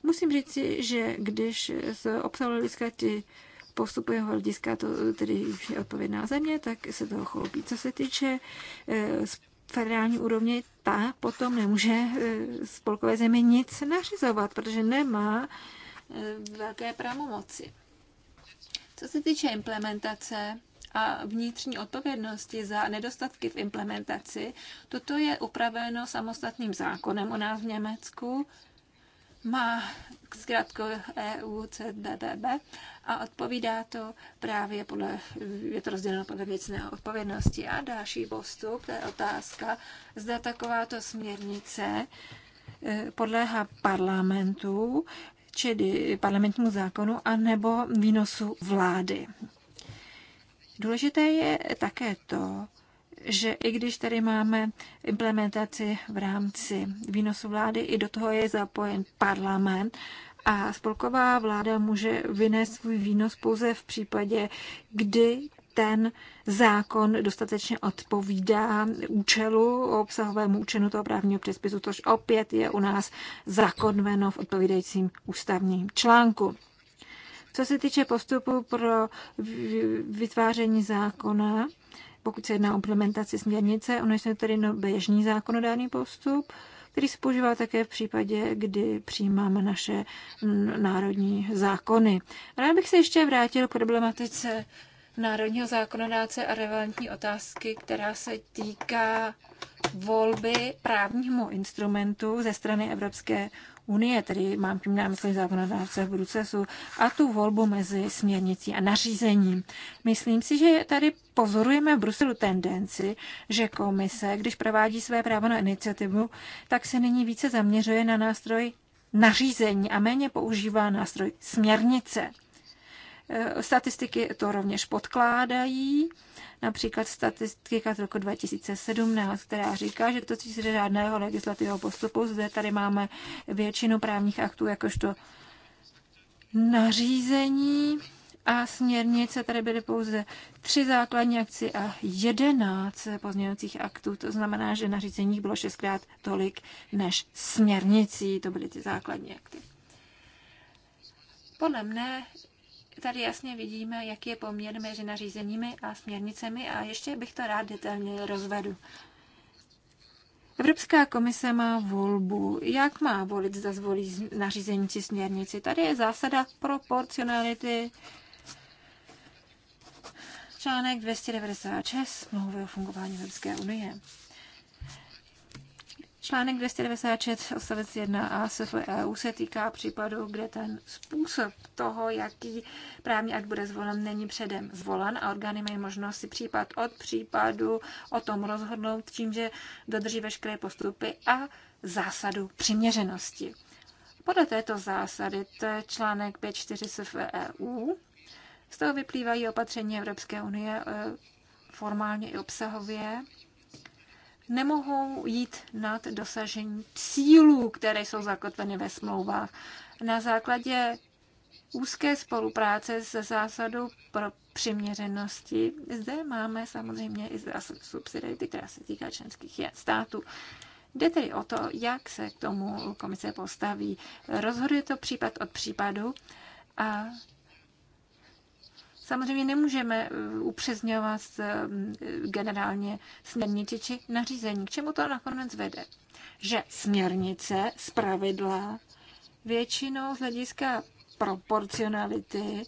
S6: Musím říct, že když se obsahu lidská ty postupuje hlediska, to tedy je odpovědná země, tak se toho chopí. Co se týče federální úrovni, ta potom nemůže e, spolkové zemi nic nařizovat, protože nemá e, velké pravomoci. Co se týče implementace a vnitřní odpovědnosti za nedostatky v implementaci, toto je upraveno samostatným zákonem u nás v Německu, má zkrátku EU a odpovídá to právě podle, je to rozděleno podle věcné odpovědnosti. A další postup, to je otázka, zda takováto směrnice eh, podléhá parlamentu, čili parlamentnímu zákonu, anebo výnosu vlády. Důležité je také to, že i když tady máme implementaci v rámci výnosu vlády, i do toho je zapojen parlament, a spolková vláda může vynést svůj výnos pouze v případě, kdy ten zákon dostatečně odpovídá účelu, obsahovému účelu toho právního předpisu, což opět je u nás zakonveno v odpovídajícím ústavním článku. Co se týče postupu pro vytváření zákona, pokud se jedná o implementaci směrnice, ono je tedy no, běžný zákonodárný postup, který se používá také v případě, kdy přijímáme naše národní zákony. Rád bych se ještě vrátil k problematice národního zákonodáce a relevantní otázky, která se týká volby právního instrumentu ze strany Evropské unie, tedy mám tím na zákonodárce v procesu, a tu volbu mezi směrnicí a nařízením. Myslím si, že tady pozorujeme v Bruselu tendenci, že komise, když provádí své právo na iniciativu, tak se nyní více zaměřuje na nástroj nařízení a méně používá nástroj směrnice. Eh, statistiky to rovněž podkládají, například statistika z roku 2017, která říká, že to, co se žádného legislativního postupu, zde tady máme většinu právních aktů jakožto nařízení a směrnice tady byly pouze tři základní akci a jedenáct pozměňovacích aktů. To znamená, že nařízeních bylo šestkrát tolik než směrnicí. To byly ty základní akty. Podle mne tady jasně vidíme, jaký je poměr mezi nařízeními a směrnicemi a ještě bych to rád detailně rozvedl. Evropská komise má volbu. Jak má volit, zda zvolí nařízení či směrnici? Tady je zásada proporcionality článek 296 smlouvy o fungování Evropské unie. Článek 296 odstavec 1a SFE EU se týká případů, kde ten způsob toho, jaký právní akt bude zvolen, není předem zvolen a orgány mají možnost si případ od případu o tom rozhodnout tím, že dodrží veškeré postupy a zásadu přiměřenosti. Podle této zásady, to je článek 5.4 EU, z toho vyplývají opatření Evropské unie eh, formálně i obsahově nemohou jít nad dosažení cílů, které jsou zakotveny ve smlouvách. Na základě úzké spolupráce se zásadou pro přiměřenosti. Zde máme samozřejmě i subsidiarity, která se týká členských států. Jde tedy o to, jak se k tomu komise postaví. Rozhoduje to případ od případu a Samozřejmě nemůžeme eh, upřesňovat eh, eh, generálně směrnici či nařízení. K čemu to nakonec vede? Že směrnice z pravidla většinou z hlediska proporcionality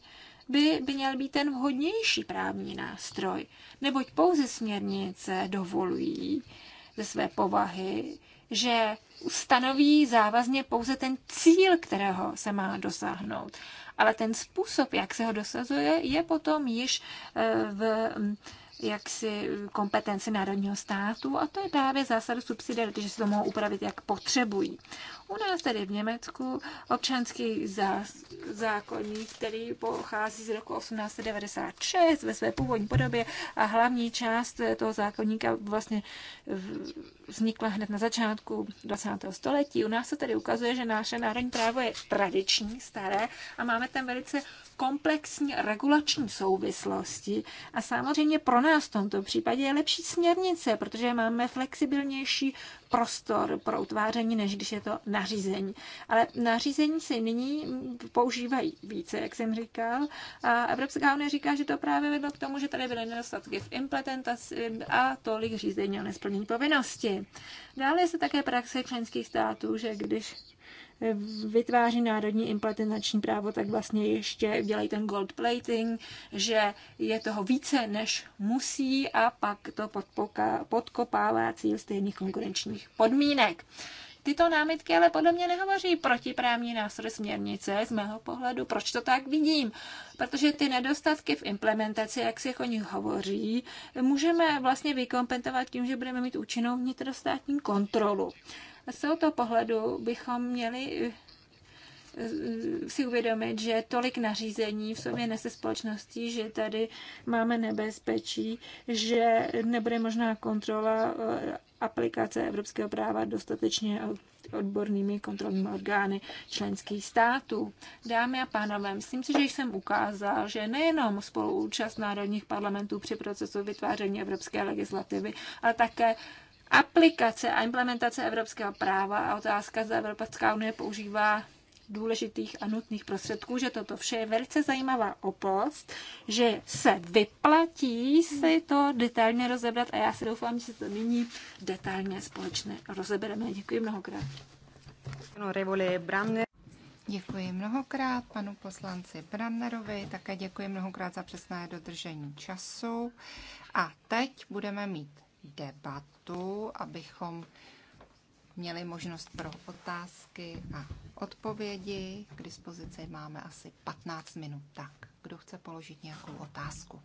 S6: by, by měl být ten vhodnější právní nástroj, neboť pouze směrnice dovolují ze své povahy, že stanoví závazně pouze ten cíl, kterého se má dosáhnout ale ten způsob, jak se ho dosazuje, je potom již eh, v jaksi kompetenci národního státu a to je právě zásadu subsidiarity, že se to mohou upravit, jak potřebují. U nás tady v Německu občanský zákonník, který pochází z roku 1896 ve své původní podobě a hlavní část toho zákonníka vlastně vznikla hned na začátku 20. století. U nás se tady ukazuje, že naše národní právo je tradiční, staré a máme tam velice komplexní regulační souvislosti a samozřejmě pro nás v tomto případě je lepší směrnice, protože máme flexibilnější prostor pro utváření, než když je to nařízení. Ale nařízení se nyní používají více, jak jsem říkal. A Evropská unie říká, že to právě vedlo k tomu, že tady byly nedostatky v implementaci a tolik řízení o nesplnění povinnosti. Dále se také praxe členských států, že když vytváří národní implementační právo, tak vlastně ještě dělají ten gold plating, že je toho více, než musí a pak to podkopává cíl stejných konkurenčních podmínek. Tyto námitky ale podle mě nehovoří protiprávní nástroj směrnice z mého pohledu. Proč to tak vidím? Protože ty nedostatky v implementaci, jak se o nich hovoří, můžeme vlastně vykompentovat tím, že budeme mít účinnou vnitrostátní kontrolu. Z tohoto pohledu bychom měli eh, si uvědomit, že tolik nařízení v sobě nese společnosti, že tady máme nebezpečí, že nebude možná kontrola eh, aplikace evropského práva dostatečně odbornými kontrolními orgány členských států. Dámy a pánové, myslím si, že jsem ukázal, že nejenom spoluúčast národních parlamentů při procesu vytváření evropské legislativy, ale také aplikace a implementace evropského práva a otázka, zda Evropská unie používá důležitých a nutných prostředků, že toto vše je velice zajímavá opost, že se vyplatí si to detailně rozebrat a já si doufám, že se to nyní detailně společně rozebereme. Děkuji
S4: mnohokrát. Děkuji mnohokrát panu poslanci Brannerovi, také děkuji mnohokrát za přesné dodržení času. A teď budeme mít debatu, abychom měli možnost pro otázky a odpovědi. K dispozici máme asi 15 minut. Tak, kdo chce položit nějakou otázku?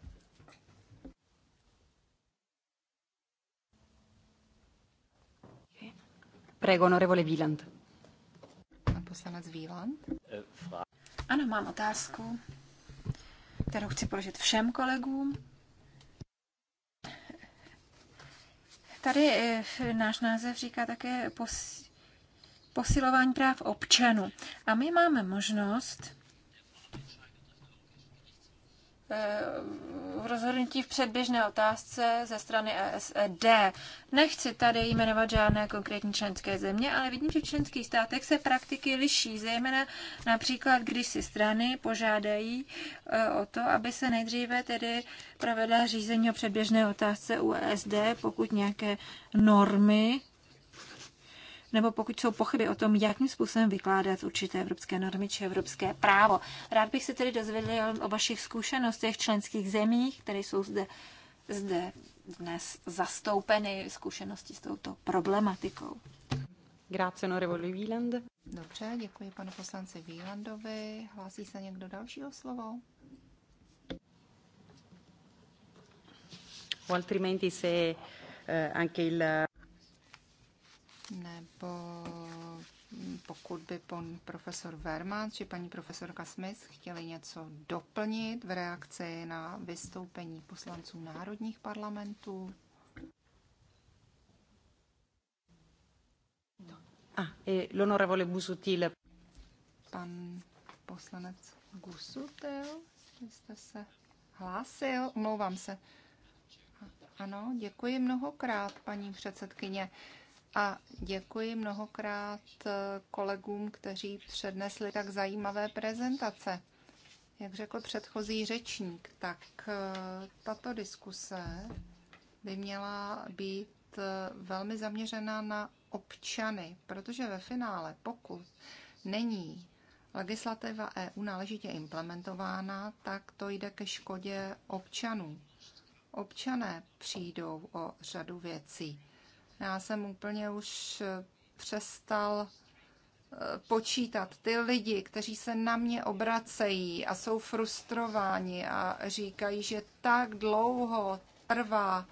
S3: Prego,
S6: honorevole Wieland.
S4: Pan poslanec Wieland. Ano, mám
S6: otázku, kterou chci položit všem kolegům. Tady eh, náš název říká také pos, posilování práv občanů. A my máme možnost Eh, rozhodnutí v předběžné otázce ze strany ESD. E Nechci tady jmenovat žádné konkrétní členské země, ale vidím, že v členských státech se praktiky liší, zejména například, když si strany požádají eh, o to, aby se nejdříve tedy provedla řízení o předběžné otázce u ESD, pokud nějaké normy nebo pokud jsou pochyby o tom, jakým způsobem vykládat určité evropské normy či evropské právo. Rád bych se tedy dozvěděl o vašich zkušenostech v členských zemích, které jsou zde, zde dnes zastoupeny zkušenosti s touto
S4: problematikou. Grazie, onorevole Wieland. Dobře, děkuji panu poslanci Wielandovi. Hlásí se někdo dalšího slovo? O altrimenti se eh, anche il nebo pokud by pan profesor Verman či paní profesorka Smith chtěli něco doplnit v reakci na vystoupení poslanců národních parlamentů. Ah, e l'onorevole Busutil. Pan poslanec Gusutil, jste se hlásil, omlouvám se. Ano, děkuji mnohokrát, paní předsedkyně a děkuji mnohokrát eh, kolegům, kteří přednesli tak zajímavé prezentace. Jak řekl předchozí řečník, tak eh, tato diskuse by měla být eh, velmi zaměřená na občany, protože ve finále, pokud není legislativa EU náležitě implementována, tak to jde ke škodě občanů. Občané přijdou o řadu věcí. Já jsem úplně už eh, přestal eh, počítat ty lidi, kteří se na mě obracejí a jsou frustrováni a říkají, že tak dlouho trvá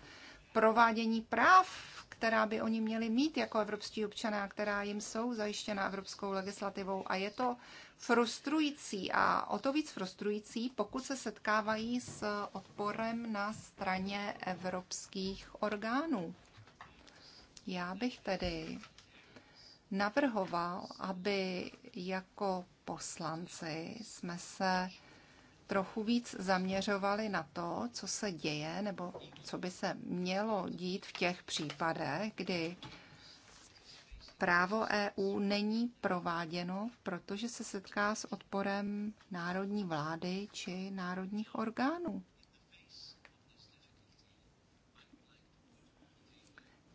S4: provádění práv, která by oni měli mít jako evropští občané, která jim jsou zajištěna evropskou legislativou. A je to frustrující a o to víc frustrující, pokud se setkávají s odporem na straně evropských orgánů. Já bych tedy navrhoval, aby jako poslanci jsme se trochu víc zaměřovali na to, co se děje nebo co by se mělo dít v těch případech, kdy právo EU není prováděno, protože se setká s odporem národní vlády či národních orgánů.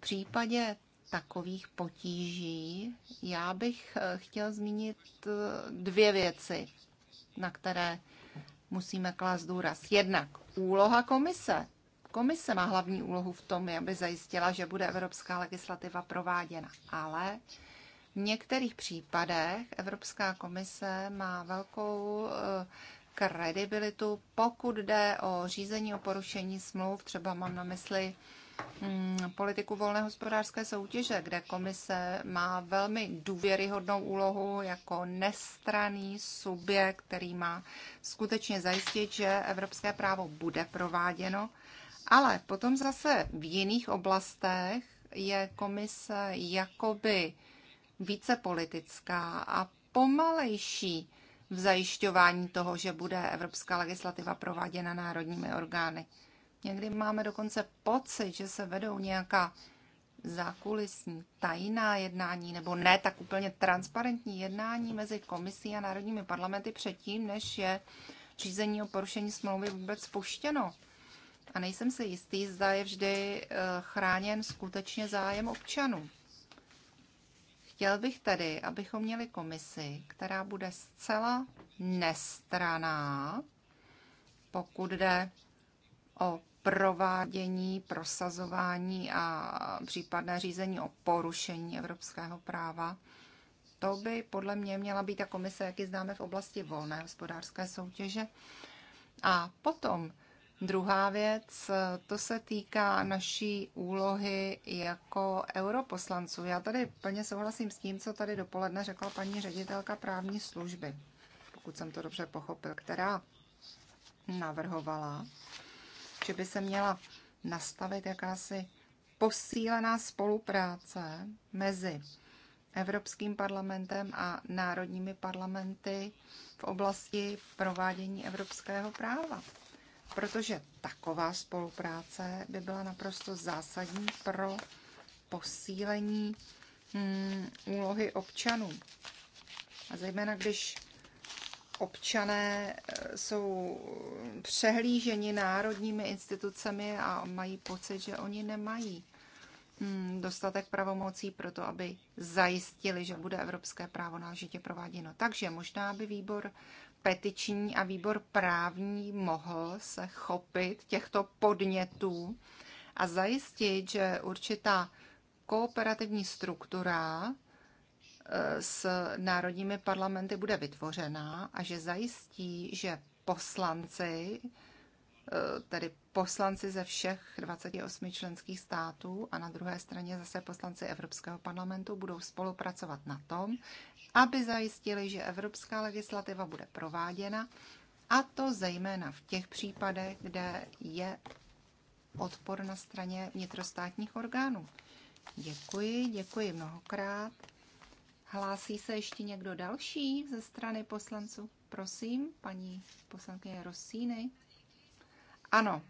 S4: případě takových potíží já bych eh, chtěl zmínit eh, dvě věci, na které musíme klást důraz. Jednak úloha komise. Komise má hlavní úlohu v tom, aby zajistila, že bude evropská legislativa prováděna. Ale v některých případech Evropská komise má velkou eh, kredibilitu, pokud jde o řízení o porušení smluv, třeba mám na mysli Mm, politiku volné hospodářské soutěže, kde komise má velmi důvěryhodnou úlohu jako nestraný subjekt, který má skutečně zajistit, že evropské právo bude prováděno. Ale potom zase v jiných oblastech je komise jakoby více politická a pomalejší v zajišťování toho, že bude evropská legislativa prováděna národními orgány. Někdy máme dokonce pocit, že se vedou nějaká zákulisní tajná jednání nebo ne tak úplně transparentní jednání mezi komisí a národními parlamenty předtím, než je řízení o porušení smlouvy vůbec spuštěno. A nejsem si jistý, zda je vždy eh, chráněn skutečně zájem občanů. Chtěl bych tedy, abychom měli komisi, která bude zcela nestraná, pokud jde o provádění, prosazování a případné řízení o porušení evropského práva. To by podle mě měla být ta komise, jak ji známe v oblasti volné hospodářské soutěže. A potom druhá věc, to se týká naší úlohy jako europoslanců. Já tady plně souhlasím s tím, co tady dopoledne řekla paní ředitelka právní služby, pokud jsem to dobře pochopil, která navrhovala, že by se měla nastavit jakási posílená spolupráce mezi Evropským parlamentem a národními parlamenty v oblasti provádění evropského práva. Protože taková spolupráce by byla naprosto zásadní pro posílení hmm, úlohy občanů. A zejména když občané eh, jsou přehlíženi národními institucemi a mají pocit, že oni nemají hm, dostatek pravomocí pro to, aby zajistili, že bude evropské právo náležitě prováděno. Takže možná by výbor petiční a výbor právní mohl se chopit těchto podnětů a zajistit, že určitá kooperativní struktura s národními parlamenty bude vytvořena a že zajistí, že poslanci, eh, tedy poslanci ze všech 28 členských států a na druhé straně zase poslanci Evropského parlamentu budou spolupracovat na tom, aby zajistili, že evropská legislativa bude prováděna a to zejména v těch případech, kde je odpor na straně vnitrostátních orgánů. Děkuji, děkuji mnohokrát. Hlásí se ještě někdo další ze strany poslanců? Prosím, paní poslankyně Rosíny. Ano.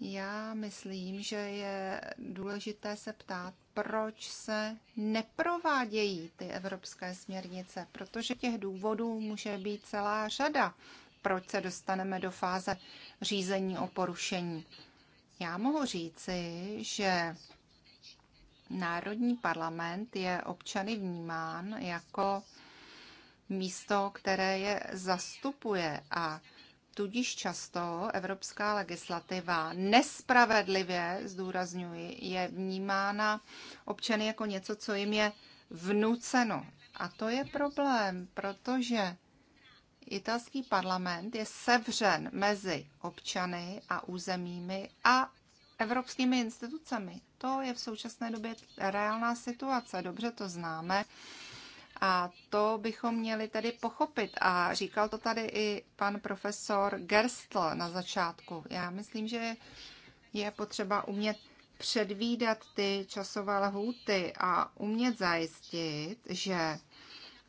S4: Já myslím, že je důležité se ptát, proč se neprovádějí ty evropské směrnice, protože těch důvodů může být celá řada, proč se dostaneme do fáze řízení o porušení. Já mohu říci, že Národní parlament je občany vnímán jako místo, které je zastupuje a tudíž často evropská legislativa nespravedlivě, zdůrazňuji, je vnímána občany jako něco, co jim je vnuceno. A to je problém, protože italský parlament je sevřen mezi občany a územími a evropskými institucemi. To je v současné době reálná situace, dobře to známe. A to bychom měli tedy pochopit. A říkal to tady i pan profesor Gerstl na začátku. Já myslím, že je potřeba umět předvídat ty časové lhůty a umět zajistit, že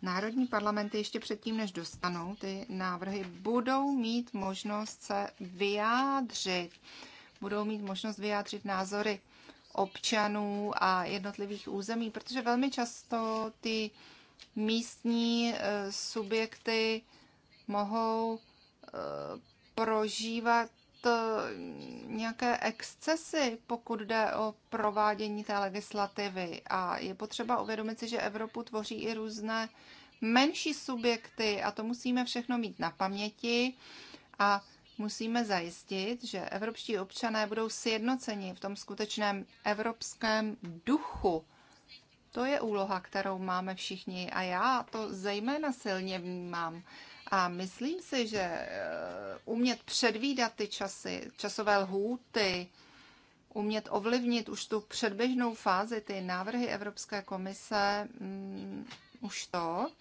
S4: národní parlamenty ještě předtím, než dostanou ty návrhy, budou mít možnost se vyjádřit budou mít možnost vyjádřit názory občanů a jednotlivých území, protože velmi často ty místní eh, subjekty mohou eh, prožívat eh, nějaké excesy, pokud jde o provádění té legislativy. A je potřeba uvědomit si, že Evropu tvoří i různé menší subjekty a to musíme všechno mít na paměti. A musíme zajistit, že evropští občané budou sjednoceni v tom skutečném evropském duchu. To je úloha, kterou máme všichni a já to zejména silně vnímám. A myslím si, že eh, umět předvídat ty časy, časové lhůty, umět ovlivnit už tu předběžnou fázi, ty návrhy Evropské komise, mm, už to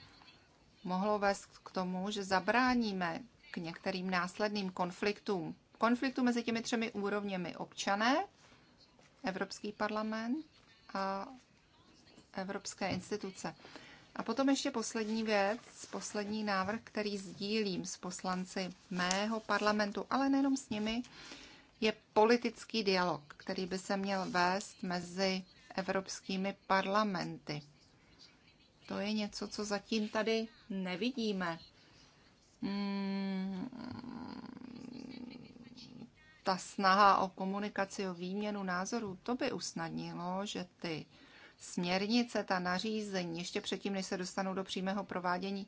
S4: mohlo vést k tomu, že zabráníme k některým následným konfliktům. Konfliktu mezi těmi třemi úrovněmi občané, Evropský parlament a evropské instituce. A potom ještě poslední věc, poslední návrh, který sdílím s poslanci mého parlamentu, ale nejenom s nimi, je politický dialog, který by se měl vést mezi evropskými parlamenty. To je něco, co zatím tady nevidíme. Mm, ta snaha o komunikaci, o výměnu názorů, to by usnadnilo, že ty směrnice, ta nařízení, ještě předtím, než se dostanou do přímého provádění,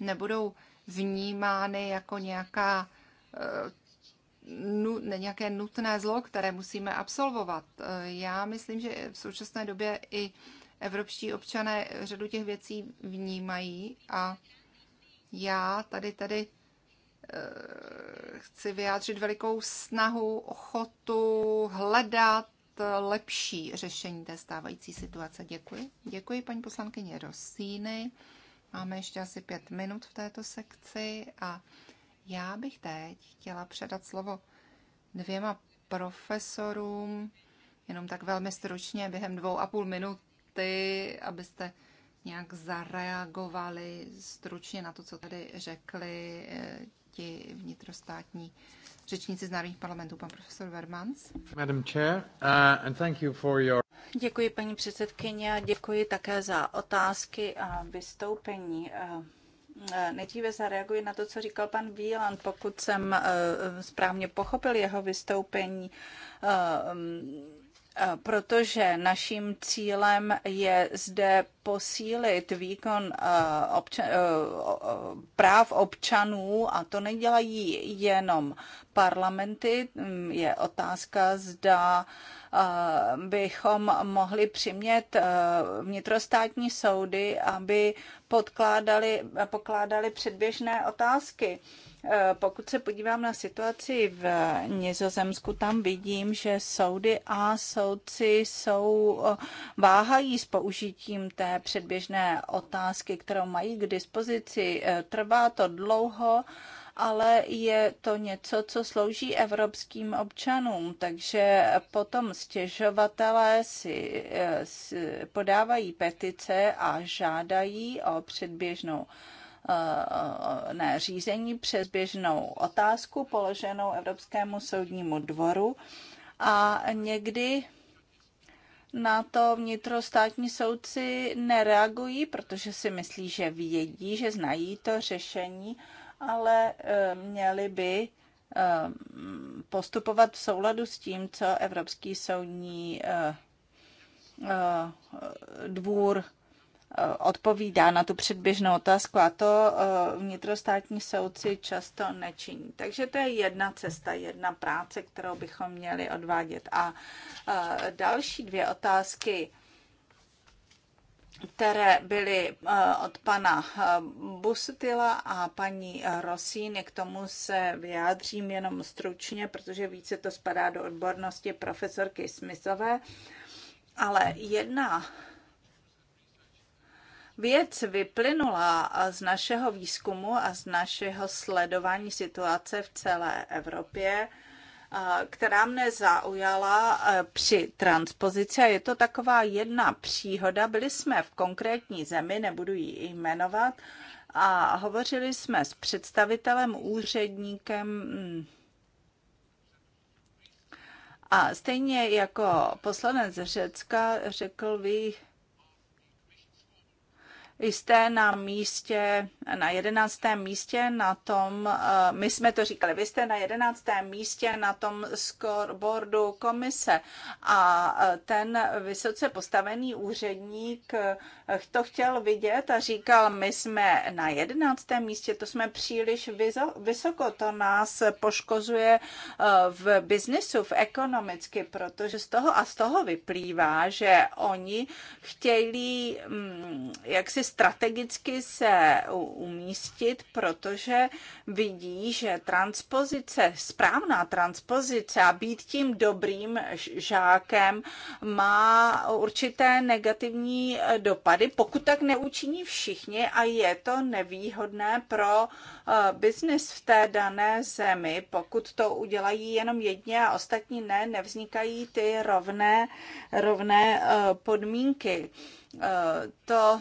S4: nebudou vnímány jako nějaká, eh, ne, nějaké nutné zlo, které musíme absolvovat. Eh, já myslím, že v současné době i evropští občané řadu těch věcí vnímají a já tady tady eh, chci vyjádřit velikou snahu, ochotu hledat lepší řešení té stávající situace. Děkuji. Děkuji paní poslankyně Rosíny. Máme ještě asi pět minut v této sekci a já bych teď chtěla předat slovo dvěma profesorům, jenom tak velmi stručně, během dvou a půl minuty, abyste nějak zareagovali stručně na to, co tady řekli eh, ti vnitrostátní řečníci z národních parlamentů, pan profesor Vermans.
S3: Madam Chair, uh, and thank you for your...
S4: Děkuji, paní předsedkyně, a
S5: děkuji také za otázky a vystoupení. Eh, eh, nejdříve zareaguji na to, co říkal pan Vílan, pokud jsem správně pochopil jeho vystoupení mm, Eh, protože naším cílem je zde posílit výkon eh, občan, eh, práv občanů a to nedělají jenom parlamenty. Mm, je otázka, zda Eh, bychom mohli přimět eh, vnitrostátní soudy, aby podkládali, pokládali předběžné otázky. Eh, pokud se podívám na situaci v Nizozemsku, tam vidím, že soudy a soudci jsou, váhají s použitím té předběžné otázky, kterou mají k dispozici. Trvá to dlouho ale je to něco, co slouží evropským občanům, takže potom stěžovatelé si, eh, podávají petice a žádají o předběžnou eh, ne řízení, předběžnou otázku položenou Evropskému soudnímu dvoru a někdy na to vnitrostátní soudci nereagují, protože si myslí, že vědí, že znají to řešení ale eh, měli by eh, postupovat v souladu s tím, co Evropský soudní eh, dvůr odpovídá na tu předběžnou otázku a to vnitrostátní soudci často nečiní. Takže to je jedna cesta, jedna práce, kterou bychom měli odvádět. A další dvě otázky které byly eh, od pana eh, Busutila a paní Rosíny. K tomu se vyjádřím jenom stručně, protože více to spadá do odbornosti profesorky Smithové. Ale jedna věc vyplynula z našeho výzkumu a z našeho sledování situace v celé Evropě která mne zaujala e, při transpozici, a je to taková jedna příhoda. Byli jsme v konkrétní zemi, nebudu ji jmenovat, a hovořili jsme s představitelem, úředníkem mm, a stejně jako poslanec Řecka řekl, vy jste na místě, na jedenáctém místě na tom, eh, my jsme to říkali, vy jste na jedenáctém místě na tom scoreboardu komise a eh, ten vysoce postavený úředník eh, to chtěl vidět a říkal, my jsme na jedenáctém místě, to jsme příliš vysoko, to nás poškozuje v biznisu, v ekonomicky, protože z toho a z toho vyplývá, že oni chtějí mm, jak si strategicky se umístit, protože vidí, že transpozice, správná transpozice a být tím dobrým žákem má určité negativní eh, dopady, pokud tak neučiní všichni a je to nevýhodné pro eh, biznis v té dané zemi. Pokud to udělají jenom jedně a ostatní ne, nevznikají ty rovné, rovné eh, podmínky to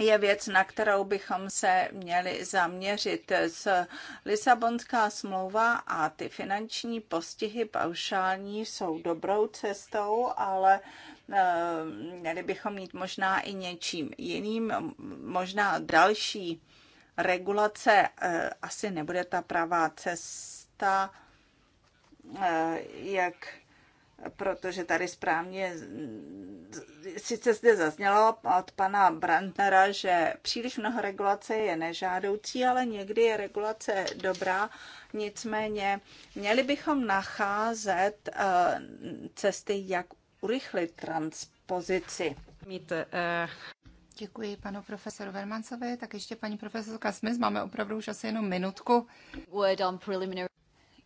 S5: je věc, na kterou bychom se měli zaměřit. S Lisabonská smlouva a ty finanční postihy paušální jsou dobrou cestou, ale eh, měli bychom mít možná i něčím jiným, možná další regulace eh, asi nebude ta pravá cesta, eh, jak protože tady správně sice zde zaznělo od pana Brandnera, že příliš mnoho regulace je nežádoucí, ale někdy je regulace dobrá. Nicméně měli bychom nacházet eh, cesty, jak urychlit transpozici.
S4: Mít, uh... Děkuji panu profesoru Vermancovi, tak ještě paní profesorka Smith, máme opravdu už asi jenom minutku. Word on preliminary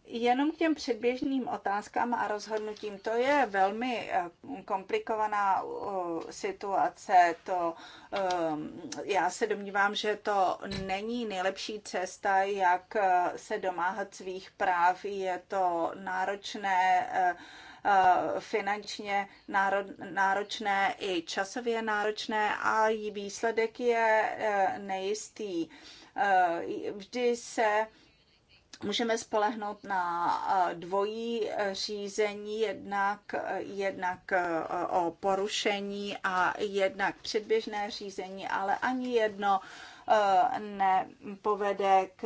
S4: Jenom k těm předběžným
S5: otázkám a rozhodnutím. To je velmi eh, komplikovaná eh, situace. To, eh, já se domnívám, že to není nejlepší cesta, jak se domáhat svých práv. Je to náročné finančně náročné i časově náročné a její výsledek je nejistý. Vždy se můžeme spolehnout na eh, dvojí eh, řízení, jednak, eh, jednak o porušení a jednak předběžné řízení, ale ani jedno nepovede k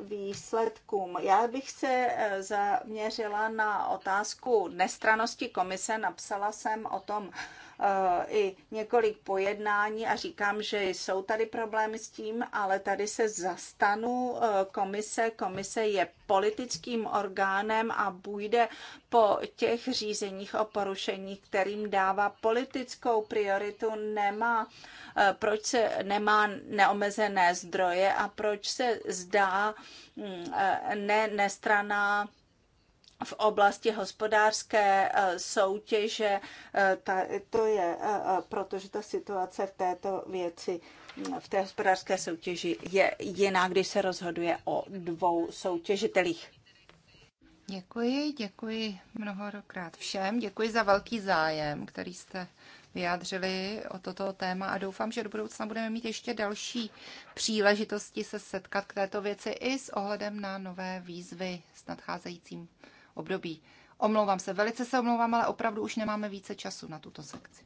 S5: výsledkům. Já bych se zaměřila na otázku nestranosti komise, napsala jsem o tom Eh, i několik pojednání a říkám, že jsou tady problémy s tím, ale tady se zastanu eh, komise. Komise je politickým orgánem a bude po těch řízeních o porušení, kterým dává politickou prioritu, nemá, eh, proč se nemá neomezené zdroje a proč se zdá hm, ne, nestraná v oblasti hospodářské eh, soutěže, eh, to je, eh, protože ta situace v této věci, v té hospodářské soutěži je jiná, když se rozhoduje o dvou soutěžitelích.
S4: Děkuji, děkuji mnohokrát všem. Děkuji za velký zájem, který jste vyjádřili o toto téma a doufám, že do budoucna budeme mít ještě další příležitosti se setkat k této věci i s ohledem na nové výzvy s nadcházejícím období. Omlouvám se, velice se omlouvám, ale opravdu už nemáme více času na tuto sekci.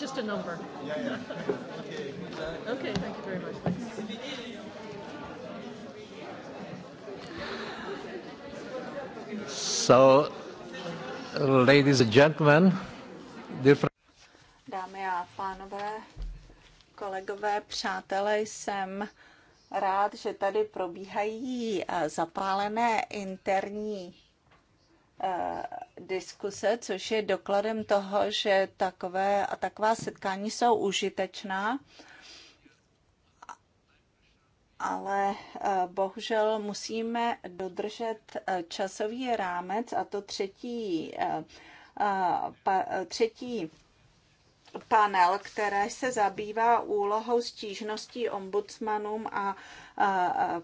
S3: just a number. Yeah, yeah. <laughs> okay, thank you very much. Thanks.
S1: So, ladies and gentlemen, different...
S5: Dámy a pánové, kolegové, přátelé, jsem rád, že tady probíhají eh, zapálené interní Eh, diskuse, což je dokladem toho, že takové a taková setkání jsou užitečná ale eh, bohužel musíme dodržet eh, časový rámec a to třetí, třetí panel, které se zabývá úlohou stížností ombudsmanům a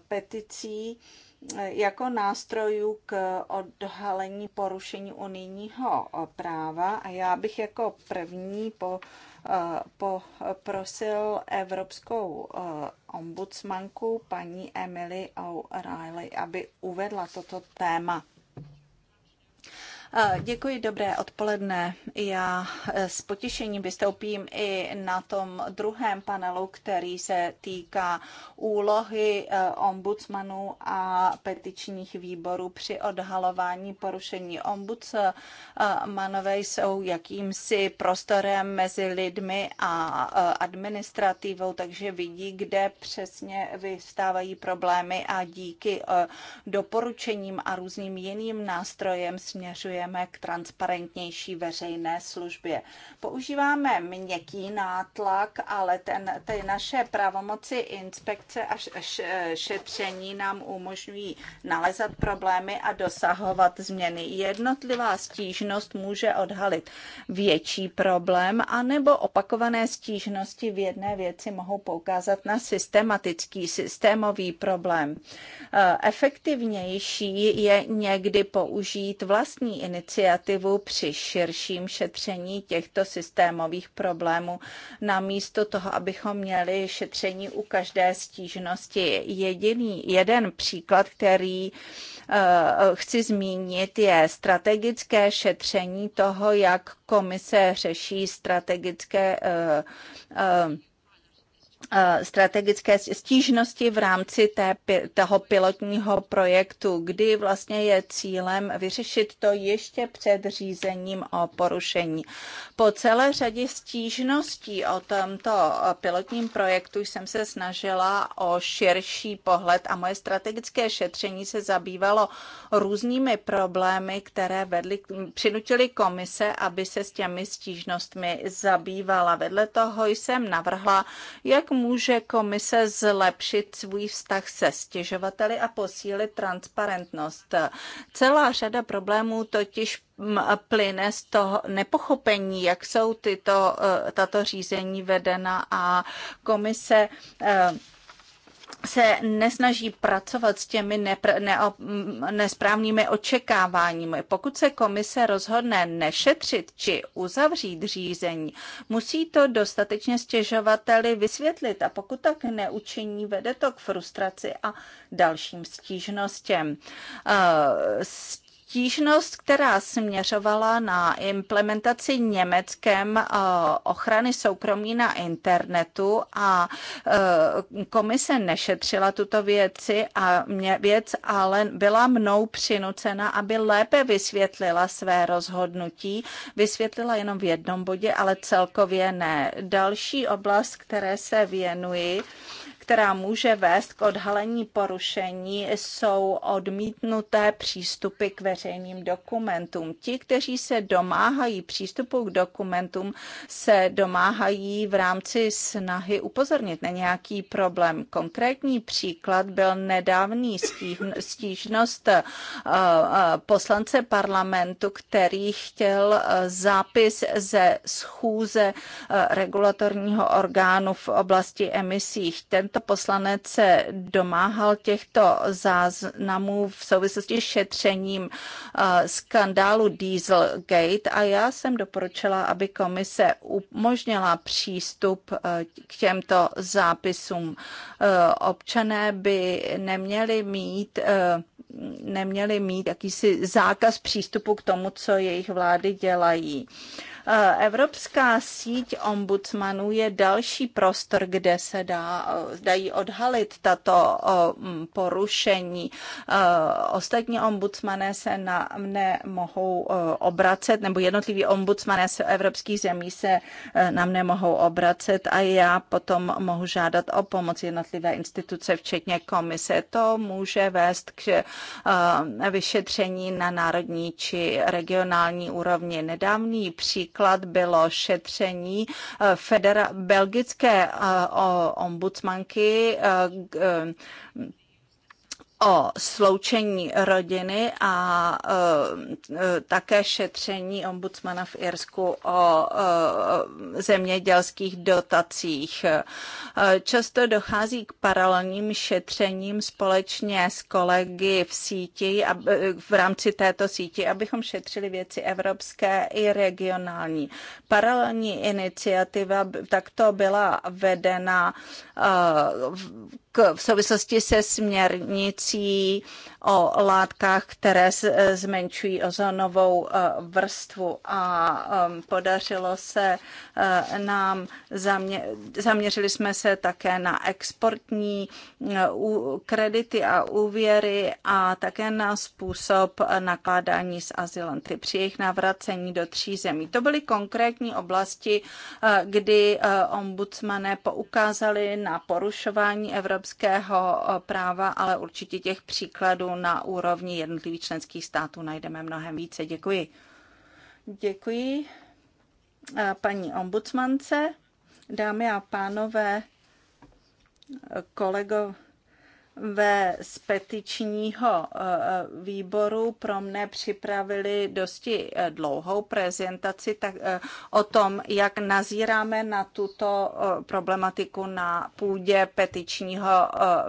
S5: peticí, jako nástrojů k odhalení porušení unijního práva a já bych jako první po, eh, po, prosil evropskou eh, ombudsmanku paní Emily O'Reilly, aby uvedla toto téma. Děkuji, dobré odpoledne. Já e, s potěšením vystoupím i na tom druhém panelu, který se týká úlohy e, ombudsmanů a petičních výborů při odhalování porušení. Ombudsmanové jsou jakýmsi prostorem mezi lidmi a e, administrativou, takže vidí, kde přesně vystávají problémy a díky doporučením a různým jiným nástrojem směřuje směřujeme k transparentnější veřejné službě. Používáme měkký nátlak, ale ten, ty naše pravomoci inspekce a šetření nám umožňují nalezat problémy a dosahovat změny. Jednotlivá stížnost může odhalit větší problém, anebo opakované stížnosti v jedné věci mohou poukázat na systematický, systémový problém. E, efektivnější je někdy použít vlastní iniciativu při širším šetření těchto systémových problémů, namísto toho, abychom měli šetření u každé stížnosti. Jediný, jeden příklad, který eh, chci zmínit, je strategické šetření toho, jak komise řeší strategické eh, eh, Eh, strategické stížnosti v rámci té, toho pilotního projektu, kdy vlastně je cílem vyřešit to ještě před řízením o porušení. Po celé řadě stížností o tomto eh, pilotním projektu jsem se snažila o širší pohled a moje strategické šetření se zabývalo různými problémy, které vedly, přinutili komise, aby se s těmi stížnostmi zabývala. Vedle toho jsem navrhla, jak může komise zlepšit svůj vztah se stěžovateli a posílit transparentnost? Celá řada problémů totiž mm, plyne z toho nepochopení, jak jsou tyto, eh, tato řízení vedena a komise eh, se nesnaží pracovat s těmi nepr- ne- mm, nesprávnými očekáváními. Pokud se komise rozhodne nešetřit či uzavřít řízení, musí to dostatečně stěžovateli vysvětlit a pokud tak neučiní, vede to k frustraci a dalším stížnostem. Uh, stížnost, která směřovala na implementaci německém eh, ochrany soukromí na internetu a eh, komise nešetřila tuto věci a mě, věc, ale byla mnou přinucena, aby lépe vysvětlila své rozhodnutí. Vysvětlila jenom v jednom bodě, ale celkově ne. Další oblast, které se věnuji, která může vést k odhalení porušení, jsou odmítnuté přístupy k veřejným dokumentům. Ti, kteří se domáhají přístupu k dokumentům, se domáhají v rámci snahy upozornit na nějaký problém. Konkrétní příklad byl nedávný stížnost eh, eh, poslance parlamentu, který chtěl eh, zápis ze schůze regulatorního orgánu v oblasti emisích. Tento tento poslanec se domáhal těchto záznamů v souvislosti s šetřením eh, skandálu Dieselgate a já jsem doporučila, aby komise umožnila přístup eh, k těmto zápisům. Eh, občané by neměli mít neměli mít jakýsi zákaz přístupu k tomu, co jejich vlády dělají. Uh, Eh, Evropská síť ombudsmanů je další prostor, kde se dá, eh, dají odhalit tato eh, mm, porušení. Ostatní ombudsmané se na mne mohou obracet, nebo jednotliví ombudsmané z evropských zemí se na mne mohou obracet a já potom mohu žádat o pomoc jednotlivé instituce, včetně komise. To může vést k vyšetření na národní či regionální úrovni. Nedávný příklad příklad bylo šetření eh, federa, belgické eh, ombudsmanky eh, o sloučení rodiny a e, e, také šetření ombudsmana v Irsku o e, zemědělských dotacích. E, často dochází k paralelním šetřením společně s kolegy v síti, ab, v rámci této síti, abychom šetřili věci evropské i regionální. Paralelní iniciativa takto byla vedena e, v, v souvislosti se směrnicí o látkách, které e, zmenšují ozonovou e, vrstvu a um, podařilo se e, nám, zaměřili jsme se také na exportní kredity a úvěry a také na způsob nakládání s azylanty při jejich navracení do tří zemí. To byly konkrétní oblasti, kdy ombudsmané poukázali na porušování evropské evropského eh, práva, ale určitě těch příkladů na úrovni jednotlivých členských států najdeme mnohem více. Děkuji. Děkuji eh, paní ombudsmance, dámy a pánové, eh, kolegové ve z petičního eh, výboru pro mne připravili dosti eh, dlouhou prezentaci tak, eh, o tom, jak nazíráme na tuto problematiku na půdě petičního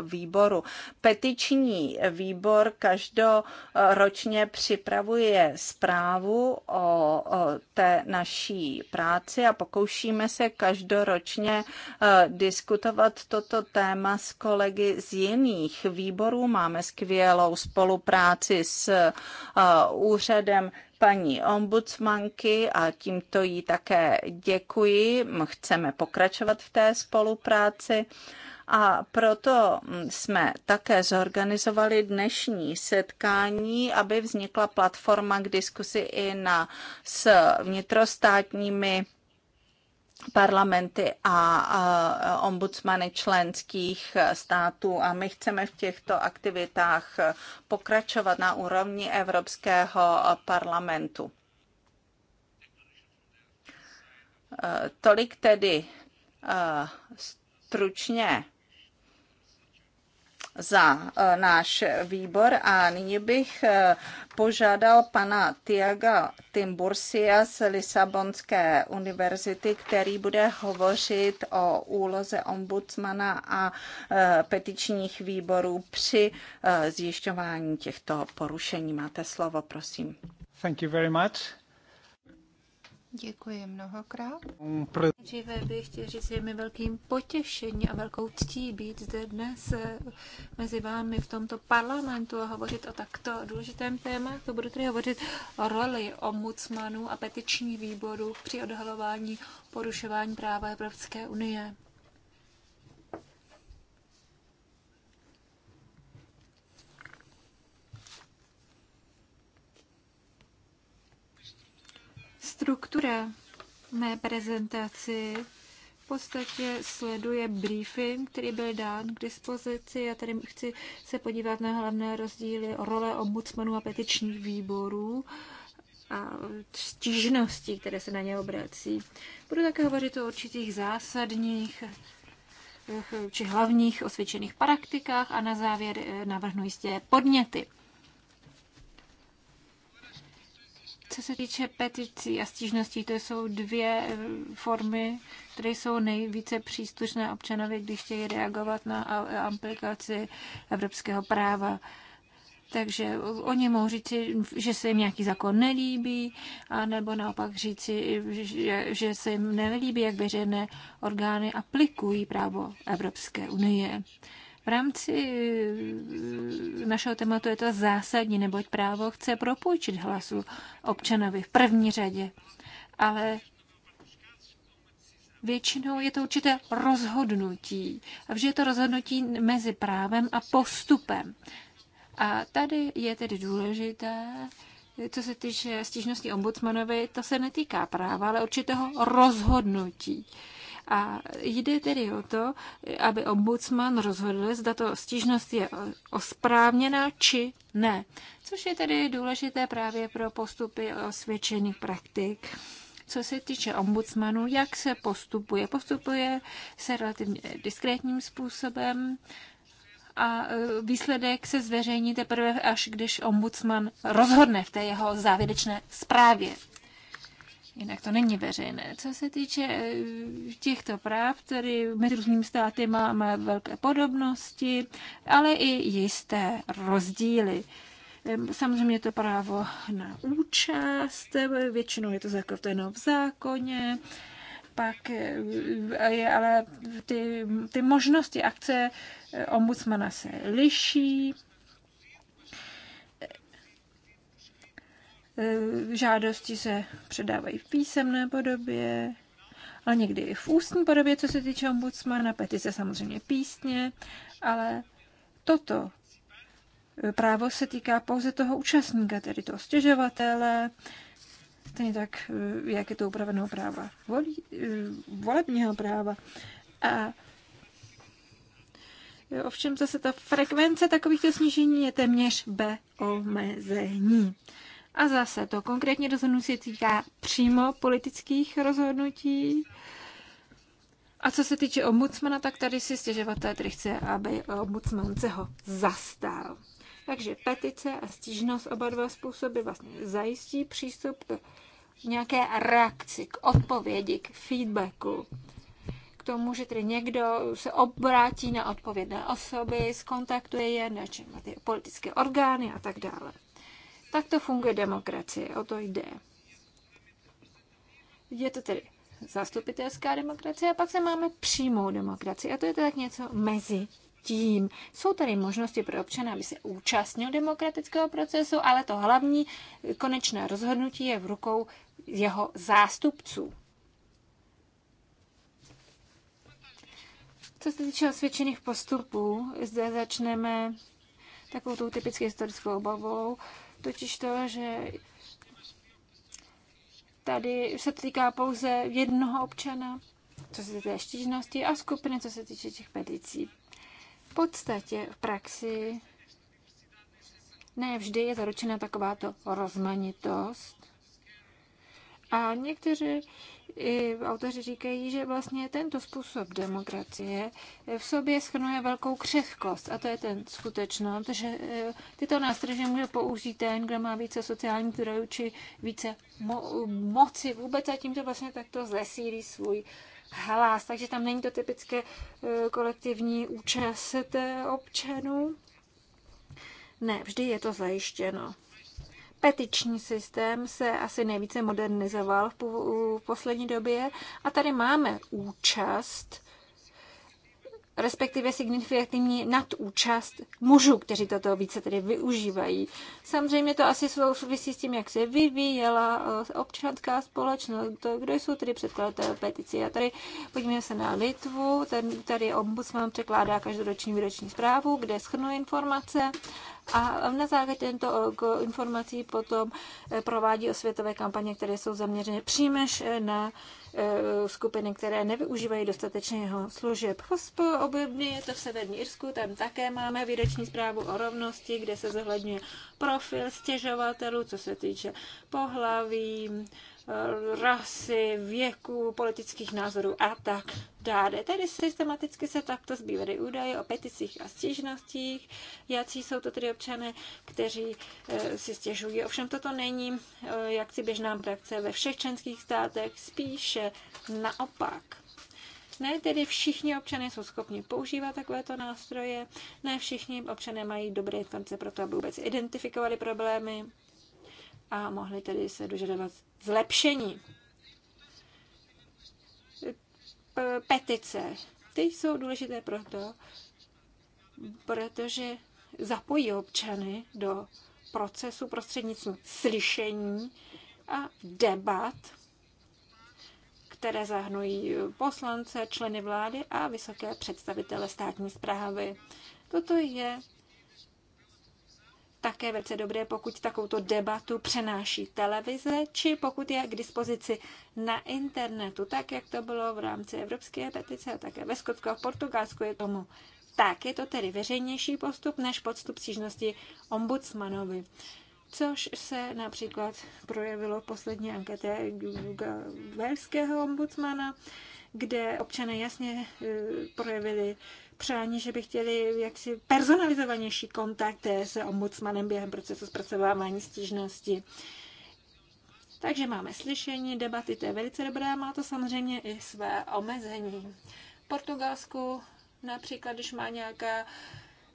S5: výboru. Petiční výbor každoročně připravuje zprávu o té naší práci a pokoušíme se každoročně diskutovat toto téma s kolegy z jiných jiných výborů. Máme skvělou spolupráci s uh, úřadem paní ombudsmanky a tímto jí také děkuji. Chceme pokračovat v té spolupráci. A proto jsme také zorganizovali dnešní setkání, aby vznikla platforma k diskusi i na, s vnitrostátními parlamenty a ombudsmany členských států a my chceme v těchto aktivitách pokračovat na úrovni Evropského parlamentu. E, tolik tedy e, stručně za e, náš výbor a nyní bych e, požádal pana Tiaga Timbursia z Lisabonské univerzity, který bude hovořit o úloze ombudsmana a e, petičních výborů při zjišťování těchto porušení. Máte slovo, prosím.
S4: Thank you very much. Děkuji mnohokrát.
S6: Dříve bych chtěl říct, že je mi velkým potěšením a velkou ctí být zde dnes eh, mezi vámi v tomto parlamentu a hovořit o takto důležitém tématu. Budu tedy hovořit o roli ombudsmanů a petiční výboru při odhalování porušování práva Evropské unie. Struktura mé prezentaci v podstatě sleduje briefing, který byl dán k dispozici. Já tady chci se podívat na hlavné rozdíly role ombudsmanů a petičních výborů a stížností, které se na ně obrací. Budu také hovořit o určitých zásadních či hlavních osvědčených praktikách a na závěr eh, navrhnu jistě podněty. Co se týče peticí a stížností, to jsou dvě eh, formy, které jsou nejvíce příslušné občanovi, když chtějí reagovat na eh, aplikaci evropského práva. Takže oni mohou říci, že se jim nějaký zákon nelíbí, a nebo naopak říci, že, že se jim nelíbí, jak veřejné orgány aplikují právo Evropské unie. V rámci eh, našeho tématu je to zásadní, neboť právo chce propůjčit hlasu občanovi v první řadě. Ale Většinou je to určité rozhodnutí. A vždy je to rozhodnutí mezi právem a postupem. A tady je tedy důležité, co se týče stížnosti ombudsmanovi, to se netýká práva, ale určitého rozhodnutí. A jde tedy o to, aby ombudsman rozhodl, zda to stížnost je osprávněná či ne. Což je tedy důležité právě pro postupy osvědčených praktik co se týče ombudsmanů, jak se postupuje. Postupuje se relativně diskrétním způsobem a e, výsledek se zveřejní teprve až, když ombudsman rozhodne v té jeho závěrečné zprávě. Jinak to není veřejné. Co se týče eh, těchto práv, tedy mezi různými státy máme velké podobnosti, ale i jisté rozdíly. Samozřejmě to právo na účast, eh, většinou je to zakotveno v zákoně, pak eh, je ale ty, ty možnosti akce ombudsmana se liší. Eh, žádosti se předávají v písemné podobě, ale někdy i v ústní podobě, co se týče ombudsmana, petice samozřejmě písně, ale toto eh, právo se týká pouze toho účastníka, tedy toho stěžovatele, stejně tak, eh, jak je to upraveno práva, volí, volebního práva. A ovšem zase ta frekvence takovýchto snížení je téměř bez omezení. A zase to konkrétně rozhodnutí se týká přímo politických rozhodnutí. A co se týče ombudsmana, tak tady si stěžovatel tedy chce, aby ombudsman se ho zastal. Takže petice a stížnost oba dva způsoby vlastně zajistí přístup k nějaké reakci, k odpovědi, k feedbacku. K tomu, že tedy někdo se obrátí na odpovědné osoby, skontaktuje je, na ty politické orgány a tak dále. Tak to funguje demokracie, o to jde. Je to tedy zastupitelská demokracie a pak se máme přímou demokracii. A to je to tak něco mezi tím. Jsou tady možnosti pro občana, aby se účastnil demokratického procesu, ale to hlavní konečné rozhodnutí je v rukou jeho zástupců. Co se týče osvědčených postupů, zde začneme takovou tou historickou obavou, totiž to, že tady se týká pouze jednoho občana, co se týče štížnosti a skupiny, co se týče těch peticí. V podstatě v praxi ne vždy je zaručena takováto rozmanitost a někteří i autoři říkají, že vlastně tento způsob demokracie v sobě schrnuje velkou křehkost. A to je ten skutečnost, že e, tyto nástroje může použít ten, kdo má více sociálních zdrojů či více mo- moci vůbec a tímto vlastně takto zesílí svůj hlas. Takže tam není to typické e, kolektivní účast občanů. Ne, vždy je to zajištěno. Petiční systém se asi nejvíce modernizoval v, v poslední době a tady máme účast respektive signifikativní nadúčast mužů, kteří toto více tedy využívají. Samozřejmě to asi souvisí s tím, jak se vyvíjela eh, občanská společnost, to, kdo jsou tedy předkladatelé petici. A tady podívejme se na Litvu, tady, tady ombudsman překládá každoroční výroční zprávu, kde schrnuje informace a na základě těchto informací potom eh, provádí osvětové kampaně, které jsou zaměřeny přímež eh, na eh, skupiny, které nevyužívají dostatečného služeb. HOSPO obdobně je to v Severní Irsku, tam také máme výroční zprávu o rovnosti, kde se zohledňuje profil stěžovatelů, co se týče pohlaví, Eh, rasy, věku, politických názorů a tak dále. Tedy systematicky se takto zbývaly údaje o peticích a stížnostích, jací jsou to tedy občané, kteří e, si stěžují. Ovšem toto není e, jaksi běžná praxe ve všech členských státech, spíše naopak. Ne tedy všichni občané jsou schopni používat takovéto nástroje, ne všichni občané mají dobré informace pro to, aby vůbec identifikovali problémy, a mohli tedy se dožadovat zlepšení. Petice. Ty jsou důležité proto, protože zapojí občany do procesu prostřednictvím slyšení a debat, které zahrnují poslance, členy vlády a vysoké představitele státní zprávy. Toto je také velice dobré, pokud takovouto debatu přenáší televize, či pokud je k dispozici na internetu, tak jak to bylo v rámci Evropské petice a také ve Skotsku a v Portugalsku je tomu tak. Je to tedy veřejnější postup než podstup stížnosti ombudsmanovi. Což se například projevilo v poslední anketě velského ombudsmana, kde občané jasně eh, projevili přání, že by chtěli jaksi personalizovanější kontakt se ombudsmanem během procesu zpracovávání stížnosti. Takže máme slyšení, debaty, to je velice dobré, má to samozřejmě i své omezení. V Portugalsku například, když má nějaká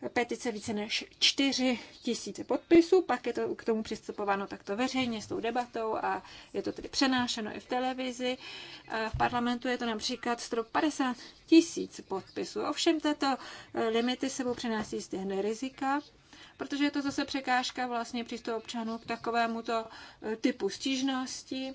S6: petice více než 4 tisíce podpisů, pak je to k tomu přistupováno takto veřejně s tou debatou a je to tedy přenášeno i v televizi. V parlamentu je to například strop 50 tisíc podpisů. Ovšem této eh, limity sebou přináší stejné rizika, protože je to zase překážka vlastně přístup občanů k takovémuto eh, typu stížnosti,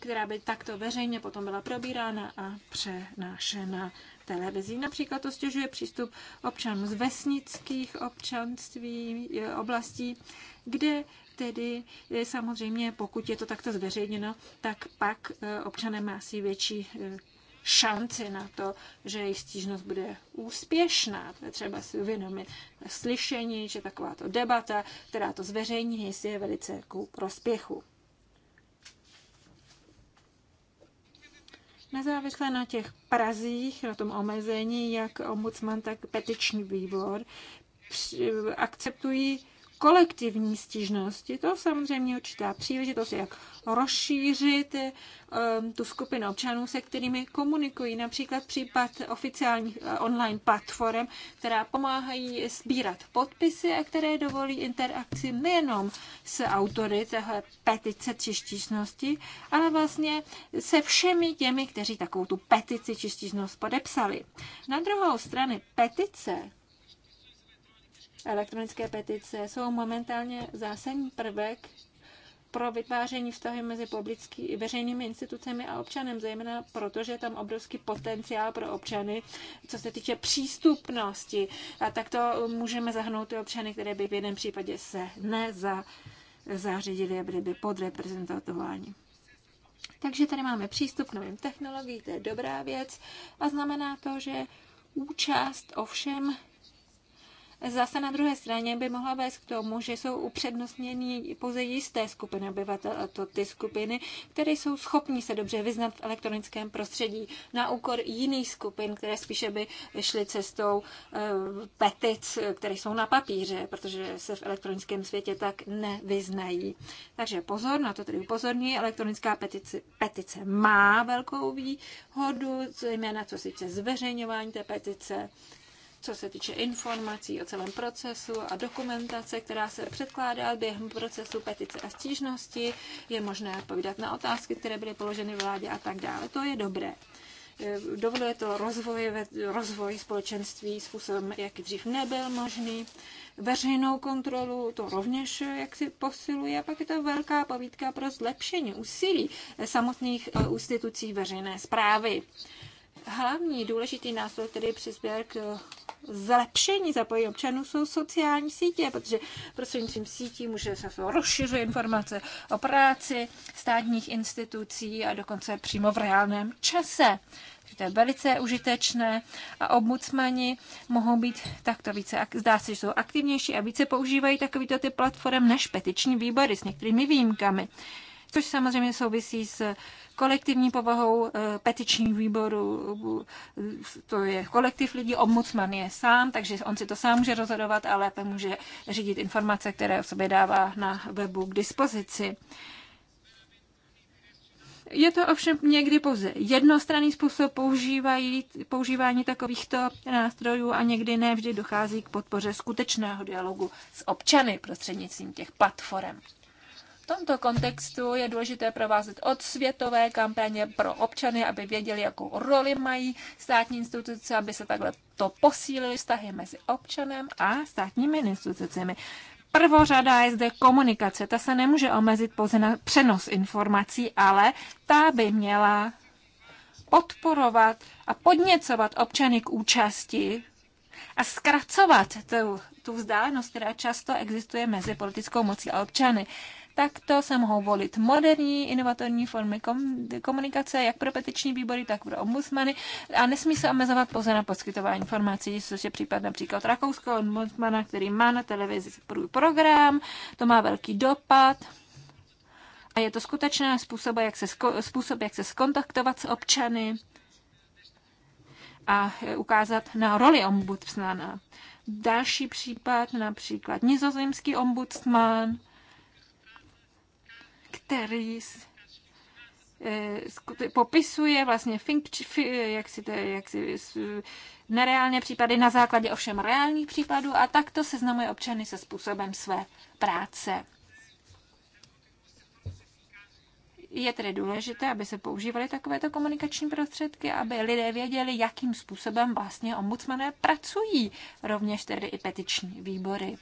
S6: která by takto veřejně potom byla probírána a přenášena televizí. Například to stěžuje přístup občanů z vesnických občanství, eh, oblastí, kde tedy eh, samozřejmě, pokud je to takto zveřejněno, tak pak eh, občané má asi větší šanci na to, že jejich stížnost bude úspěšná. To je třeba si uvědomit slyšení, že takováto debata, která to zveřejní, je velice ku prospěchu. Nezávisle na těch prazích, na tom omezení, jak ombudsman, tak petiční výbor, akceptují kolektivní stížnosti. To samozřejmě určitá příležitost, jak rozšířit eh, tu skupinu občanů, se kterými komunikují, například případ oficiálních eh, online platform, která pomáhají sbírat podpisy a které dovolí interakci nejenom s autory téhle petice či štížnosti, ale vlastně se všemi těmi, kteří takovou tu petici či štížnost podepsali. Na druhou stranu petice elektronické petice jsou momentálně zásadní prvek pro vytváření vztahy mezi publický, veřejnými institucemi a občanem, zejména proto, že je tam obrovský potenciál pro občany, co se týče přístupnosti. A takto můžeme zahnout ty občany, které by v jednom případě se neza zařídili a byli by podreprezentováni. Takže tady máme přístup k novým technologiím, to je dobrá věc a znamená to, že účast ovšem zase na druhé straně by mohla vést k tomu, že jsou upřednostněny pouze jisté skupiny obyvatel, a to ty skupiny, které jsou schopní se dobře vyznat v elektronickém prostředí na úkor jiných skupin, které spíše by šly cestou eh, petic, které jsou na papíře, protože se v elektronickém světě tak nevyznají. Takže pozor, na to tedy upozorňuji, elektronická petice, petice má velkou výhodu, zejména co se týče zveřejňování té petice, co se týče informací o celém procesu a dokumentace, která se předkládá během procesu petice a stížnosti, je možné odpovídat na otázky, které byly položeny vládě a tak dále. To je dobré. E, dovoluje to rozvoj, rozvoj společenství způsobem, jaký dřív nebyl možný. Veřejnou kontrolu to rovněž e, jak si posiluje. pak je to velká povídka pro zlepšení úsilí e, samotných institucí veřejné zprávy hlavní důležitý nástroj, který přispěl k zlepšení zapojení občanů jsou sociální sítě, protože prostřednictvím sítí může se rozšiřuje informace o práci státních institucí a dokonce přímo v reálném čase. Takže to je velice užitečné a obmucmani mohou být takto více, zdá se, že jsou aktivnější a více používají takovýto typ platform než petiční výbory s některými výjimkami což samozřejmě souvisí s kolektivní povahou eh, petiční výboru. To je kolektiv lidí, ombudsman je sám, takže on si to sám může rozhodovat a lépe může řídit informace, které o sobě dává na webu k dispozici. Je to ovšem někdy pouze jednostranný způsob používají, používání takovýchto nástrojů a někdy nevždy dochází k podpoře skutečného dialogu s občany prostřednictvím těch platform. V tomto kontextu je důležité provázet od světové kampaně pro občany, aby věděli, jakou roli mají státní instituce, aby se takhle to posílili vztahy mezi občanem a státními institucemi. Prvořada je zde komunikace. Ta se nemůže omezit pouze na přenos informací, ale ta by měla podporovat a podněcovat občany k účasti a zkracovat tu, tu vzdálenost, která často existuje mezi politickou mocí a občany. Takto se mohou volit moderní inovativní formy komunikace, jak pro petiční výbory, tak pro ombudsmany a nesmí se omezovat pouze na poskytování informací, což je případ například rakouského ombudsmana, který má na televizi svůj program, to má velký dopad. A je to skutečný způsob, jak se, způsob, jak se skontaktovat s občany a ukázat na roli ombudsmana. Další případ, například nizozemský ombudsman, který eh, popisuje vlastně think, jak si to, jak si, nereálně případy na základě ovšem reálných případů a takto seznamuje občany se způsobem své práce. Je tedy důležité, aby se používaly takovéto komunikační prostředky, aby lidé věděli, jakým způsobem vlastně ombudsmané pracují, rovněž tedy i petiční výbory.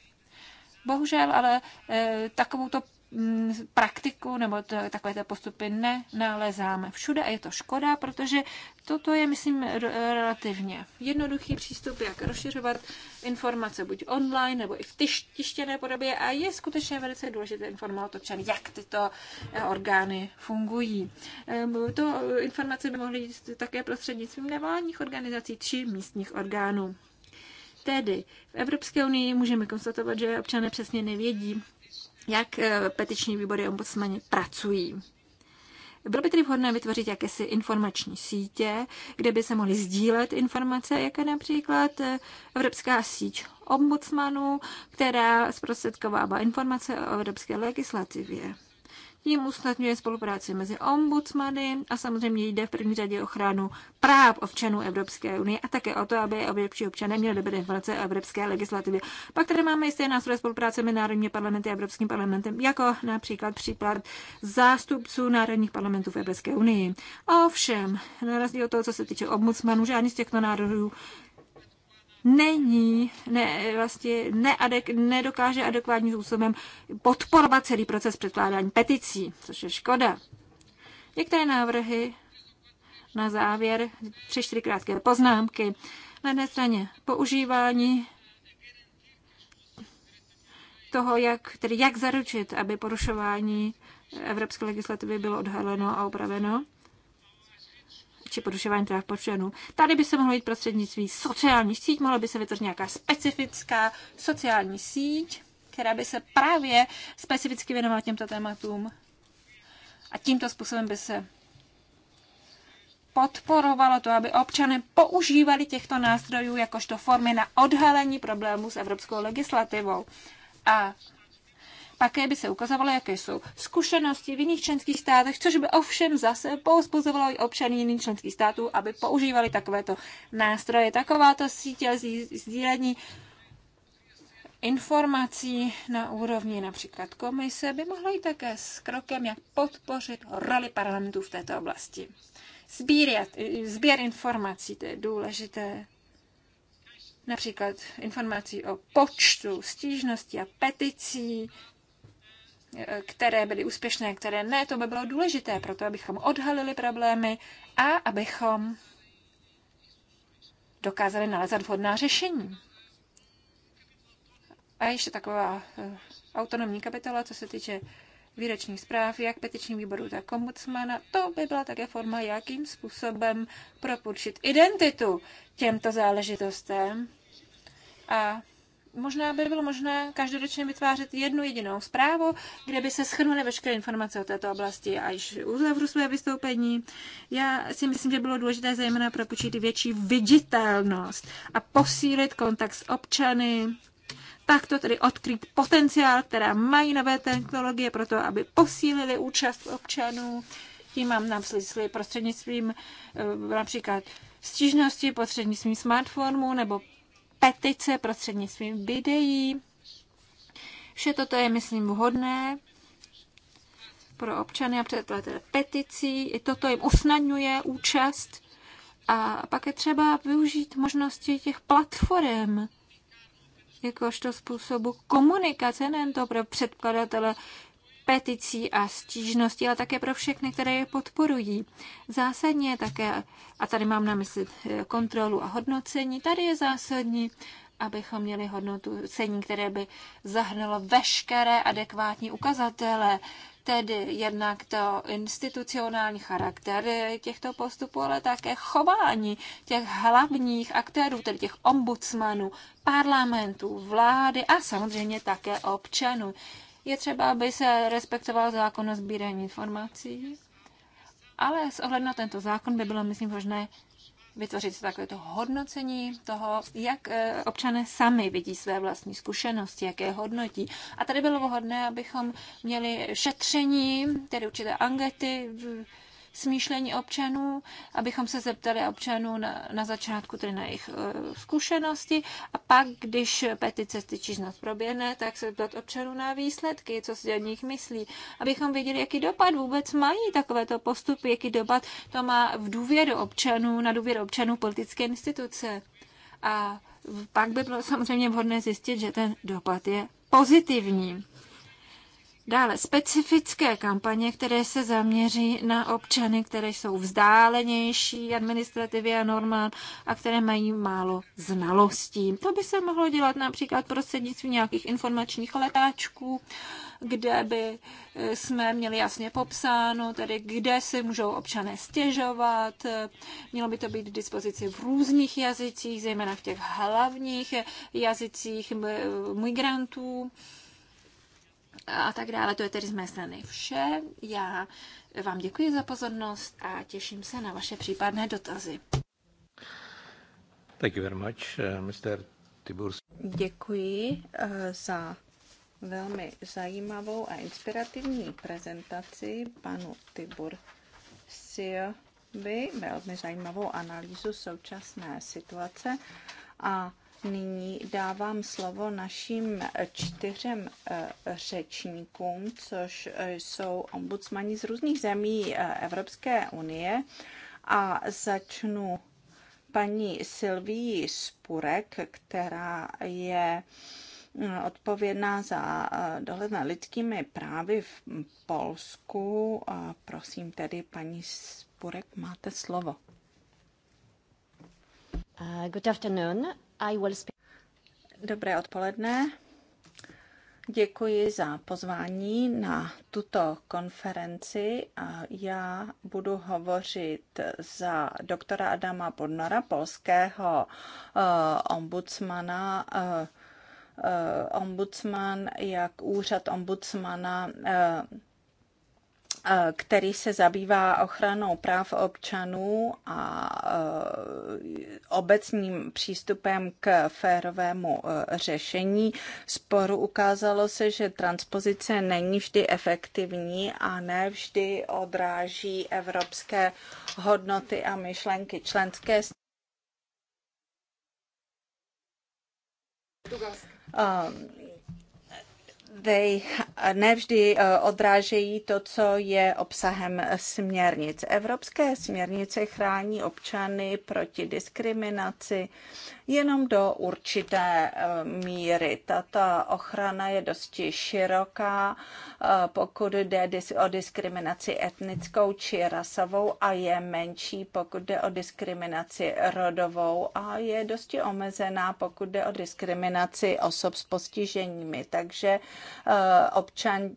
S6: Bohužel ale e, takovouto Mm, praktiku nebo to, takové postupy nenalezáme všude a je to škoda, protože toto je, myslím, relativně jednoduchý přístup, jak rozšiřovat informace buď online nebo i v tištěné podobě a je skutečně velice důležité informovat občan, jak tyto eh, orgány fungují. Ehm, to informace by mohly jít také prostřednictvím nevládních organizací či místních orgánů. Tedy v Evropské unii můžeme konstatovat, že občané přesně nevědí, jak eh, petiční výbory ombudsmani pracují. Bylo by tedy vhodné vytvořit jakési informační sítě, kde by se mohly sdílet informace, jaké například eh, Evropská síť ombudsmanů, která zprostředkovává informace o evropské legislativě. Tím usnadňuje spolupráci mezi ombudsmany a samozřejmě jde v první řadě ochranu práv občanů Evropské unie a také o to, aby evropští občané měli dobré informace o evropské legislativě. Pak tady máme jisté nástroje spolupráce mezi národními parlamenty a Evropským parlamentem, jako například případ zástupců národních parlamentů v Evropské unii. Ovšem, na rozdíl od toho, co se týče ombudsmanů, žádný z těchto národů není, ne, vlastně neadek, nedokáže adekvátním způsobem podporovat celý proces předkládání peticí, což je škoda. Některé návrhy na závěr, tři, čtyři krátké poznámky. Na jedné straně používání toho, jak, tedy jak zaručit, aby porušování evropské legislativy bylo odhaleno a upraveno či porušování práv počlenů. Tady by se mohlo jít prostřednictví sociálních síť, mohla by se vytvořit nějaká specifická sociální síť, která by se právě specificky věnovala těmto tématům. A tímto způsobem by se podporovalo to, aby občané používali těchto nástrojů jakožto formy na odhalení problémů s evropskou legislativou. A také by se ukazovalo, jaké jsou zkušenosti v jiných členských státech, což by ovšem zase pouzbuzovalo i občany jiných členských států, aby používali takovéto nástroje. Takováto sítě sdílení informací na úrovni například komise by mohla jít také s krokem, jak podpořit roli parlamentu v této oblasti. Sbírat, sběr informací, to je důležité. Například informací o počtu stížností a peticí, které byly úspěšné, které ne, to by bylo důležité pro to, abychom odhalili problémy a abychom dokázali nalézat vhodná řešení. A ještě taková eh, autonomní kapitola, co se týče výročních zpráv, jak petičním výboru, tak ombudsmana. To by byla také forma, jakým způsobem propůjčit identitu těmto záležitostem. A možná by bylo možné každoročně vytvářet jednu jedinou zprávu, kde by se schrnuly veškeré informace o této oblasti. A již uzavřu své vystoupení. Já si myslím, že bylo důležité zejména propočít větší viditelnost a posílit kontakt s občany, takto tedy odkryt potenciál, která mají nové technologie pro to, aby posílili účast občanů. Tím mám na prostřednictvím eh, například stížnosti prostřednictvím smartphonu nebo petice prostřednictvím videí. Vše toto je, myslím, vhodné pro občany a předkladatele peticí. I toto jim usnadňuje účast. A pak je třeba využít možnosti těch platform, jakožto způsobu komunikace, nejen to pro předkladatele peticí a stížností, ale také pro všechny, které je podporují. Zásadně je také, a tady mám na mysli eh, kontrolu a hodnocení, tady je zásadní, abychom měli hodnotu cení, které by zahrnulo veškeré adekvátní ukazatele, tedy jednak to institucionální charakter těchto postupů, ale také chování těch hlavních aktérů, tedy těch ombudsmanů, parlamentů, vlády a samozřejmě také občanů. Je třeba, aby se respektoval zákon o sbírání informací, ale s ohledem na tento zákon by bylo, myslím, možné vytvořit takové to hodnocení toho, jak eh, občané sami vidí své vlastní zkušenosti, jak je hodnotí. A tady bylo vhodné, abychom měli šetření, tedy určité angety, smýšlení občanů, abychom se zeptali občanů na, na začátku, tedy na jejich uh, zkušenosti a pak, když petice ty činnost proběhne, tak se zeptat občanů na výsledky, co si o nich myslí, abychom věděli, jaký dopad vůbec mají takovéto postupy, jaký dopad to má v důvěru občanů, na důvěru občanů politické instituce. A pak by bylo samozřejmě vhodné zjistit, že ten dopad je pozitivní. Dále specifické kampaně, které se zaměří na občany, které jsou vzdálenější administrativě a normám a které mají málo znalostí. To by se mohlo dělat například prostřednictvím nějakých informačních letáčků, kde by eh, jsme měli jasně popsáno, tedy kde si můžou občané stěžovat. Mělo by to být k dispozici v různých jazycích, zejména v těch hlavních jazycích eh, migrantů a tak dále. To je tedy z mé strany vše. Já vám děkuji za pozornost a těším se na vaše případné dotazy. Thank you very much, eh, Mr. Tibur. Děkuji
S5: eh, za velmi zajímavou a inspirativní prezentaci panu Tibur Silvi, velmi zajímavou analýzu současné situace a Nyní dávám slovo našim čtyřem eh, řečníkům, což eh, jsou ombudsmani z různých zemí eh, Evropské unie. A začnu paní Silví Spurek, která je odpovědná za dohled na lidskými právy v Polsku. Prosím tedy, paní Spurek, máte slovo. Good afternoon. I will speak. Dobré odpoledne. Děkuji za pozvání na tuto konferenci a já budu hovořit za doktora Adama Podnora, polského uh, ombudsmana. Uh, ombudsman, jak úřad ombudsmana uh, Eh, který se zabývá ochranou práv občanů a eh, obecním přístupem k férovému eh, řešení sporu. Ukázalo se, že transpozice není vždy efektivní a ne vždy odráží evropské hodnoty a myšlenky členské Um, they nevždy eh, odrážejí to, co je obsahem směrnic. Evropské směrnice chrání občany proti diskriminaci jenom do určité eh, míry. Tato ochrana je dosti široká, eh, pokud jde o diskriminaci etnickou či rasovou a je menší, pokud jde o diskriminaci rodovou a je dosti omezená, pokud jde o diskriminaci osob s postiženími. Takže Eh, občan,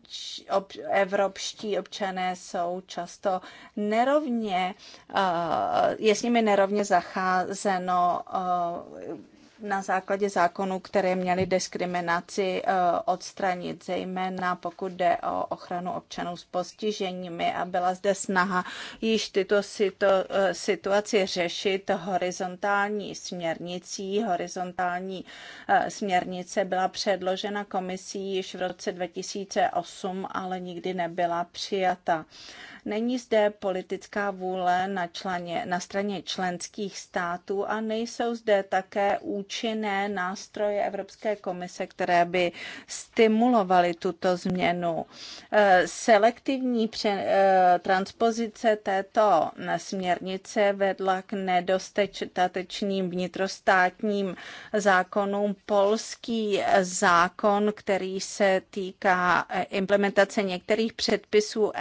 S5: ob, evropští občané jsou často nerovně, eh, je s nimi nerovně zacházeno eh, na základě zákonů, které měly diskriminaci eh, odstranit, zejména pokud jde o ochranu občanů s postiženími a byla zde snaha již tyto eh, situaci řešit horizontální směrnicí. Horizontální eh, směrnice byla předložena komisí již v roce 2008, ale nikdy nebyla přijata. Není zde politická vůle na, členě, na straně členských států a nejsou zde také účinné nástroje Evropské komise, které by stimulovaly tuto změnu. Eh, selektivní eh, transpozice této směrnice vedla k nedostatečným vnitrostátním zákonům. Polský zákon, který se týká eh, implementace některých předpisů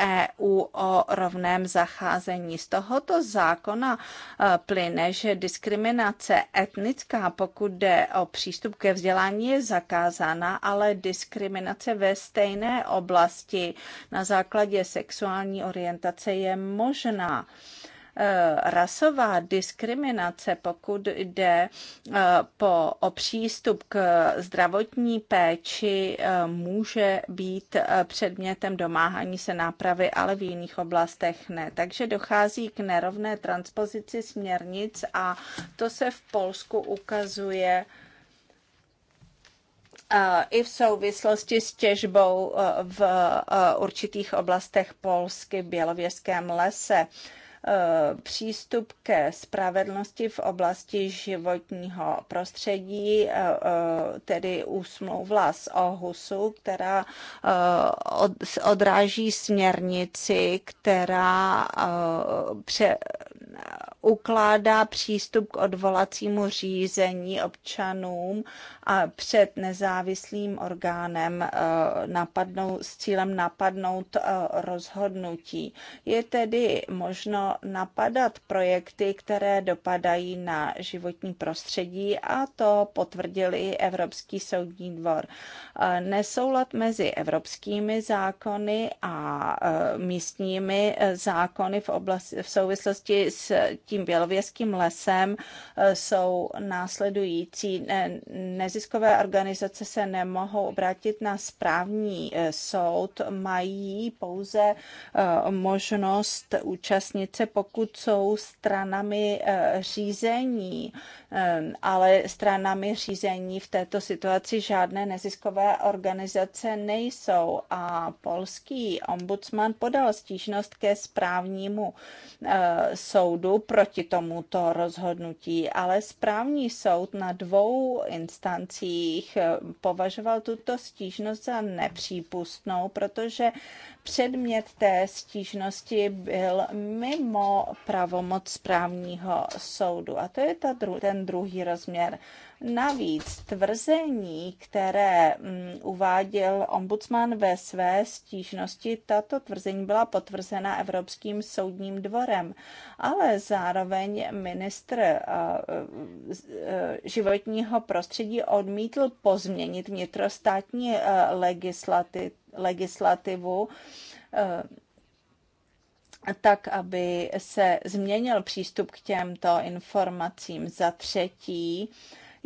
S5: EU o rovném zacházení. Z tohoto zákona eh, plyne, že diskriminace etnická, pokud jde o přístup ke vzdělání, je zakázána, ale diskriminace ve stejné oblasti na základě sexuální orientace je možná. Eh, rasová diskriminace, pokud jde eh, po, o přístup k zdravotní péči, eh, může být předmětem domáhání se nápravy, ale v jiných oblastech ne. Takže dochází k nerovné transpozici směrnic a to se v Polsku ukazuje i v souvislosti s těžbou v určitých oblastech Polsky v Bělověském lese. Eh, přístup ke spravedlnosti v oblasti životního prostředí, eh, eh, tedy úsmluvla z Ohusu, která odráží směrnici, která pře ukládá přístup k odvolacímu řízení občanům a před nezávislým orgánem napadnou, s cílem napadnout rozhodnutí. Je tedy možno napadat projekty, které dopadají na životní prostředí a to potvrdil i Evropský soudní dvor. Eh, nesoulad mezi evropskými zákony a eh, místními eh, zákony v, oblasti, v souvislosti s tím bělověským lesem jsou následující. Neziskové organizace se nemohou obrátit na správní soud, mají pouze možnost účastnit se dokonce pokud jsou stranami eh, řízení, eh, ale stranami řízení v této situaci žádné neziskové organizace nejsou a polský ombudsman podal stížnost ke správnímu eh, soudu proti tomuto rozhodnutí, ale správní soud na dvou instancích považoval tuto stížnost za nepřípustnou, protože Předmět té stížnosti byl mimo pravomoc správního soudu. A to je ta dru- ten druhý rozměr. Navíc tvrzení, které mm, uváděl ombudsman ve své stížnosti, tato tvrzení byla potvrzena Evropským soudním dvorem, ale zároveň ministr e, životního prostředí odmítl pozměnit vnitrostátní e, legislativu e, tak, aby se změnil přístup k těmto informacím. Za třetí,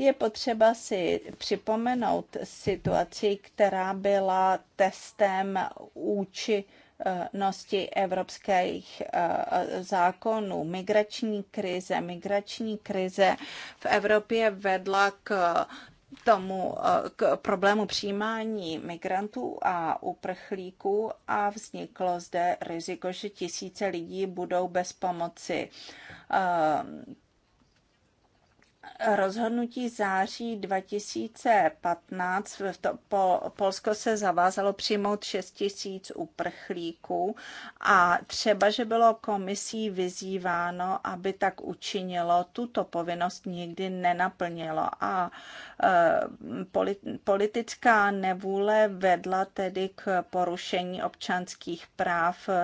S5: je potřeba si připomenout situaci, která byla testem úči nosti evropských eh, zákonů. Migrační krize, migrační krize v Evropě vedla k tomu eh, k problému přijímání migrantů a uprchlíků a vzniklo zde riziko, že tisíce lidí budou bez pomoci eh, rozhodnutí září 2015 to, po, Polsko se zavázalo přijmout 6 tisíc uprchlíků a třeba, že bylo komisí vyzýváno, aby tak učinilo, tuto povinnost nikdy nenaplnilo a e, politická nevůle vedla tedy k porušení občanských práv eh,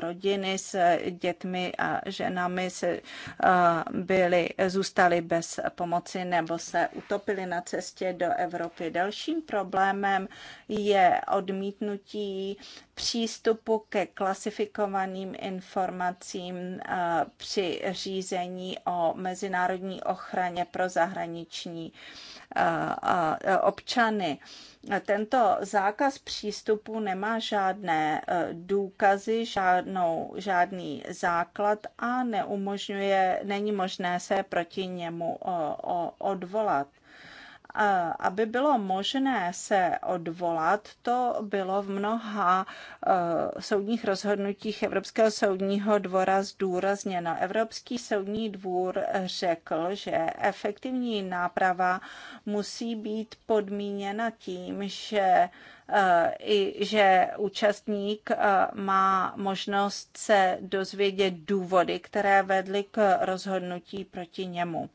S5: rodiny s dětmi a ženami se, eh, byly, zůstaly bez pomoci nebo se utopili na cestě do Evropy. Dalším problémem je odmítnutí přístupu ke klasifikovaným informacím eh, při řízení o mezinárodní ochraně pro zahraniční občany. Tento zákaz přístupu nemá žádné e, důkazy, žádnou, žádný základ a neumožňuje, není možné se proti němu odvolat aby bylo možné se odvolat, to bylo v mnoha eh, soudních rozhodnutích Evropského soudního dvora zdůrazněno. Evropský soudní dvůr řekl, že efektivní náprava musí být podmíněna tím, že eh, i že účastník eh, má možnost se dozvědět důvody, které vedly k rozhodnutí proti němu.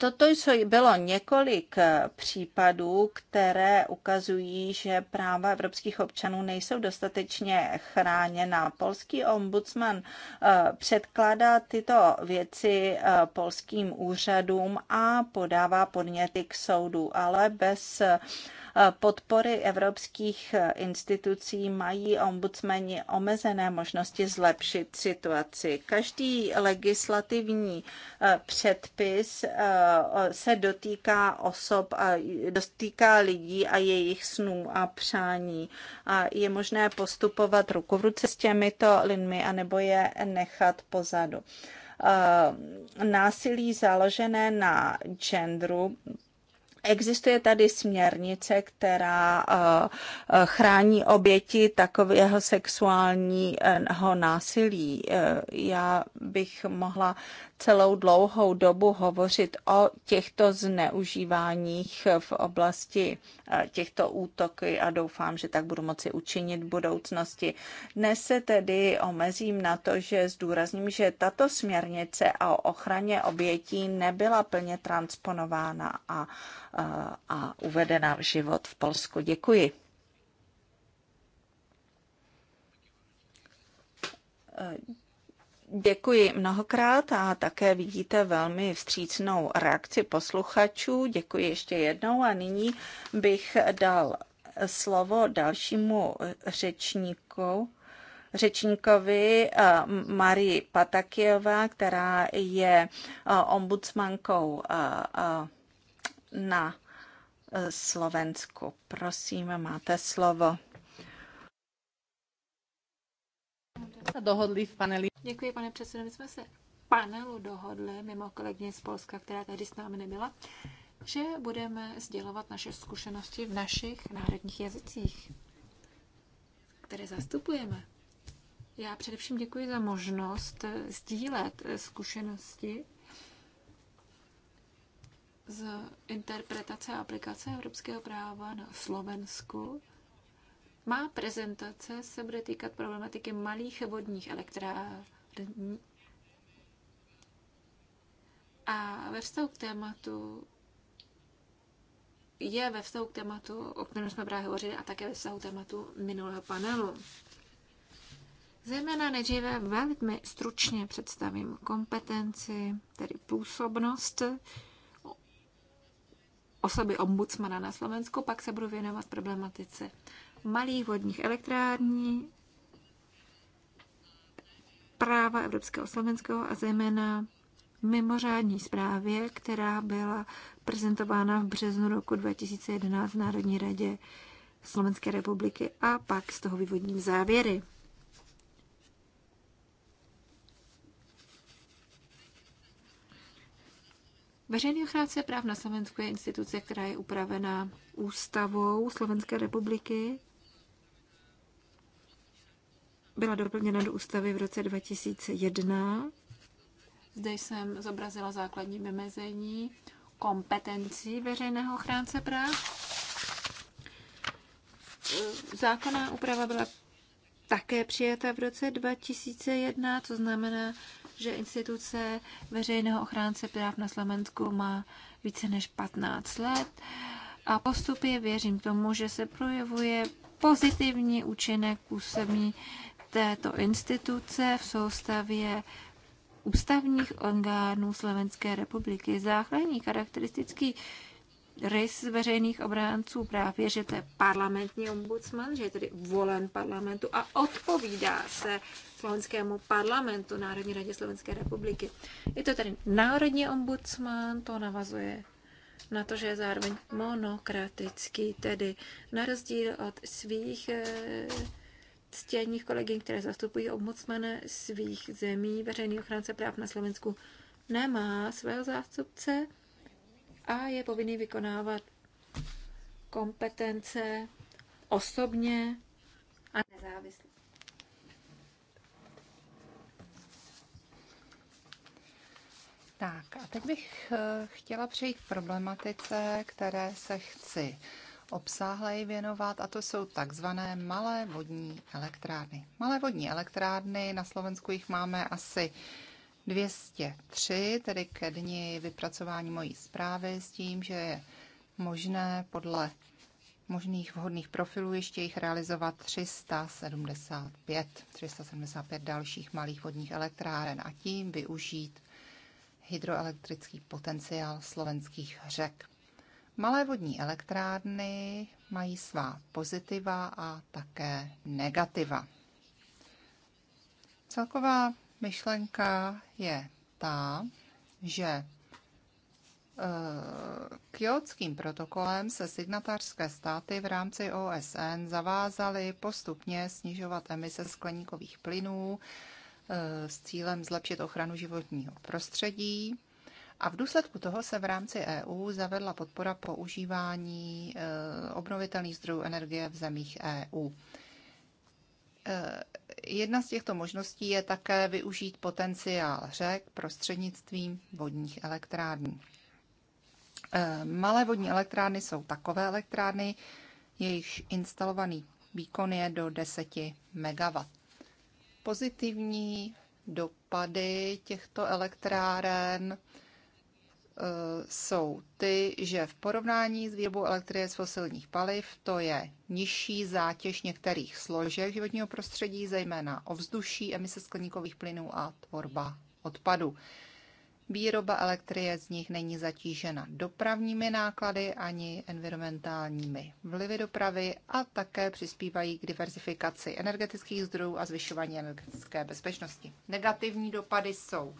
S5: Toto jsou, bylo několik eh, případů, které ukazují, že práva evropských občanů nejsou dostatečně chráněna. Polský ombudsman eh, předkládá tyto věci eh, polským úřadům a podává podněty k soudu, ale bez Eh, podpory evropských eh, institucí mají ombudsmeni omezené možnosti zlepšit situaci. Každý legislativní eh, předpis se dotýká osob a dotýká lidí a jejich snů a přání. A je možné postupovat ruku v ruce s těmito lidmi anebo je nechat pozadu násilí založené na genderu Existuje tady směrnice, která eh, eh, chrání oběti takového sexuálního násilí. Eh, já bych mohla celou dlouhou dobu hovořit o těchto zneužíváních v oblasti eh, těchto útoky a doufám, že tak budu moci učinit v budoucnosti. Dnes se tedy omezím na to, že zdůrazním, že tato směrnice o ochraně obětí nebyla plně transponována a, a, eh, a uvedena v život v Polsku. Děkuji. Eh, Děkuji mnohokrát a také vidíte velmi vstřícnou reakci posluchačů. Děkuji ještě jednou a nyní bych dal slovo dalšímu řečníku řečníkovi eh, Marii Patakijová, která je eh, ombudsmankou eh, na Slovensku. Prosím, máte slovo.
S6: Dohodli v paneli. Děkuji, pane předsedo. My jsme se panelu dohodli, mimo kolegyně z Polska, která tady s námi nebyla, že budeme sdělovat naše zkušenosti v našich národních jazycích, které zastupujeme. Já především děkuji za možnost sdílet zkušenosti z interpretace a aplikace evropského práva na Slovensku má prezentace se bude týkat problematiky malých vodních elektrární a ve vztahu k tématu je ve vztahu k tématu, o kterém jsme právě hovořili, a také ve vztahu k tématu minulého panelu. Zejména nejdříve velmi stručně představím kompetenci, tedy působnost osoby ombudsmana na Slovensku, pak se budu věnovat problematice malých vodních elektrární, práva Evropského slovenského a zejména mimořádní zprávě, která byla prezentována v březnu roku 2011 v Národní radě Slovenské republiky a pak z toho vyvodním závěry. Veřejný ochránce práv na Slovensku je instituce, která je upravená ústavou Slovenské republiky byla doplněna do ústavy v roce 2001. Zde jsem zobrazila základní vymezení kompetencí veřejného ochránce práv. Zákonná úprava byla také přijata v roce 2001, to znamená, že instituce veřejného ochránce práv na Slovensku má více než 15 let a postupně věřím tomu, že se projevuje pozitivní účinek působní této instituce v soustavě ústavních orgánů Slovenské republiky. Základní charakteristický rys veřejných obránců práv je, že to je parlamentní ombudsman, že je tedy volen parlamentu a odpovídá se slovenskému parlamentu, Národní radě Slovenské republiky. Je to tedy národní ombudsman, to navazuje na to, že je zároveň monokratický, tedy na rozdíl od svých eh, ctěných kolegy, které zastupují obmocmane svých zemí. Veřejný ochránce práv na Slovensku nemá svého zástupce a je povinný vykonávat kompetence osobně a nezávisle.
S4: Tak a teď bych eh, chtěla přejít k problematice, které se chci obsáhleji věnovat a to jsou takzvané malé vodní elektrárny. Malé vodní elektrárny, na Slovensku jich máme asi 203, tedy ke dni vypracování mojí zprávy s tím, že je možné podle možných vhodných profilů ještě jich realizovat 375, 375 dalších malých vodních elektráren a tím využít hydroelektrický potenciál slovenských řek. Malé vodní elektrárny mají svá pozitiva a také negativa. Celková myšlenka je ta, že e, Kyotským protokolem se signatářské státy v rámci OSN zavázaly postupně snižovat emise skleníkových plynů e, s cílem zlepšit ochranu životního prostředí a v důsledku toho se v rámci EU zavedla podpora používání e, obnovitelných zdrojů energie v zemích EU. E, jedna z těchto možností je také využít potenciál řek prostřednictvím vodních elektrární. E, malé vodní elektrárny jsou takové elektrárny, jejichž instalovaný výkon je do 10 MW. Pozitivní dopady těchto elektráren Eh, jsou ty, že v porovnání s výrobou elektrie z fosilních paliv to je nižší zátěž některých složek životního prostředí, zejména ovzduší, emise skleníkových plynů a tvorba odpadu. Výroba elektrie z nich není zatížena dopravními náklady ani environmentálními vlivy dopravy a také přispívají k diverzifikaci energetických zdrojů a zvyšování energetické bezpečnosti. Negativní dopady jsou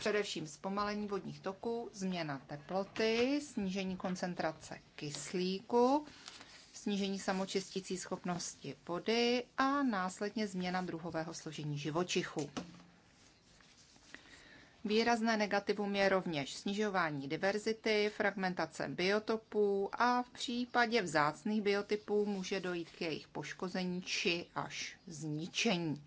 S4: Především zpomalení vodních toků, změna teploty, snížení koncentrace kyslíku, snížení samočistící schopnosti vody a následně změna druhového složení živočichů. Výrazné negativum je rovněž snižování diverzity, fragmentace biotopů a v případě vzácných biotypů může dojít k jejich poškození či až zničení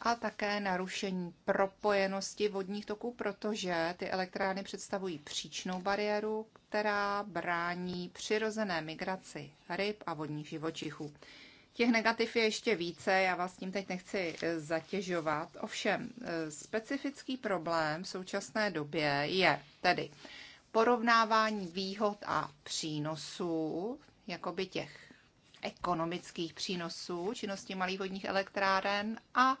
S4: a také narušení propojenosti vodních toků, protože ty elektrárny představují příčnou bariéru, která brání přirozené migraci ryb a vodních živočichů. Těch negativ je ještě více, já vás tím teď nechci eh, zatěžovat. Ovšem, eh, specifický problém v současné době je tedy porovnávání výhod a přínosů, jakoby těch ekonomických přínosů činnosti malých vodních elektráren a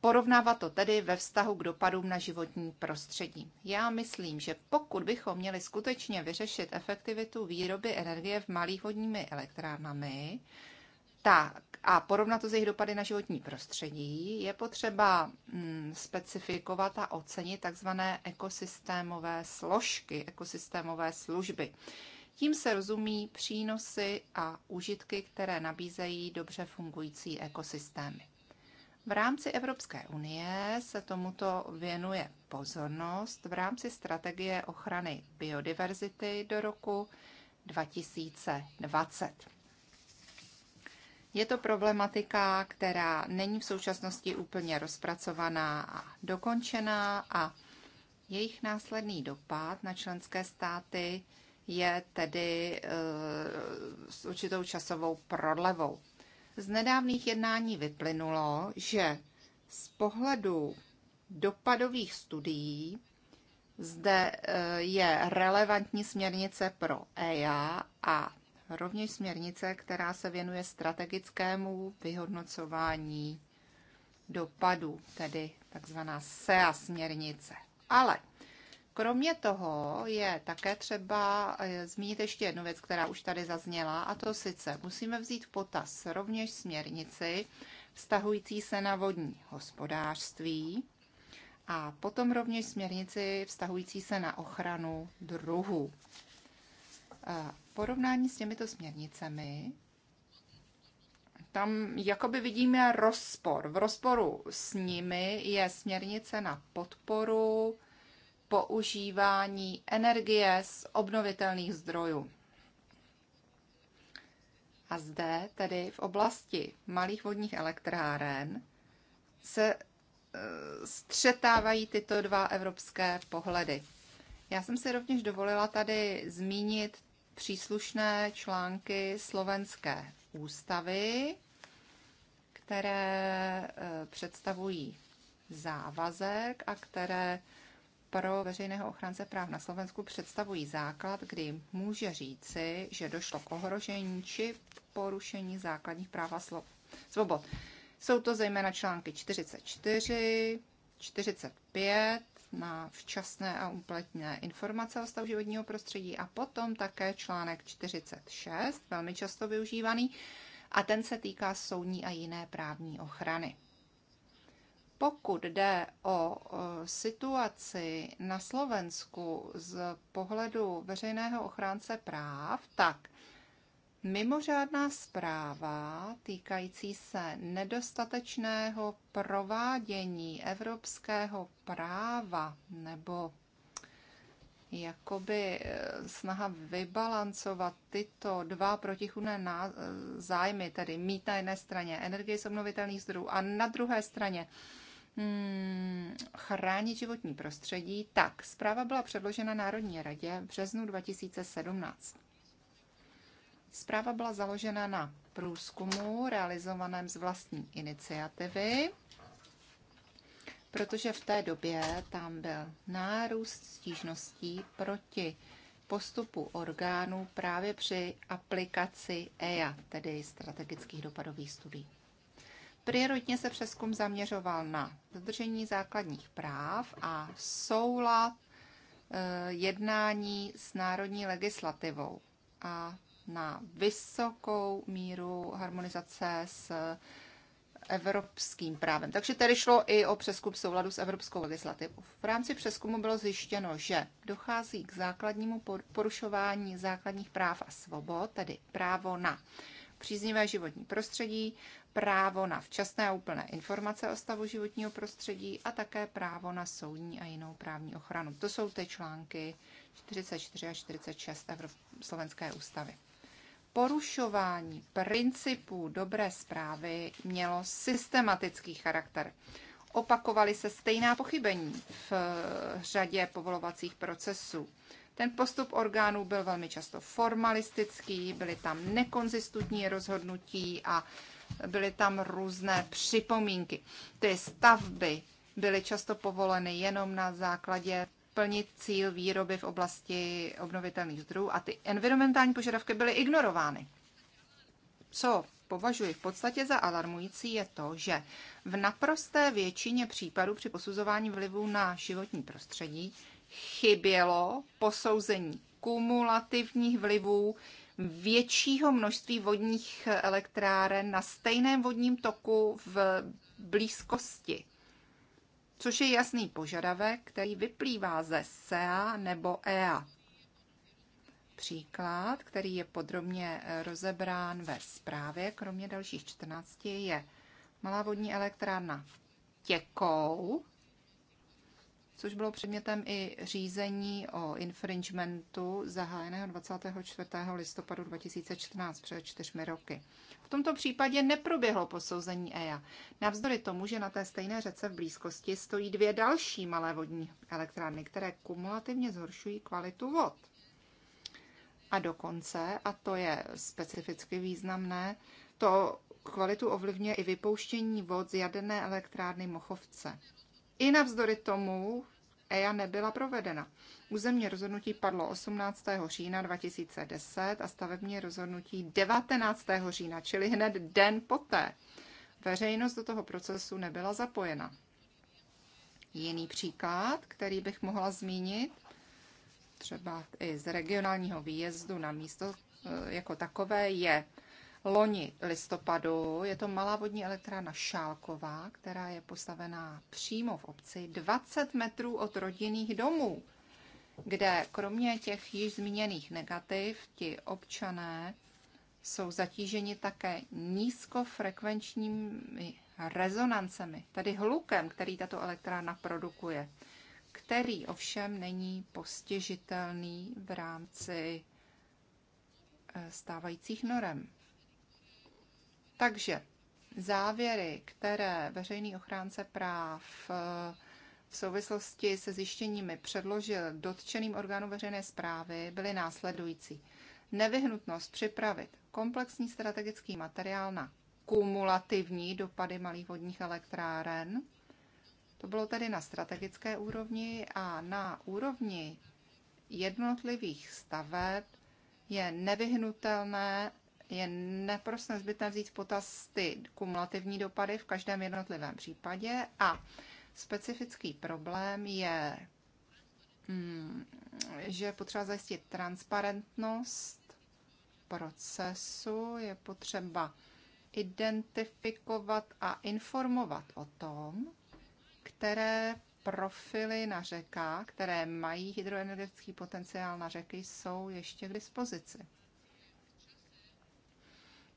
S4: Porovnávat to tedy ve vztahu k dopadům na životní prostředí. Já myslím, že pokud bychom měli skutečně vyřešit efektivitu výroby energie v malých vodními elektrárnami, tak a porovnat to s jejich dopady na životní prostředí, je potřeba mm, specifikovat a ocenit takzvané ekosystémové složky, ekosystémové služby. Tím se rozumí přínosy a užitky, které nabízejí dobře fungující ekosystémy. V rámci Evropské unie se tomuto věnuje pozornost v rámci strategie ochrany biodiverzity do roku 2020. Je to problematika, která není v současnosti úplně rozpracovaná a dokončená a jejich následný dopad na členské státy je tedy e, s určitou časovou prodlevou. Z nedávných jednání vyplynulo, že z pohledu dopadových studií zde eh, je relevantní směrnice pro EIA a rovněž směrnice, která se věnuje strategickému vyhodnocování dopadů, tedy takzvaná SEA směrnice. Ale Kromě toho je také třeba eh, zmínit ještě jednu věc, která už tady zazněla, a to sice musíme vzít v potaz rovněž směrnici vztahující se na vodní hospodářství a potom rovněž směrnici vztahující se na ochranu druhů. Eh, porovnání s těmito směrnicemi tam jakoby vidíme rozpor. V rozporu s nimi je směrnice na podporu používání energie z obnovitelných zdrojů. A zde, tedy v oblasti malých vodních elektráren, se e, střetávají tyto dva evropské pohledy. Já jsem si rovněž dovolila tady zmínit příslušné články slovenské ústavy, které e, představují závazek a které pro veřejného ochránce práv na Slovensku představují základ, kdy může říci, že došlo k ohrožení či porušení základních práv a svobod. Jsou to zejména články 44, 45 na včasné a úpletné informace o stavu životního prostředí a potom také článek 46, velmi často využívaný, a ten se týká soudní a jiné právní ochrany. Pokud jde o situaci na Slovensku z pohledu veřejného ochránce práv, tak mimořádná zpráva týkající se nedostatečného provádění evropského práva nebo jakoby e, snaha vybalancovat tyto dva protichůdné e, zájmy, tedy mít na jedné straně energii z obnovitelných zdrojů a na druhé straně hmm, chránit životní prostředí. Tak, zpráva byla předložena Národní radě v březnu 2017. Zpráva byla založena na průzkumu realizovaném z vlastní iniciativy, protože v té době tam byl nárůst stížností proti postupu orgánů právě při aplikaci EIA, tedy strategických dopadových studií. Prioritně se přeskum zaměřoval na dodržení základních práv a soulad eh, jednání s národní legislativou a na vysokou míru harmonizace s evropským právem. Takže tady šlo i o přeskup souladu s evropskou legislativou. V rámci přeskumu bylo zjištěno, že dochází k základnímu porušování základních práv a svobod, tedy právo na příznivé životní prostředí, právo na včasné a úplné informace o stavu životního prostředí a také právo na soudní a jinou právní ochranu. To jsou ty články 44 a 46 Evrop- Slovenské ústavy. Porušování principů dobré zprávy mělo systematický charakter opakovaly se stejná pochybení v eh, řadě povolovacích procesů. Ten postup orgánů byl velmi často formalistický, byly tam nekonzistentní rozhodnutí a byly tam různé připomínky. Ty stavby byly často povoleny jenom na základě plnit cíl výroby v oblasti obnovitelných zdrojů a ty environmentální požadavky byly ignorovány. Co považuji v podstatě za alarmující je to, že v naprosté většině případů při posuzování vlivu na životní prostředí chybělo posouzení kumulativních vlivů většího množství vodních elektráren na stejném vodním toku v blízkosti, což je jasný požadavek, který vyplývá ze SEA nebo EA. Příklad, který je podrobně rozebrán ve zprávě, kromě dalších 14, je malá vodní elektrárna v Těkou, což bylo předmětem i řízení o infringementu zahájeného 24. listopadu 2014, před čtyřmi roky. V tomto případě neproběhlo posouzení EIA. Navzdory tomu, že na té stejné řece v blízkosti stojí dvě další malé vodní elektrárny, které kumulativně zhoršují kvalitu vod. A dokonce, a to je specificky významné, to kvalitu ovlivňuje i vypouštění vod z jaderné elektrárny Mochovce. I navzdory tomu EIA nebyla provedena. Územní rozhodnutí padlo 18. října 2010 a stavební rozhodnutí 19. října, čili hned den poté. Veřejnost do toho procesu nebyla zapojena. Jiný příklad, který bych mohla zmínit, třeba i z regionálního výjezdu na místo eh, jako takové, je loni listopadu. Je to malá vodní elektrárna Šálková, která je postavená přímo v obci 20 metrů od rodinných domů, kde kromě těch již zmíněných negativ ti občané jsou zatíženi také nízkofrekvenčními rezonancemi, tedy hlukem, který tato elektrárna produkuje, který ovšem není postižitelný v rámci eh, stávajících norem. Takže závěry, které veřejný ochránce práv eh, v souvislosti se zjištěními předložil dotčeným orgánům veřejné zprávy, byly následující. Nevyhnutnost připravit komplexní strategický materiál na kumulativní dopady malých vodních elektráren. To bylo tedy na strategické úrovni a na úrovni jednotlivých staveb je nevyhnutelné je naprosto nezbytné vzít v potaz ty kumulativní dopady v každém jednotlivém případě a specifický problém je, hmm, že potřeba zajistit transparentnost procesu, je potřeba identifikovat a informovat o tom, které profily na řekách, které mají hydroenergetický potenciál na řeky, jsou ještě k dispozici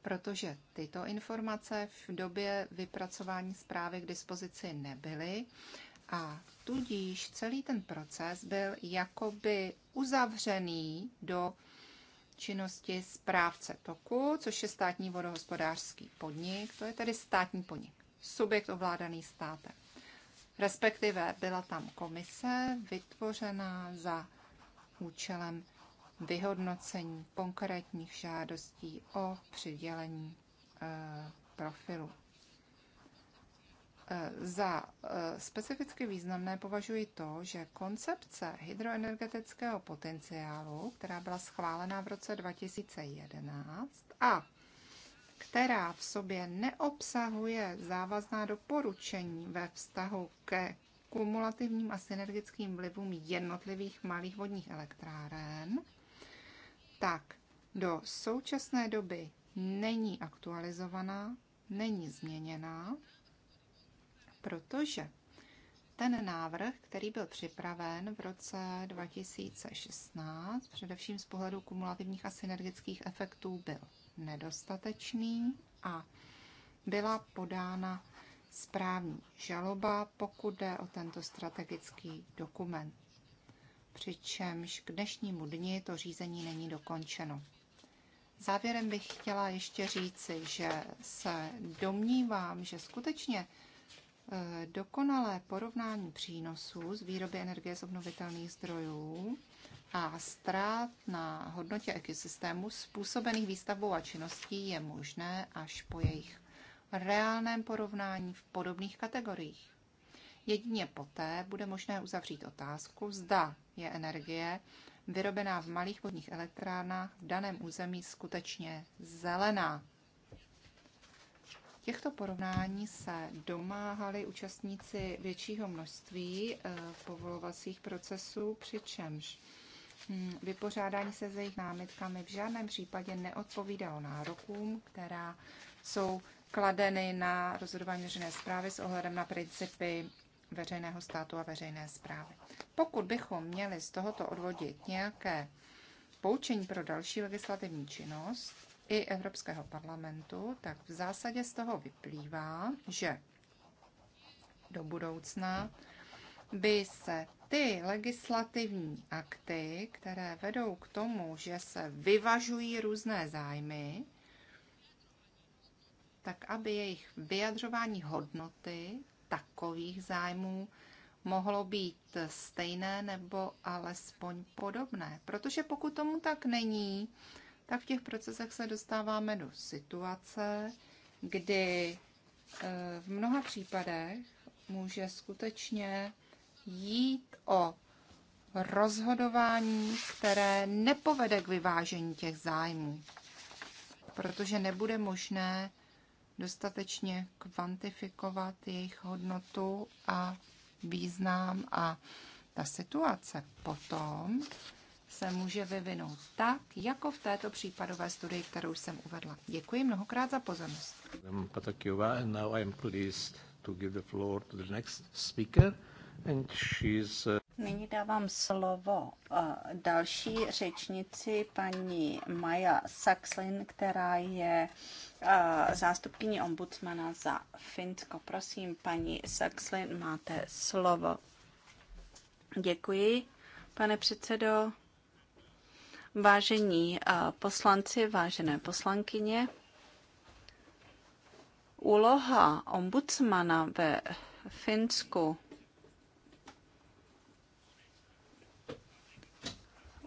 S4: protože tyto informace v době vypracování zprávy k dispozici nebyly a tudíž celý ten proces byl jakoby uzavřený do činnosti správce toku, což je státní vodohospodářský podnik, to je tedy státní podnik, subjekt ovládaný státem. Respektive byla tam komise vytvořená za účelem vyhodnocení konkrétních žádostí o přidělení eh, profilu. Eh, za eh, specificky významné považuji to, že koncepce hydroenergetického potenciálu, která byla schválená v roce 2011 a která v sobě neobsahuje závazná doporučení ve vztahu ke kumulativním a synergickým vlivům jednotlivých malých vodních elektráren, tak do současné doby není aktualizovaná, není změněná, protože ten návrh, který byl připraven v roce 2016, především z pohledu kumulativních a synergických efektů, byl nedostatečný a byla podána správní žaloba, pokud jde o tento strategický dokument přičemž k dnešnímu dni to řízení není dokončeno. Závěrem bych chtěla ještě říci, že se domnívám, že skutečně e, dokonalé porovnání přínosů z výroby energie z obnovitelných zdrojů a ztrát na hodnotě ekosystému způsobených výstavbou a činností je možné až po jejich reálném porovnání v podobných kategoriích. Jedině poté bude možné uzavřít otázku, zda je energie vyrobená v malých vodních elektrárnách v daném území skutečně zelená. Těchto porovnání se domáhali účastníci většího množství eh, povolovacích procesů, přičemž hm, vypořádání se s jejich námitkami v žádném případě neodpovídalo nárokům, která jsou kladeny na rozhodování veřejné zprávy s ohledem na principy veřejného státu a veřejné zprávy. Pokud bychom měli z tohoto odvodit nějaké poučení pro další legislativní činnost i Evropského parlamentu, tak v zásadě z toho vyplývá, že do budoucna by se ty legislativní akty, které vedou k tomu, že se vyvažují různé zájmy, tak aby jejich vyjadřování hodnoty takových zájmů mohlo být stejné nebo alespoň podobné. Protože pokud tomu tak není, tak v těch procesech se dostáváme do situace, kdy e, v mnoha případech může skutečně jít o rozhodování, které nepovede k vyvážení těch zájmů, protože nebude možné dostatečně kvantifikovat jejich hodnotu a význam a ta situace potom se může vyvinout tak, jako v této případové studii, kterou jsem uvedla. Děkuji mnohokrát za pozornost
S5: dávám slovo eh, další řečnici, paní Maja Saxlin, která je eh, zástupkyní ombudsmana za Finsko. Prosím, paní Saxlin, máte slovo. Děkuji, pane předsedo. Vážení eh, poslanci, vážené poslankyně, úloha ombudsmana ve Finsku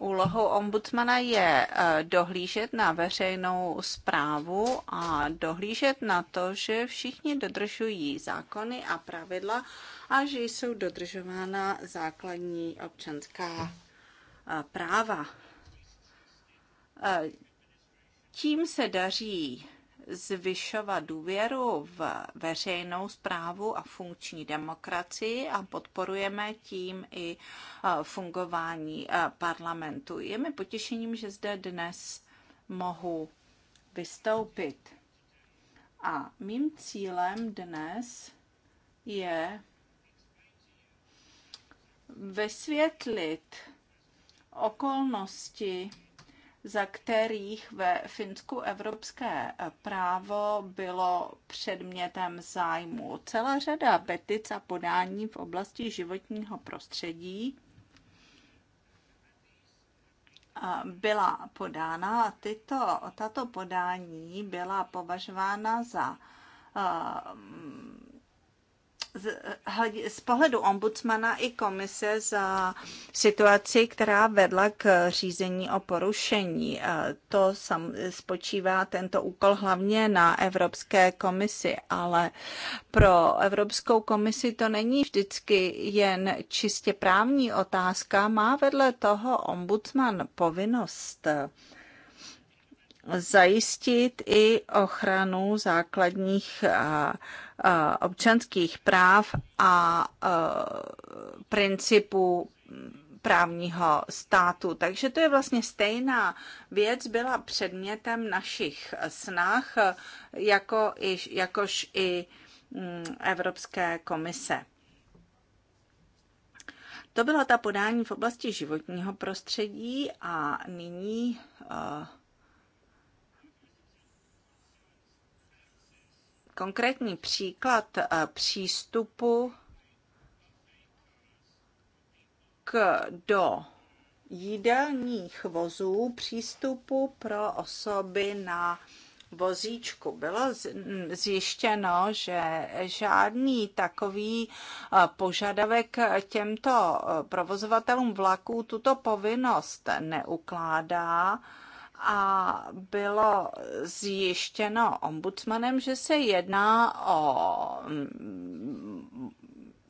S5: úlohou ombudsmana je eh, dohlížet na veřejnou zprávu a dohlížet na to, že všichni dodržují zákony a pravidla a že jsou dodržována základní občanská eh, práva. Eh, tím se daří zvyšovat důvěru v veřejnou zprávu a funkční demokracii a podporujeme tím i e, fungování e, parlamentu. Je mi potěšením, že zde dnes mohu vystoupit. A mým cílem dnes je vysvětlit okolnosti, za kterých ve Finsku evropské právo bylo předmětem zájmu. Celá řada petic a podání v oblasti životního prostředí byla podána a tyto, tato podání byla považována za eh, z, z pohledu ombudsmana i komise za situaci, která vedla k řízení o porušení. E, to sam, spočívá tento úkol hlavně na Evropské komisi, ale pro Evropskou komisi to není vždycky jen čistě právní otázka. Má vedle toho ombudsman povinnost zajistit i ochranu základních občanských práv a principů právního státu. Takže to je vlastně stejná věc, byla předmětem našich snah, jako i, jakož i mm, Evropské komise. To byla ta podání v oblasti životního prostředí a nyní uh, konkrétní příklad eh, přístupu k do jídelních vozů přístupu pro osoby na vozíčku. Bylo zjištěno, že žádný takový eh, požadavek eh, těmto provozovatelům vlaků tuto povinnost neukládá a bylo zjištěno ombudsmanem, že se jedná o mm,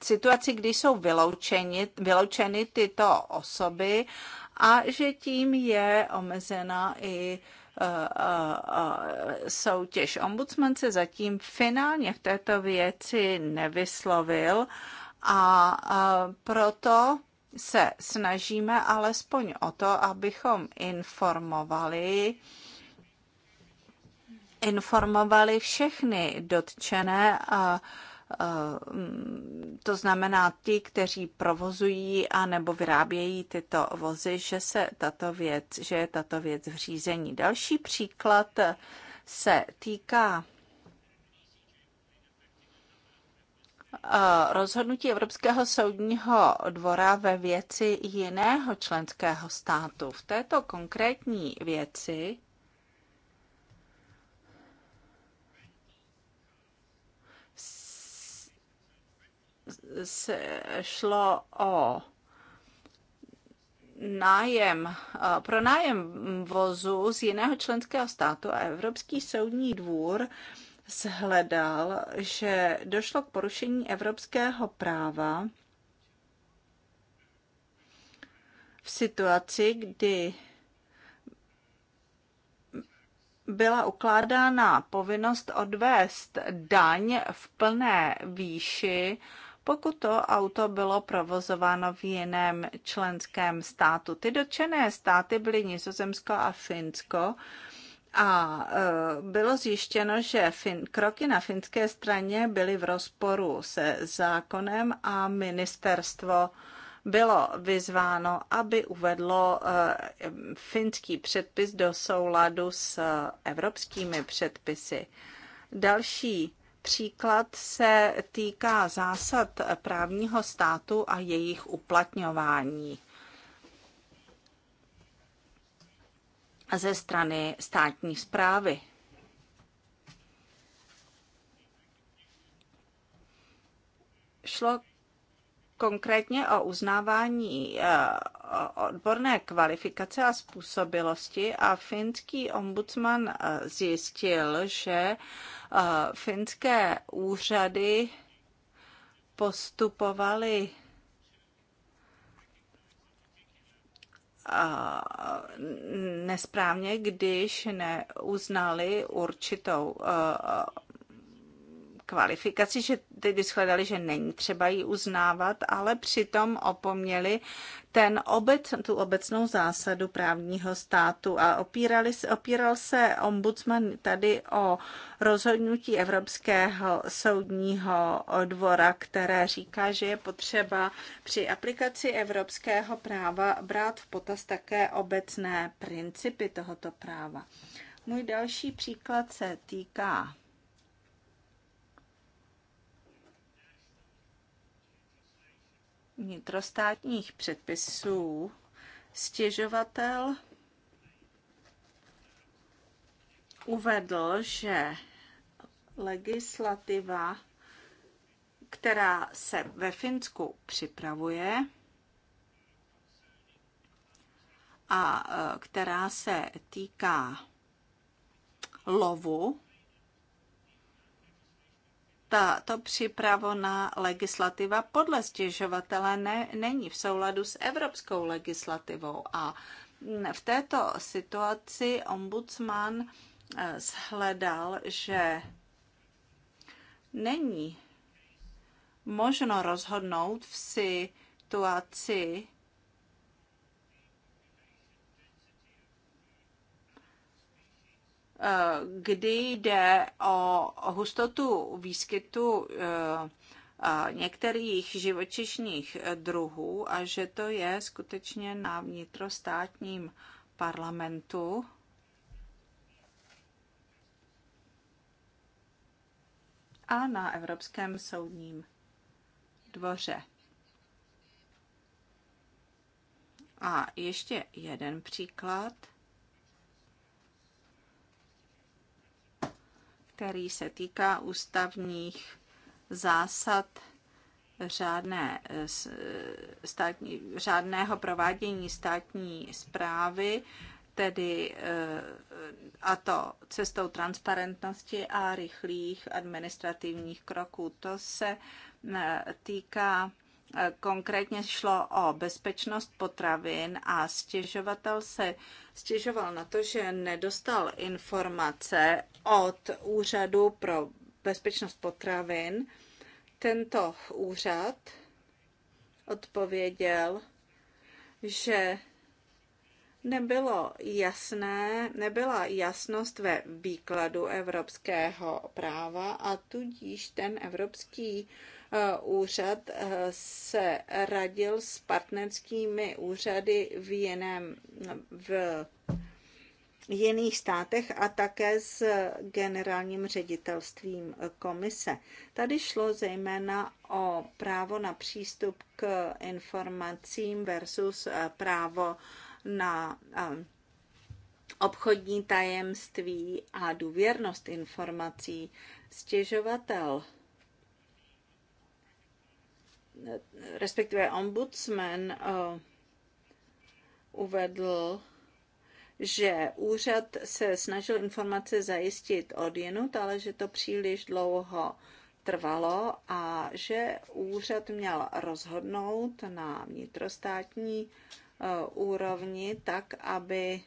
S5: situaci, kdy jsou vyloučeni, vyloučeny tyto osoby a že tím je omezena i e, e, e, soutěž. Ombudsman se zatím finálně v této věci nevyslovil a proto se snažíme alespoň o to, abychom informovali informovali všechny dotčené a mm, to znamená ti, kteří provozují a nebo vyrábějí tyto vozy, že se tato věc, že je tato věc v řízení. Další příklad se týká Eh, rozhodnutí Evropského soudního dvora ve věci jiného členského státu. V této konkrétní věci se šlo o nájem, eh, pro nájem vozu z jiného členského státu a Evropský soudní dvůr shledal, že došlo k porušení evropského práva v situaci, kdy byla ukládána povinnost odvést daň v plné výši, pokud to auto bylo provozováno v jiném členském státu. Ty dotčené státy byly Nizozemsko a Finsko a e, bylo zjištěno, že fin, kroky na finské straně byly v rozporu se zákonem a ministerstvo bylo vyzváno, aby uvedlo e, finský předpis do souladu s evropskými předpisy. Další příklad se týká zásad právního státu a jejich uplatňování. ze strany státní zprávy. Šlo konkrétně o uznávání eh, odborné kvalifikace a způsobilosti a finský ombudsman eh, zjistil, že eh, finské úřady postupovaly nesprávně, když neuznali určitou kvalifikaci, že tedy shledali, že není třeba ji uznávat, ale přitom opomněli ten obec, tu obecnou zásadu právního státu a opírali, opíral se ombudsman tady o rozhodnutí Evropského soudního dvora, které říká, že je potřeba při aplikaci evropského práva brát v potaz také obecné principy tohoto práva. Můj další příklad se týká vnitrostátních předpisů stěžovatel uvedl, že legislativa, která se ve Finsku připravuje a e, která se týká lovu, tato připravená legislativa podle stěžovatele ne, není v souladu s evropskou legislativou a v této situaci ombudsman eh, shledal, že není možno rozhodnout v situaci, kdy jde o hustotu výskytu eh, některých živočišních druhů a že to je skutečně na vnitrostátním parlamentu. A na Evropském soudním dvoře. A ještě jeden příklad – který se týká ústavních zásad řádné, státní, řádného provádění státní zprávy, tedy eh, a to cestou transparentnosti a rychlých administrativních kroků. To se eh, týká Konkrétně šlo o bezpečnost potravin a stěžovatel se stěžoval na to, že nedostal informace od úřadu pro bezpečnost potravin. Tento úřad odpověděl, že nebylo jasné, nebyla jasnost ve výkladu evropského práva a tudíž ten evropský Eh, úřad eh, se radil s partnerskými úřady v jiném, v jiných státech a také s generálním ředitelstvím komise. Tady šlo zejména o právo na přístup k informacím versus eh, právo na obchodní tajemství a důvěrnost informací. Stěžovatel respektive ombudsman eh, uvedl, že úřad se snažil informace zajistit od jinut, ale že to příliš dlouho trvalo a že úřad měl rozhodnout na vnitrostátní eh, úrovni tak, aby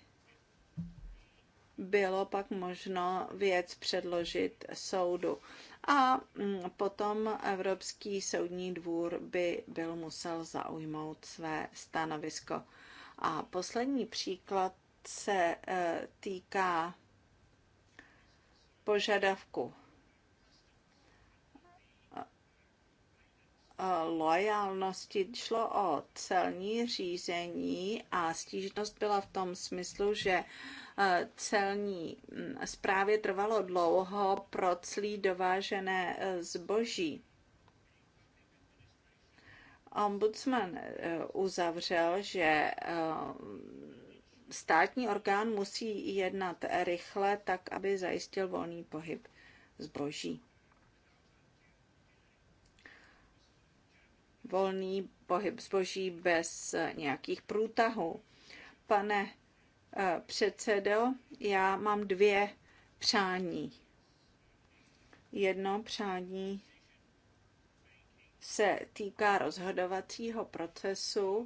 S5: bylo pak možno věc předložit soudu a mm, potom Evropský soudní dvůr by byl musel zaujmout své stanovisko. A poslední příklad se e, týká požadavku e, lojalnosti. šlo o celní řízení a stížnost byla v tom smyslu, že Eh, celní mm, zprávě trvalo dlouho clí dovážené eh, zboží. Ombudsman eh, uzavřel, že státní orgán musí jednat rychle, tak aby zajistil volný pohyb zboží. Volný pohyb zboží bez nějakých průtahů. Pane Eh, předsedo, já mám dvě přání. Jedno přání se týká rozhodovacího procesu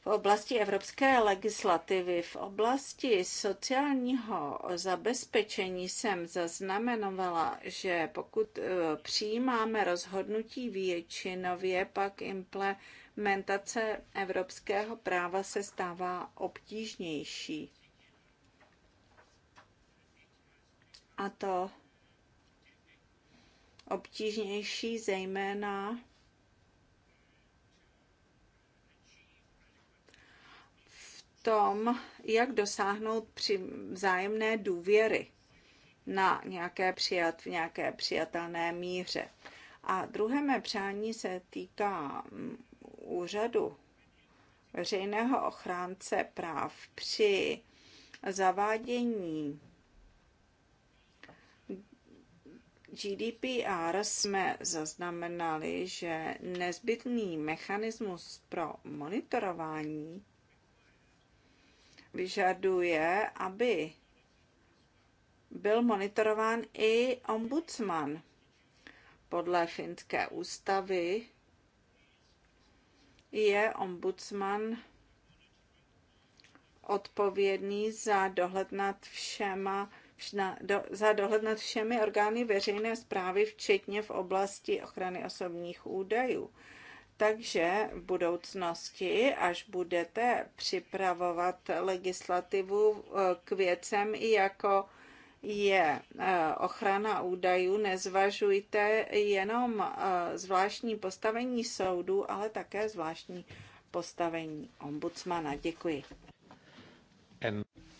S5: v oblasti evropské legislativy, v oblasti sociálního zabezpečení jsem zaznamenovala, že pokud eh, přijímáme rozhodnutí většinově, pak implementujeme implementace evropského práva se stává obtížnější. A to obtížnější zejména v tom, jak dosáhnout při vzájemné důvěry na nějaké, přijat, v nějaké přijatelné míře. A druhé mé přání se týká úřadu veřejného ochránce práv při zavádění GDPR jsme zaznamenali, že nezbytný mechanismus pro monitorování vyžaduje, aby byl monitorován i ombudsman. Podle finské ústavy je ombudsman odpovědný za dohled nad všema na, do, za dohled nad všemi orgány veřejné zprávy, včetně v oblasti ochrany osobních údajů. Takže v budoucnosti, až budete připravovat legislativu eh, k věcem i jako je eh, ochrana údajů. Nezvažujte jenom eh, zvláštní postavení soudu, ale také zvláštní postavení ombudsmana. Děkuji.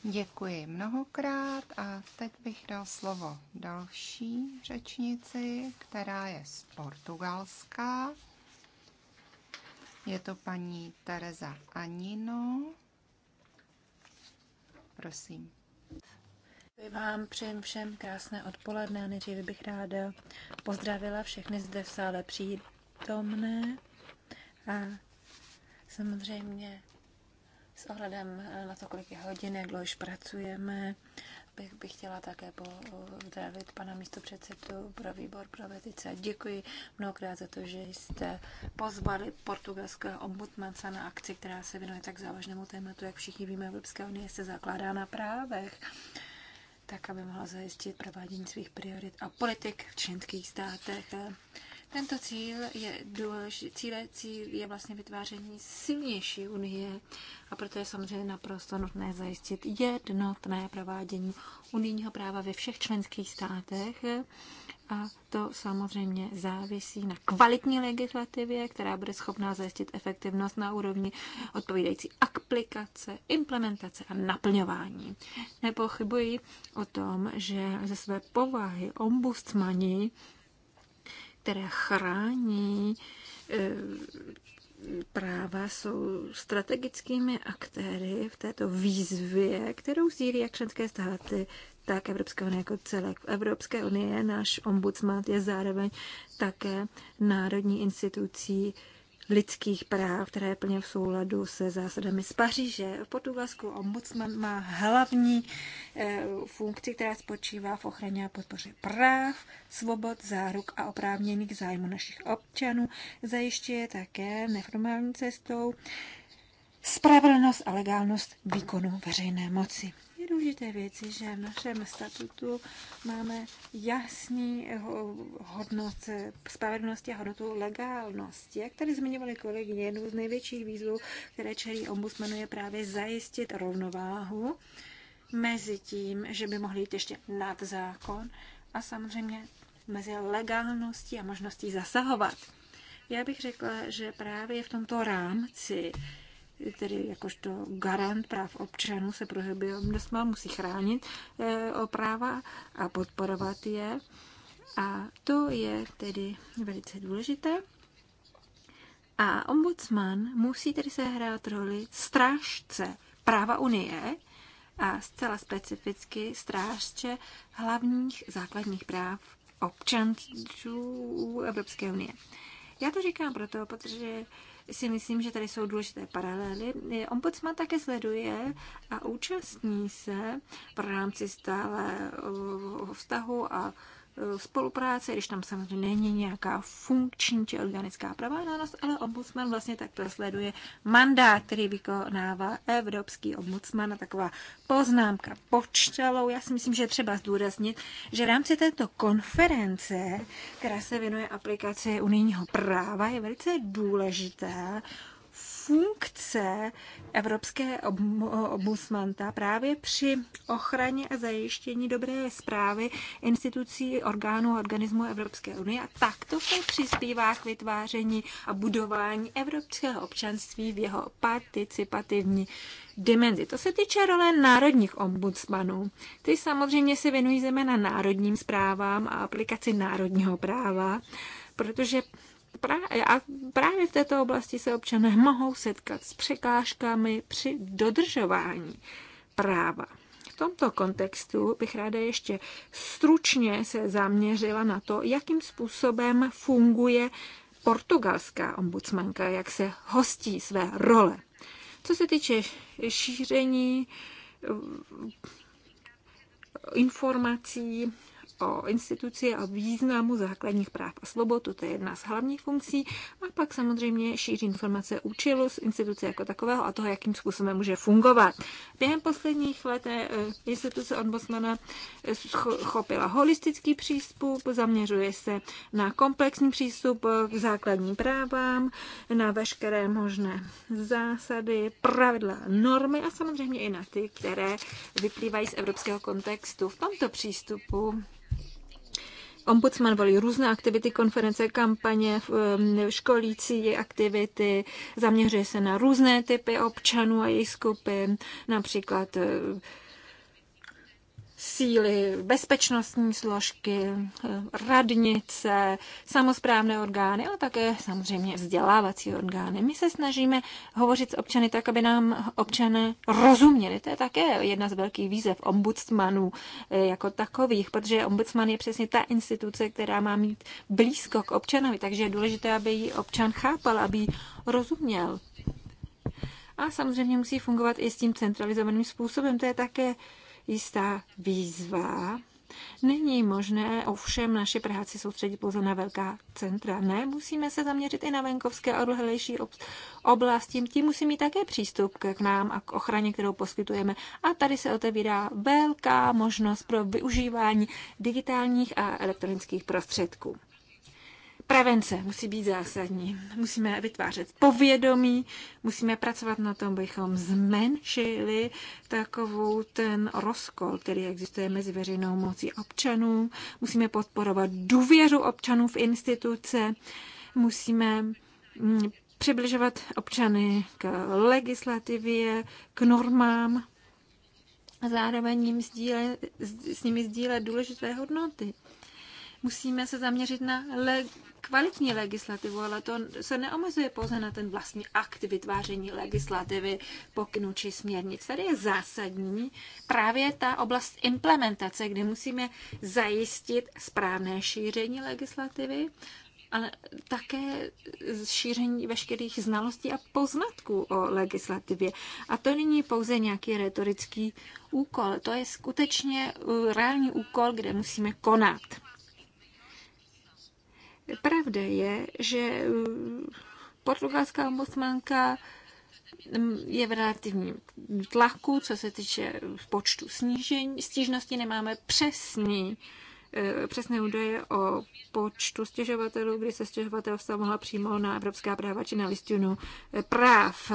S4: Děkuji mnohokrát a teď bych dal slovo další řečnici, která je z Portugalska. Je to paní Teresa Anino. Prosím. Děkuji vám, přejem všem krásné odpoledne a nejdříve
S6: bych ráda pozdravila všechny zde v sále přítomné a samozřejmě s ohledem na to, kolik je hodin, jak dlouho pracujeme, bych, bych chtěla také pozdravit pana místopředsedu pro výbor pro petice. Děkuji mnohokrát za to, že jste pozvali portugalského ombudsmana na akci, která se věnuje tak závažnému tématu, jak všichni víme, Evropská unie se zakládá na právech tak aby mohla zajistit provádění svých priorit a politik v členských státech. Tento cíl je, důležitý, cíle, cíl je vlastně vytváření silnější unie a proto je samozřejmě naprosto nutné zajistit jednotné provádění unijního práva ve všech členských státech a to samozřejmě závisí na kvalitní legislativě, která bude schopná zajistit efektivnost na úrovni odpovídající aplikace, implementace a naplňování. Nepochybuji o tom, že ze své povahy ombudsmani, které chrání e, práva jsou strategickými aktéry v této výzvě, kterou sdílí jak členské státy, tak Evropská unie jako celek. V Evropské je náš ombudsman je zároveň také národní institucí lidských práv, které je plně v souladu se zásadami z Paříže. V Portugalsku ombudsman má hlavní e, funkci, která spočívá v ochraně a podpoře práv, svobod, záruk a oprávněných zájmů našich občanů. Zajišťuje také neformální cestou spravedlnost a legálnost výkonu veřejné moci. Je důležité věci, že v našem statutu máme jasný hodnot spravedlnosti a hodnotu legálnosti. Jak tady zmiňovali kolegyně, jednu z největších výzvů, které čelí ombudsmanu, je právě zajistit rovnováhu mezi tím, že by mohli jít ještě nad zákon a samozřejmě mezi legálností a možností zasahovat. Já bych řekla, že právě v tomto rámci tedy jakožto garant práv občanů se prohybuje ombudsman, musí chránit eh, o práva a podporovat je. A to je tedy velice důležité. A ombudsman musí tedy sehrát roli strážce práva Unie a zcela specificky strážce hlavních základních práv občanů Evropské unie. Já to říkám proto, protože si myslím, že tady jsou důležité paralely. Ombudsman také sleduje a účastní se v rámci stále eh, vztahu a E, spolupráce, když tam samozřejmě není nějaká funkční či organická provázanost, ale ombudsman vlastně tak prosleduje mandát, který vykonává evropský ombudsman a taková poznámka počtelou. Já si myslím, že je třeba zdůraznit, že v rámci této konference, která se věnuje aplikaci unijního práva, je velice důležitá funkce Evropské obusmanta právě při ochraně a zajištění dobré zprávy institucí, orgánů a organismů Evropské unie a takto se přispívá k vytváření a budování evropského občanství v jeho participativní dimenzi. To se týče role národních ombudsmanů. Ty samozřejmě se věnují zejména národním zprávám a aplikaci národního práva, protože a právě v této oblasti se občané mohou setkat s překážkami při dodržování práva. V tomto kontextu bych ráda ještě stručně se zaměřila na to, jakým způsobem funguje portugalská ombudsmanka, jak se hostí své role. Co se týče šíření eh, informací o instituci a významu základních práv a svobod, to je jedna z hlavních funkcí, a pak samozřejmě šíří informace účelu z instituce jako takového a toho, jakým způsobem může fungovat. Během posledních let eh, instituce ombudsmana eh, chopila holistický přístup, zaměřuje se na komplexní přístup eh, k základním právám, na veškeré možné zásady, pravidla, normy a samozřejmě i na ty, které vyplývají z evropského kontextu. V tomto přístupu Ombudsman volí různé aktivity, konference, kampaně, školící aktivity, zaměřuje se na různé typy občanů a jejich skupin, například síly, bezpečnostní složky, radnice, samozprávné orgány, ale také samozřejmě vzdělávací orgány. My se snažíme hovořit s občany tak, aby nám občané rozuměli. To je také jedna z velkých výzev ombudsmanů eh, jako takových, protože ombudsman je přesně ta instituce, která má mít blízko k občanovi, takže je důležité, aby ji občan chápal, aby ji rozuměl. A samozřejmě musí fungovat i s tím centralizovaným způsobem. To je také jistá výzva. Není možné ovšem naše práci soustředit pouze na velká centra. Ne, musíme se zaměřit i na venkovské a odlehlejší oblasti. Ti musí mít také přístup k nám a k ochraně, kterou poskytujeme. A tady se otevírá velká možnost pro využívání digitálních a elektronických prostředků. Prevence musí být zásadní. Musíme vytvářet povědomí, musíme pracovat na tom, abychom zmenšili takovou ten rozkol, který existuje mezi veřejnou mocí občanů. Musíme podporovat důvěru občanů v instituce, musíme mm, přibližovat občany k legislativě, k normám a zároveň s nimi sdílet důležité hodnoty musíme se zaměřit na le- kvalitní legislativu, ale to se neomezuje pouze na ten vlastní akt vytváření legislativy, pokynů či směrnic. Tady je zásadní právě ta oblast implementace, kde musíme zajistit správné šíření legislativy, ale také šíření veškerých znalostí a poznatků o legislativě. A to není pouze nějaký retorický úkol, to je skutečně uh, reálný úkol, kde musíme konat. Pravda je, že eh, portugalská ombudsmanka mm, je v relativním tlaku, co se týče eh, počtu snížení. Stížnosti nemáme přesný eh, přesné údaje o počtu stěžovatelů, kdy se stěžovatel mohla přímo na evropská práva či na listinu práv.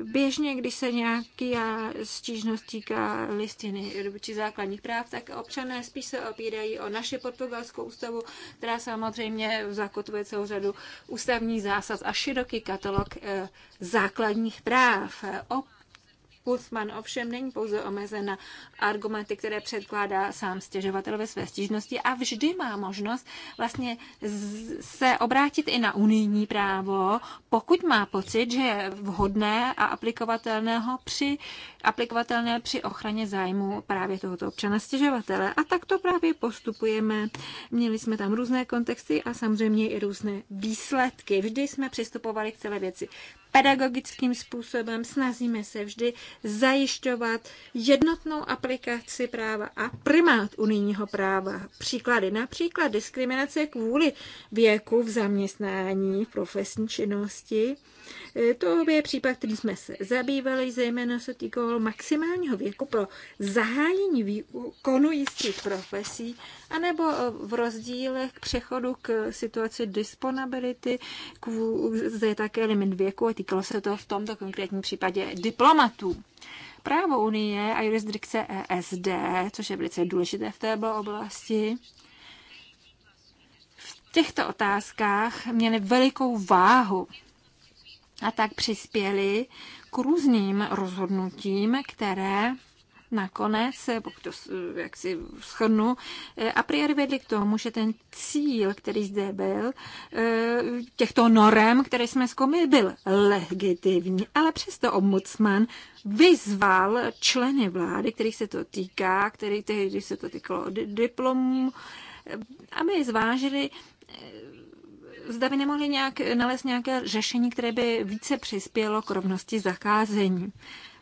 S6: Běžně, když se nějaký stížnost týká listiny či základních práv, tak občané spíš se opírají o naše portugalskou ústavu, která samozřejmě zakotuje celou řadu ústavních zásad a široký katalog eh, základních práv. Eh, Kurzman ovšem není pouze na argumenty, které předkládá sám stěžovatel ve své stížnosti a vždy má možnost vlastně se obrátit i na unijní právo, pokud má pocit, že je vhodné a aplikovatelného při, aplikovatelné při ochraně zájmu právě tohoto občana stěžovatele. A tak to právě postupujeme. Měli jsme tam různé kontexty a samozřejmě i různé výsledky. Vždy jsme přistupovali k celé věci pedagogickým způsobem, snažíme se vždy zajišťovat jednotnou aplikaci práva a primát unijního práva. Příklady, například diskriminace kvůli věku v zaměstnání, v profesní činnosti. E, to je případ, který jsme se zabývali, zejména se týkalo maximálního věku pro zahájení výkonu jistých profesí, anebo v rozdílech k přechodu k situaci disponability, zde je také limit věku, týkalo se to v tomto konkrétním případě diplomatů. Právo Unie a jurisdikce ESD, což je velice důležité v této oblasti, v těchto otázkách měly velikou váhu a tak přispěli k různým rozhodnutím, které nakonec, eh, pokud to jak si schrnu, eh, a priori vedli k tomu, že ten cíl, který zde byl, eh, těchto norem, které jsme zkoumali, byl legitimní, ale přesto ombudsman vyzval členy vlády, kterých se to týká, který tehdy se to týkalo diplomů, aby zvážili zda by nemohli nějak nalézt nějaké řešení, které by více přispělo k rovnosti zacházení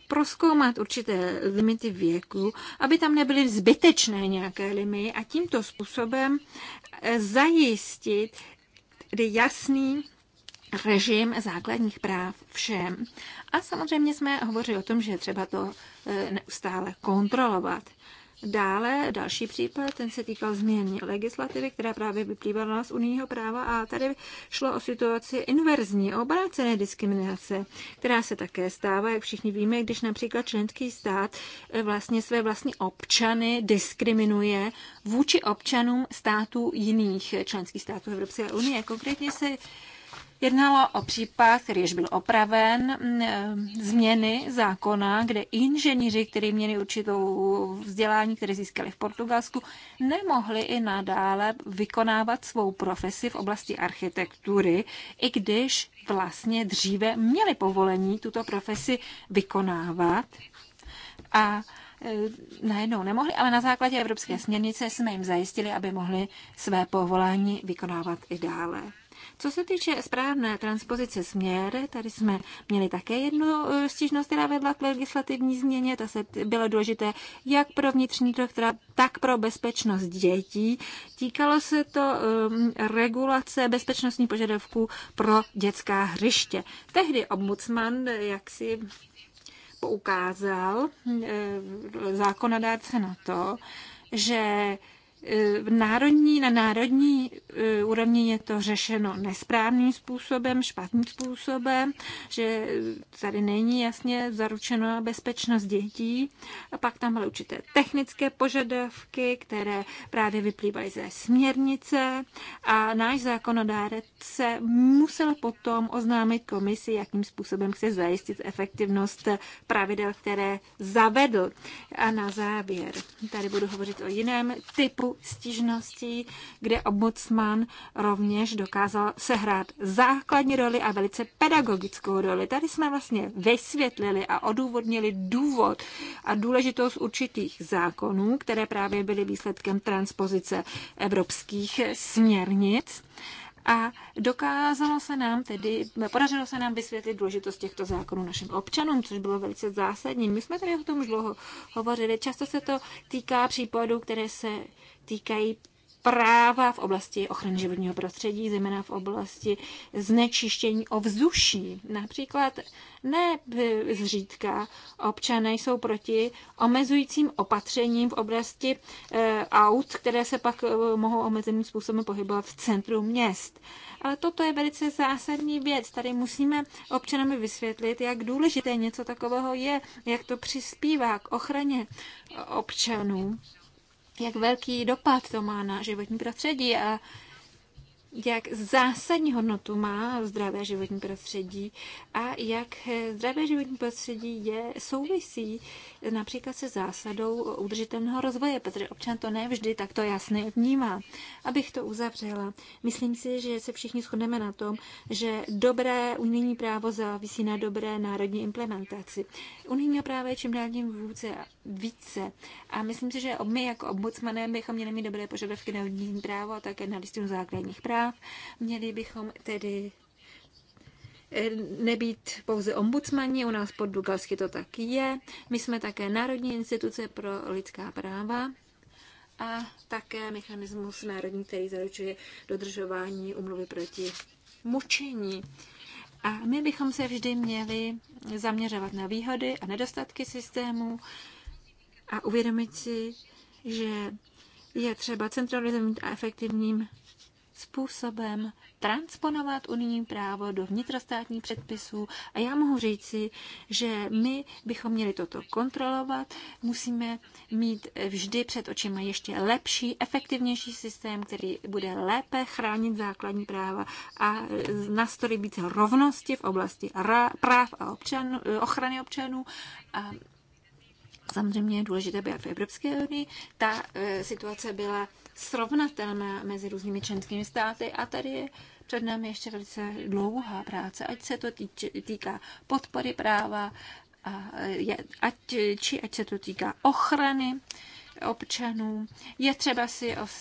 S6: proskoumat určité limity věku, aby tam nebyly zbytečné nějaké limity a tímto způsobem eh, zajistit jasný režim základních práv všem. A samozřejmě jsme hovořili o tom, že je třeba to eh, neustále kontrolovat. Dále další případ, ten se týkal změny legislativy, která právě vyplývala z unijního práva a tady šlo o situaci inverzní, obrácené diskriminace, která se také stává, jak všichni víme, když například členský stát eh, vlastně své vlastní občany diskriminuje vůči občanům států jiných eh, členských států Evropské unie. Konkrétně se Jednalo o případ, který již byl opraven, eh, změny zákona, kde inženýři, kteří měli určitou vzdělání, které získali v Portugalsku, nemohli i nadále vykonávat svou profesi v oblasti architektury, i když vlastně dříve měli povolení tuto profesi vykonávat. A eh, najednou nemohli, ale na základě Evropské směrnice jsme jim zajistili, aby mohli své povolání vykonávat i dále. Co se týče správné transpozice směr, tady jsme měli také jednu eh, stížnost, která vedla k legislativní změně. Ta se bylo důležité jak pro vnitřní trh, tak pro bezpečnost dětí. Týkalo se to um, regulace bezpečnostní požadavků pro dětská hřiště. Tehdy ombudsman, eh, jak si poukázal eh, zákonodárce na to, že Eh, národní, na národní eh, úrovni je to řešeno nesprávným způsobem, špatným způsobem, že eh, tady není jasně zaručena bezpečnost dětí. A pak tam byly určité technické požadavky, které právě vyplývaly ze směrnice a náš zákonodárce musel potom oznámit komisi, jakým způsobem chce zajistit efektivnost pravidel, které zavedl. A na závěr, tady budu hovořit o jiném typu stížností, kde ombudsman rovněž dokázal sehrát základní roli a velice pedagogickou roli. Tady jsme vlastně vysvětlili a odůvodnili důvod a důležitost určitých zákonů, které právě byly výsledkem transpozice evropských směrnic. A dokázalo se nám tedy, podařilo se nám vysvětlit důležitost těchto zákonů našim občanům, což bylo velice zásadní. My jsme tady o tom už dlouho hovořili. Často se to týká případů, které se týkají práva v oblasti ochrany životního prostředí, zejména v oblasti znečištění ovzduší. Například ne zřídka občané jsou proti omezujícím opatřením v oblasti e, aut, které se pak e, mohou omezeným způsobem pohybovat v centru měst. Ale toto je velice zásadní věc. Tady musíme občanami vysvětlit, jak důležité něco takového je, jak to přispívá k ochraně občanů jak velký dopad to má na životní prostředí a jak zásadní hodnotu má zdravé životní prostředí a jak zdravé životní prostředí je souvisí například se zásadou udržitelného rozvoje, protože občan to nevždy takto jasně vnímá. Abych to uzavřela, myslím si, že se všichni shodneme na tom, že dobré unijní právo závisí na dobré národní implementaci. Unijní právo je čím dál tím vůdce více. A myslím si, že my jako obmocmané bychom měli mít dobré požadavky na unijní právo a také na listinu základních práv práv. Měli bychom tedy eh, nebýt pouze ombudsmani, u nás pod Dugalsky to tak je. My jsme také Národní instituce pro lidská práva a také mechanismus národní, který zaručuje dodržování umluvy proti mučení. A my bychom se vždy měli zaměřovat na výhody a nedostatky systému a uvědomit si, že je třeba centralizovat a efektivním způsobem transponovat unijní právo do vnitrostátních předpisů. A já mohu říci, že my bychom měli toto kontrolovat, musíme mít vždy před očima ještě lepší, efektivnější systém, který bude lépe chránit základní práva a nastolit více rovnosti v oblasti práv a občanů, ochrany občanů. A Samozřejmě je důležité, aby v Evropské unii ta e, situace byla srovnatelná mezi různými členskými státy a tady je před námi ještě velice dlouhá práce, ať se to týče, týká podpory práva, a je, ať, či ať se to týká ochrany občanů. Je třeba si os,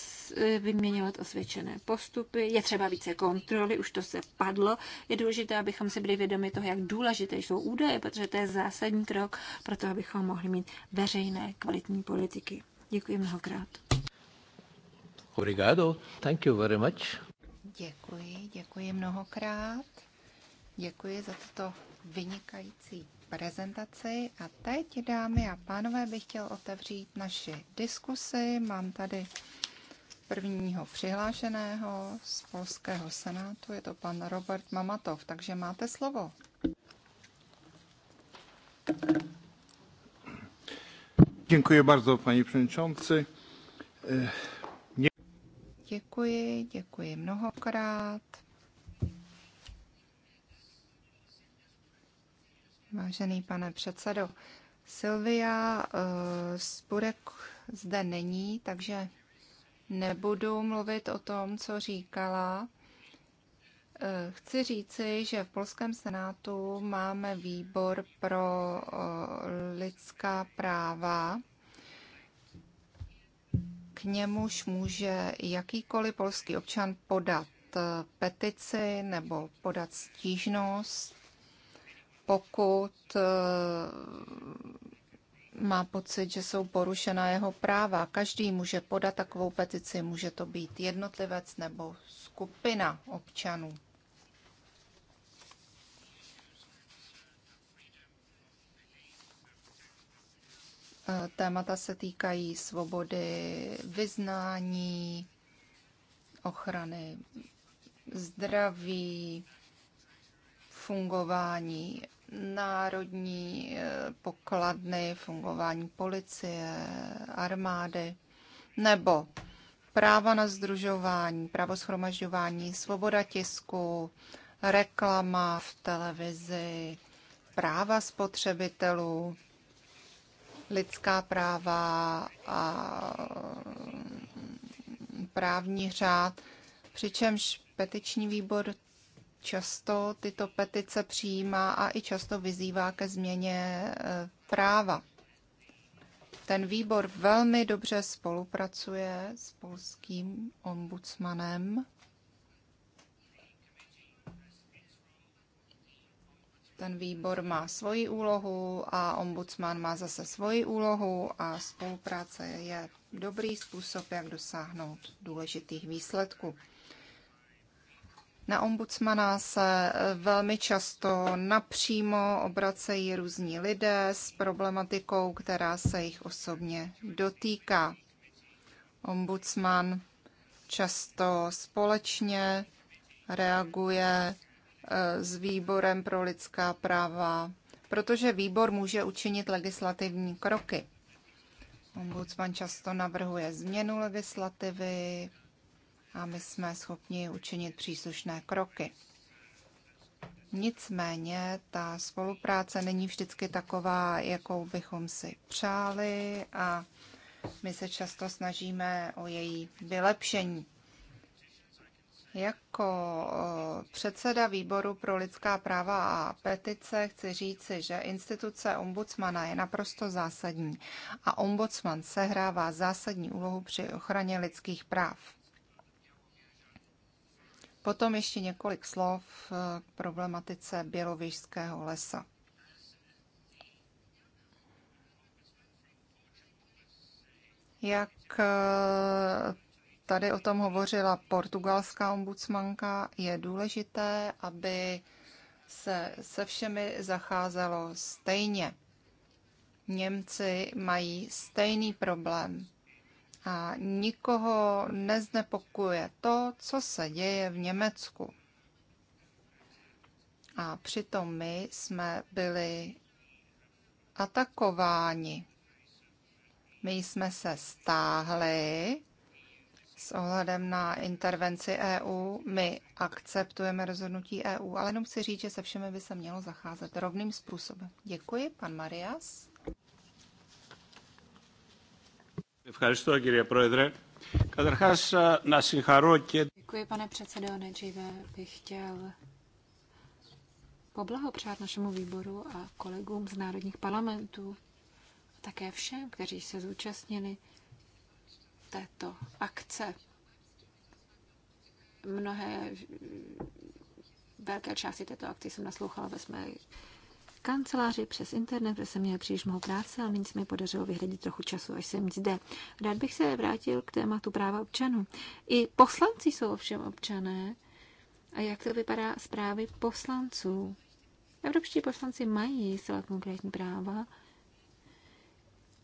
S6: vyměňovat osvědčené postupy, je třeba více kontroly, už to se padlo. Je důležité, abychom si byli vědomi toho, jak důležité jsou údaje, protože to je zásadní krok pro to, abychom mohli mít veřejné
S4: kvalitní politiky. Děkuji mnohokrát.
S6: Obrigado. Thank
S3: you very much.
S4: Děkuji, děkuji mnohokrát. Děkuji za tuto vynikající prezentaci a teď, dámy a pánové, bych chtěl otevřít naši diskusi. Mám tady prvního přihlášeného z Polského senátu, je to pan Robert Mamatov, takže máte slovo.
S2: Děkuji bardzo, paní předsedající.
S4: Děkuji, děkuji mnohokrát. Vážený pane předsedo, Silvia uh, Spurek zde není, takže nebudu mluvit o tom, co říkala. Eh, chci říci, že v Polském senátu máme výbor pro eh, lidská práva k němuž může jakýkoliv polský občan podat eh, petici nebo podat stížnost, pokud eh, má pocit, že jsou porušena jeho práva. Každý může podat takovou petici, může to být jednotlivec nebo skupina občanů. Eh, témata se týkají svobody vyznání, ochrany zdraví, fungování národní eh, pokladny, fungování policie, armády, nebo práva na združování, právo schromažďování, svoboda tisku, reklama v televizi, práva spotřebitelů, lidská práva a právní řád, přičemž petiční výbor často tyto petice přijímá a i často vyzývá ke změně e, práva. Ten výbor velmi dobře spolupracuje s polským ombudsmanem Ten výbor má svoji úlohu a ombudsman má zase svoji úlohu a spolupráce je dobrý způsob, jak dosáhnout důležitých výsledků. Na ombudsmana se velmi často napřímo obracejí různí lidé s problematikou, která se jich osobně dotýká. Ombudsman často společně reaguje Eh, s výborem pro lidská práva, protože výbor může učinit legislativní kroky. Ombudsman často navrhuje změnu legislativy a my jsme schopni učinit příslušné kroky. Nicméně ta spolupráce není vždycky taková, jakou bychom si přáli a my se často snažíme o její vylepšení. Jako předseda výboru pro lidská práva a petice chci říci, že instituce ombudsmana je naprosto zásadní a ombudsman sehrává zásadní úlohu při ochraně lidských práv. Potom ještě několik slov k e, problematice Bělovižského lesa. Jak e, tady o tom hovořila portugalská ombudsmanka, je důležité, aby se se všemi zacházelo stejně. Němci mají stejný problém a nikoho neznepokuje to, co se děje v Německu. A přitom my jsme byli atakováni. My jsme se stáhli s ohledem na intervenci EU. My akceptujeme rozhodnutí EU, ale jenom chci říct, že se všemi by se mělo zacházet rovným způsobem. Děkuji, pan Marias.
S6: Děkuji pane předsedo, nejdříve bych chtěl poblahopřát našemu výboru a kolegům z národních parlamentů a také všem, kteří se zúčastnili této akce. Mnohé velké části této akce jsem naslouchala ve své kanceláři přes internet, kde jsem měla příliš mnoho práce, ale nyní se mi podařilo vyhradit trochu času, až jsem zde. Rád bych se vrátil k tématu práva občanů. I poslanci jsou ovšem občané. A jak to vypadá zprávy poslanců? Evropští poslanci mají zcela konkrétní práva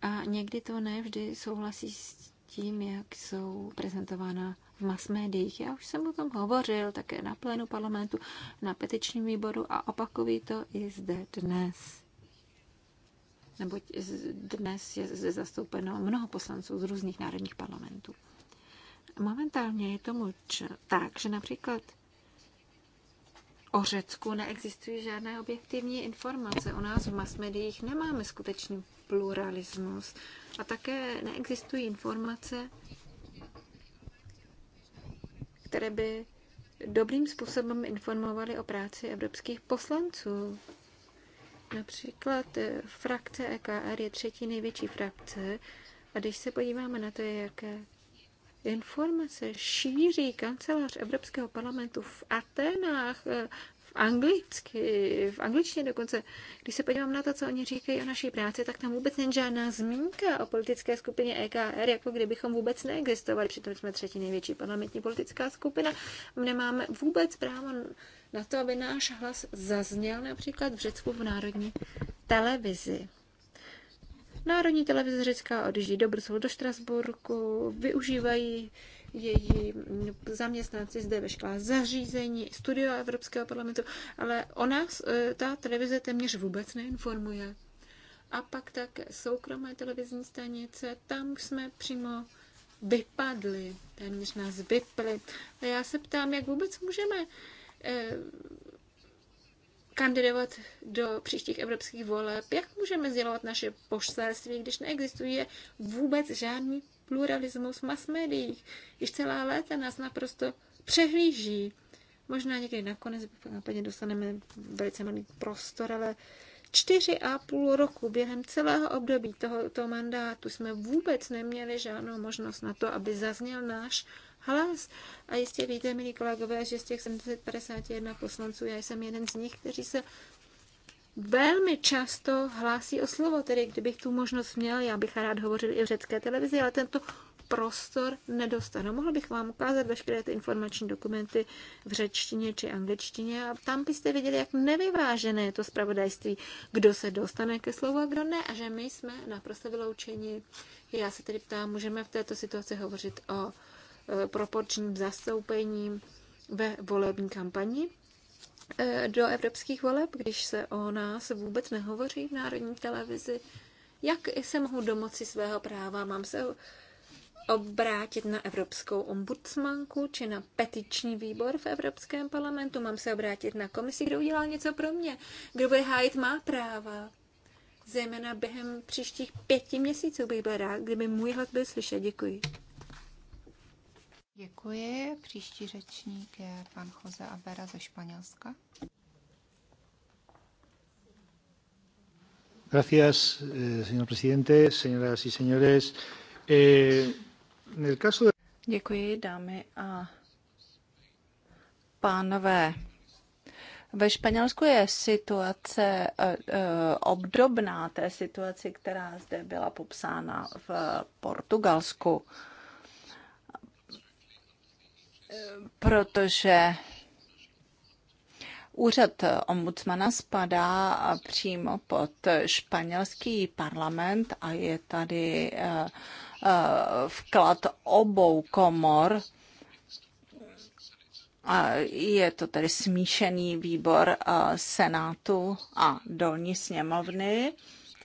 S6: a někdy to nevždy souhlasí s tím, jak jsou prezentována v masmédiích. Já už jsem o tom hovořil také na plénu parlamentu, na petičním výboru a opakují to i zde dnes. Neboť dnes je zde zastoupeno mnoho poslanců z různých národních parlamentů. Momentálně je tomu tak, že například o Řecku neexistují žádné objektivní informace. U nás v masmediích nemáme skutečný pluralismus a také neexistují informace, které by dobrým způsobem informovaly o práci evropských poslanců. Například eh, frakce EKR je třetí největší frakce a když se podíváme na to, jaké informace šíří kancelář Evropského parlamentu v Atenách, eh, v anglicky, v angličtině dokonce. Když se podívám na to, co oni říkají o naší práci, tak tam vůbec není žádná zmínka o politické skupině EKR, jako kdybychom vůbec neexistovali. Přitom jsme třetí největší parlamentní politická skupina. Nemáme vůbec právo na to, aby náš hlas zazněl například v Řecku v národní televizi. Národní televize Řecka odjíždí do Bruselu, do Štrasburku, využívají její zaměstnanci zde veškerá zařízení, studio Evropského parlamentu, ale o nás eh, ta televize téměř vůbec neinformuje. A pak tak soukromé televizní stanice, tam jsme přímo vypadli, téměř nás vypli. A já se ptám, jak vůbec můžeme eh, kandidovat do příštích evropských voleb? Jak můžeme sdělovat naše poštelství, když neexistuje vůbec žádný pluralismus v mass médiích? když celá léta nás naprosto přehlíží. Možná někdy nakonec úplně dostaneme velice malý prostor, ale čtyři a půl roku během celého období tohoto mandátu jsme vůbec neměli žádnou možnost na to, aby zazněl náš hlas. A jistě víte, milí kolegové, že z těch 751 poslanců, já jsem jeden z nich, kteří se velmi často hlásí o slovo. Tedy kdybych tu možnost měl, já bych rád hovořil i v řecké televizi, ale tento prostor nedostanu. Mohl bych vám ukázat veškeré ty informační dokumenty v řečtině či angličtině a tam byste viděli, jak nevyvážené je to zpravodajství, kdo se dostane ke slovu a kdo ne a že my jsme naprosto vyloučeni. Já se tedy ptám, můžeme v této situaci hovořit o Eh, proporčním zastoupením ve volební kampani eh, do evropských voleb, když se o nás vůbec nehovoří v národní televizi. Jak se mohu domoci svého práva? Mám se obrátit na evropskou ombudsmanku či na petiční výbor v Evropském parlamentu? Mám se obrátit na komisi, kdo udělal něco pro mě? Kdo bude hájit má práva? Zejména během příštích pěti měsíců bych byl rád, kdyby můj hlas byl slyšet. Děkuji. Děkuji. Příští
S4: řečník je pan Jose Abera ze Španělska.
S1: Gracias, eh, señor presidente, señoras y señores. Eh,
S5: Děkuji, dámy a pánové. Ve Španělsku je situace eh, obdobná té situaci, která zde byla popsána v Portugalsku protože Úřad ombudsmana spadá přímo pod španělský parlament a je tady eh, eh, vklad obou komor. A je to tedy smíšený výbor eh, Senátu a dolní sněmovny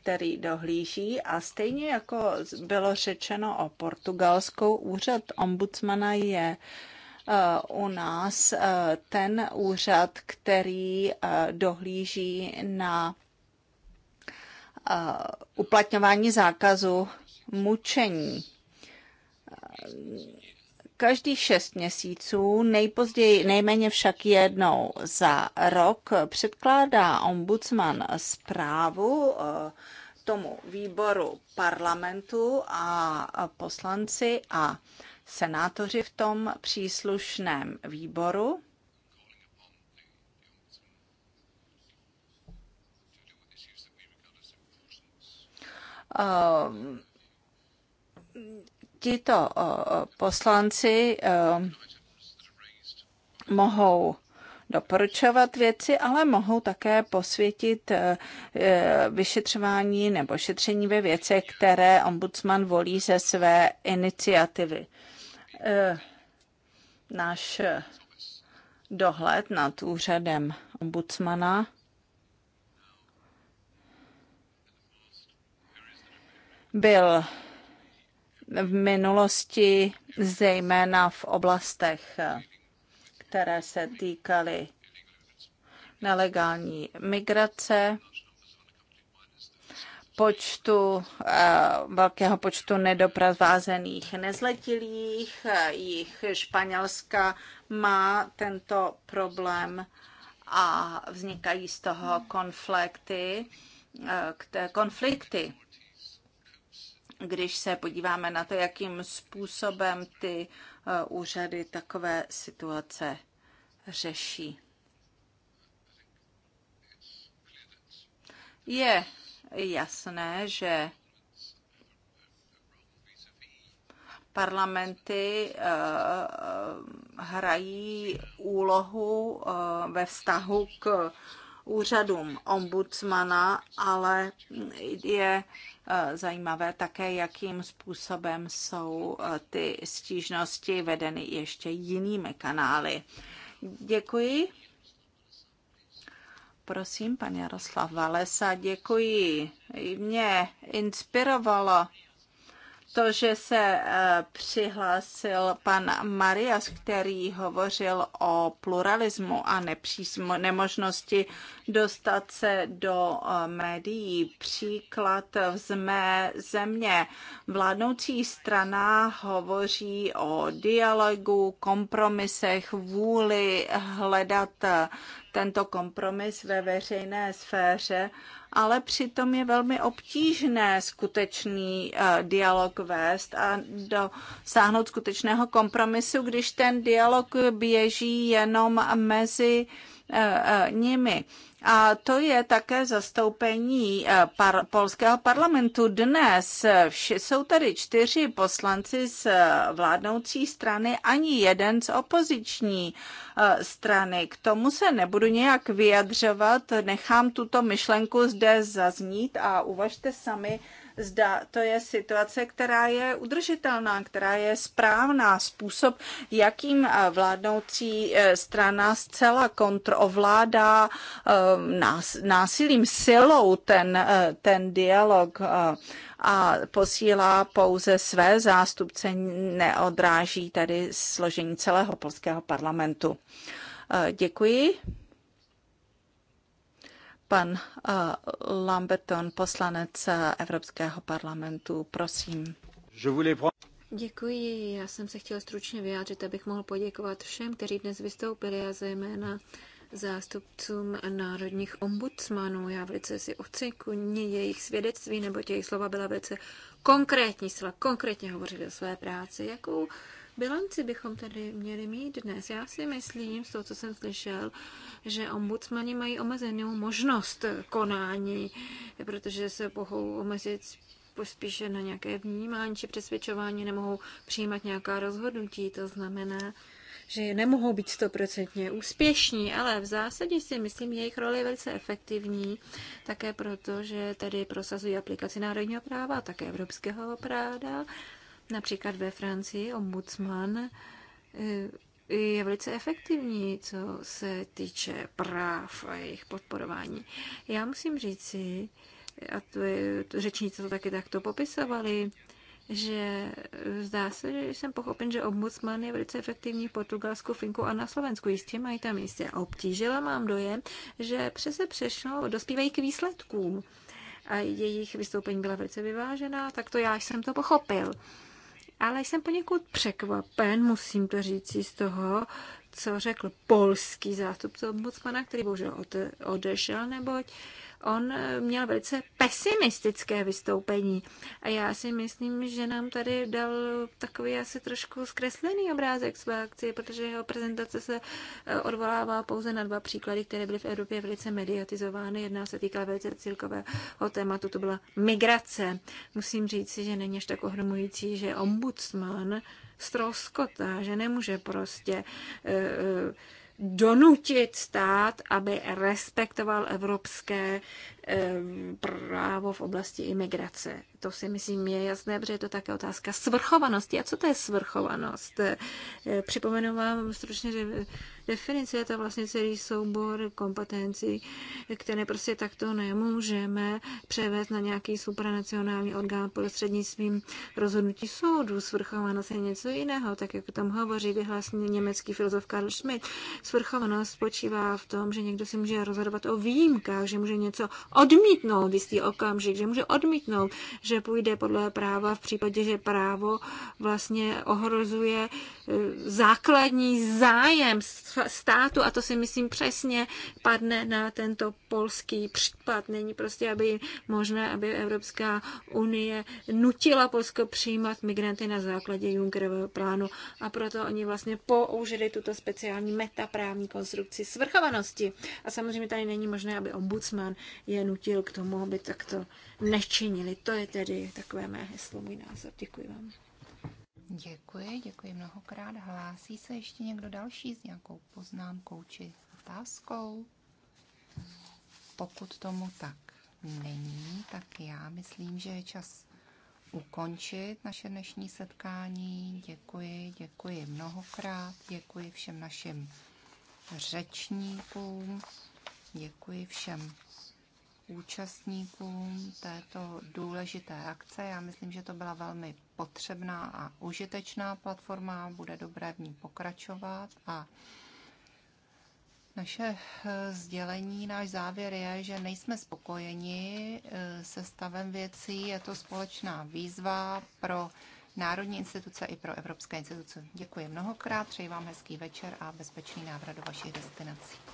S5: který dohlíží a stejně jako bylo řečeno o Portugalskou, úřad ombudsmana je uh, Eh, u nás eh, ten úřad, který eh, dohlíží na uplatňování zákazu mučení každých šest měsíců, nejpozději nejméně však jednou za rok, předkládá ombudsman zprávu tomu výboru parlamentu a poslanci a senátoři v tom příslušném výboru. Eh, tito eh, poslanci eh, mohou doporučovat věci, ale mohou také posvětit vyšetřování nebo šetření ve věcech, které ombudsman volí ze své iniciativy. Eh, náš eh, dohled nad úřadem ombudsmana. Byl v minulosti zejména v oblastech, eh, které se týkaly nelegální migrace, počtu, eh, velkého počtu nedoprovázených nezletilých. Jich Španělska má tento problém a vznikají z toho konflikty. Eh, konflikty. Když se podíváme na to, jakým způsobem ty eh, úřady takové situace řeší. Je jasné, že parlamenty eh, hrají úlohu eh, ve vztahu k úřadům ombudsmana, ale je eh, zajímavé také, jakým způsobem jsou ty stížnosti vedeny ještě jinými kanály. Děkuji. Prosím, pan Jaroslav Valesa, děkuji. Mě inspirovalo to, že se eh, přihlásil pan Marias, který hovořil o pluralismu a nepřísmo, nemožnosti dostat se do eh, médií. Příklad z mé země. Vládnoucí strana hovoří o dialogu, kompromisech, vůli hledat tento kompromis ve veřejné sféře, ale přitom je velmi obtížné skutečný eh, dialog vést a dosáhnout skutečného kompromisu, když ten dialog běží jenom mezi eh, eh, nimi. A to je také zastoupení eh, par- polského parlamentu. Dnes eh, jsou tady čtyři poslanci z eh, vládnoucí strany, ani jeden z opoziční strany. K tomu se nebudu nějak vyjadřovat, nechám tuto myšlenku zde zaznít a uvažte sami, zda to je situace, která je udržitelná, která je správná. Způsob, jakým eh, vládnoucí eh, strana zcela kontrovládá eh, násilím, silou ten, ten dialog a posílá pouze své zástupce, neodráží tady složení celého polského parlamentu. Děkuji. Pan eh, Lamberton, poslanec eh, Evropského parlamentu, prosím.
S6: Děkuji. Já jsem se chtěl stručně vyjádřit, abych mohl poděkovat všem, kteří dnes vystoupili a zejména zástupcům národních ombudsmanů. Já velice si ocekuji jejich svědectví, nebo jejich slova byla velice konkrétní, slova, konkrétně hovořili o své práci, jakou bilanci bychom tedy měli mít dnes. Já si myslím, z toho, co jsem slyšel, že ombudsmani mají omezenou možnost konání, protože se mohou omezit spíše na nějaké vnímání či přesvědčování, nemohou přijímat nějaká rozhodnutí. To znamená, že nemohou být stoprocentně úspěšní, ale v zásadě si myslím, že jejich role je velice efektivní, také proto, že tady prosazují aplikaci národního práva také evropského práva Například ve Francii ombudsman eh, je velice efektivní, co se týče práv a jejich podporování. Já musím říci, a to je, to řečníci to taky takto popisovali, že zdá se, že jsem pochopen, že ombudsman je velice efektivní v Portugalsku, Finku a na Slovensku. Jistě mají tam jistě a obtížila mám dojem, že přese přešlo, dospívají k výsledkům. A jejich vystoupení byla velice vyvážená, tak to já jsem to pochopil ale jsem poněkud překvapen, musím to říct, z toho, co řekl polský zástupce ombudsmana, který bohužel odešel, neboť on eh, měl velice pesimistické vystoupení. A já si myslím, že nám tady dal takový asi trošku zkreslený obrázek své akci, protože jeho prezentace se eh, odvolává pouze na dva příklady, které byly v Evropě velice mediatizovány. Jedna se týkala velice cílkového tématu, to byla migrace. Musím říct, že není až tak ohromující, že ombudsman stroskotá, že nemůže prostě uh, donutit stát, aby respektoval evropské právo v oblasti imigrace. To si myslím je jasné, protože je to také otázka svrchovanosti. A co to je svrchovanost? Eh, připomenu vám stručně, že definice, je to vlastně celý soubor kompetencí, které prostě takto nemůžeme převést na nějaký supranacionální orgán prostřednictvím rozhodnutí soudu. Svrchovanost je něco jiného, tak jak o tom hovoří vyhlásně německý filozof Karl Schmidt. Svrchovanost spočívá v tom, že někdo si může rozhodovat o výjimkách, že může něco odmítnout v jistý okamžik, že může odmítnout, že půjde podle práva v případě, že právo vlastně ohrozuje e, základní zájem státu a to si myslím přesně padne na tento polský případ. Není prostě, aby možné, aby Evropská unie nutila Polsko přijímat migranty na základě Junckerového plánu a proto oni vlastně použili tuto speciální metaprávní konstrukci svrchovanosti. A samozřejmě tady není možné, aby ombudsman je nutil k tomu, aby takto nečinili. To je tedy takové mé heslo, můj názor.
S4: Děkuji vám. Děkuji, děkuji mnohokrát. Hlásí se ještě někdo další s nějakou poznámkou či otázkou? Pokud tomu tak není, tak já myslím, že je čas ukončit naše dnešní setkání. Děkuji, děkuji mnohokrát, děkuji všem našim řečníkům, děkuji všem účastníkům této důležité akce. Já myslím, že to byla velmi potřebná a užitečná platforma, bude dobré v ní pokračovat a naše eh, sdělení, náš závěr je, že nejsme spokojeni eh, se stavem věcí. Je to společná výzva pro národní instituce i pro evropské instituce. Děkuji mnohokrát, přeji vám hezký večer a bezpečný návrat do vašich destinací.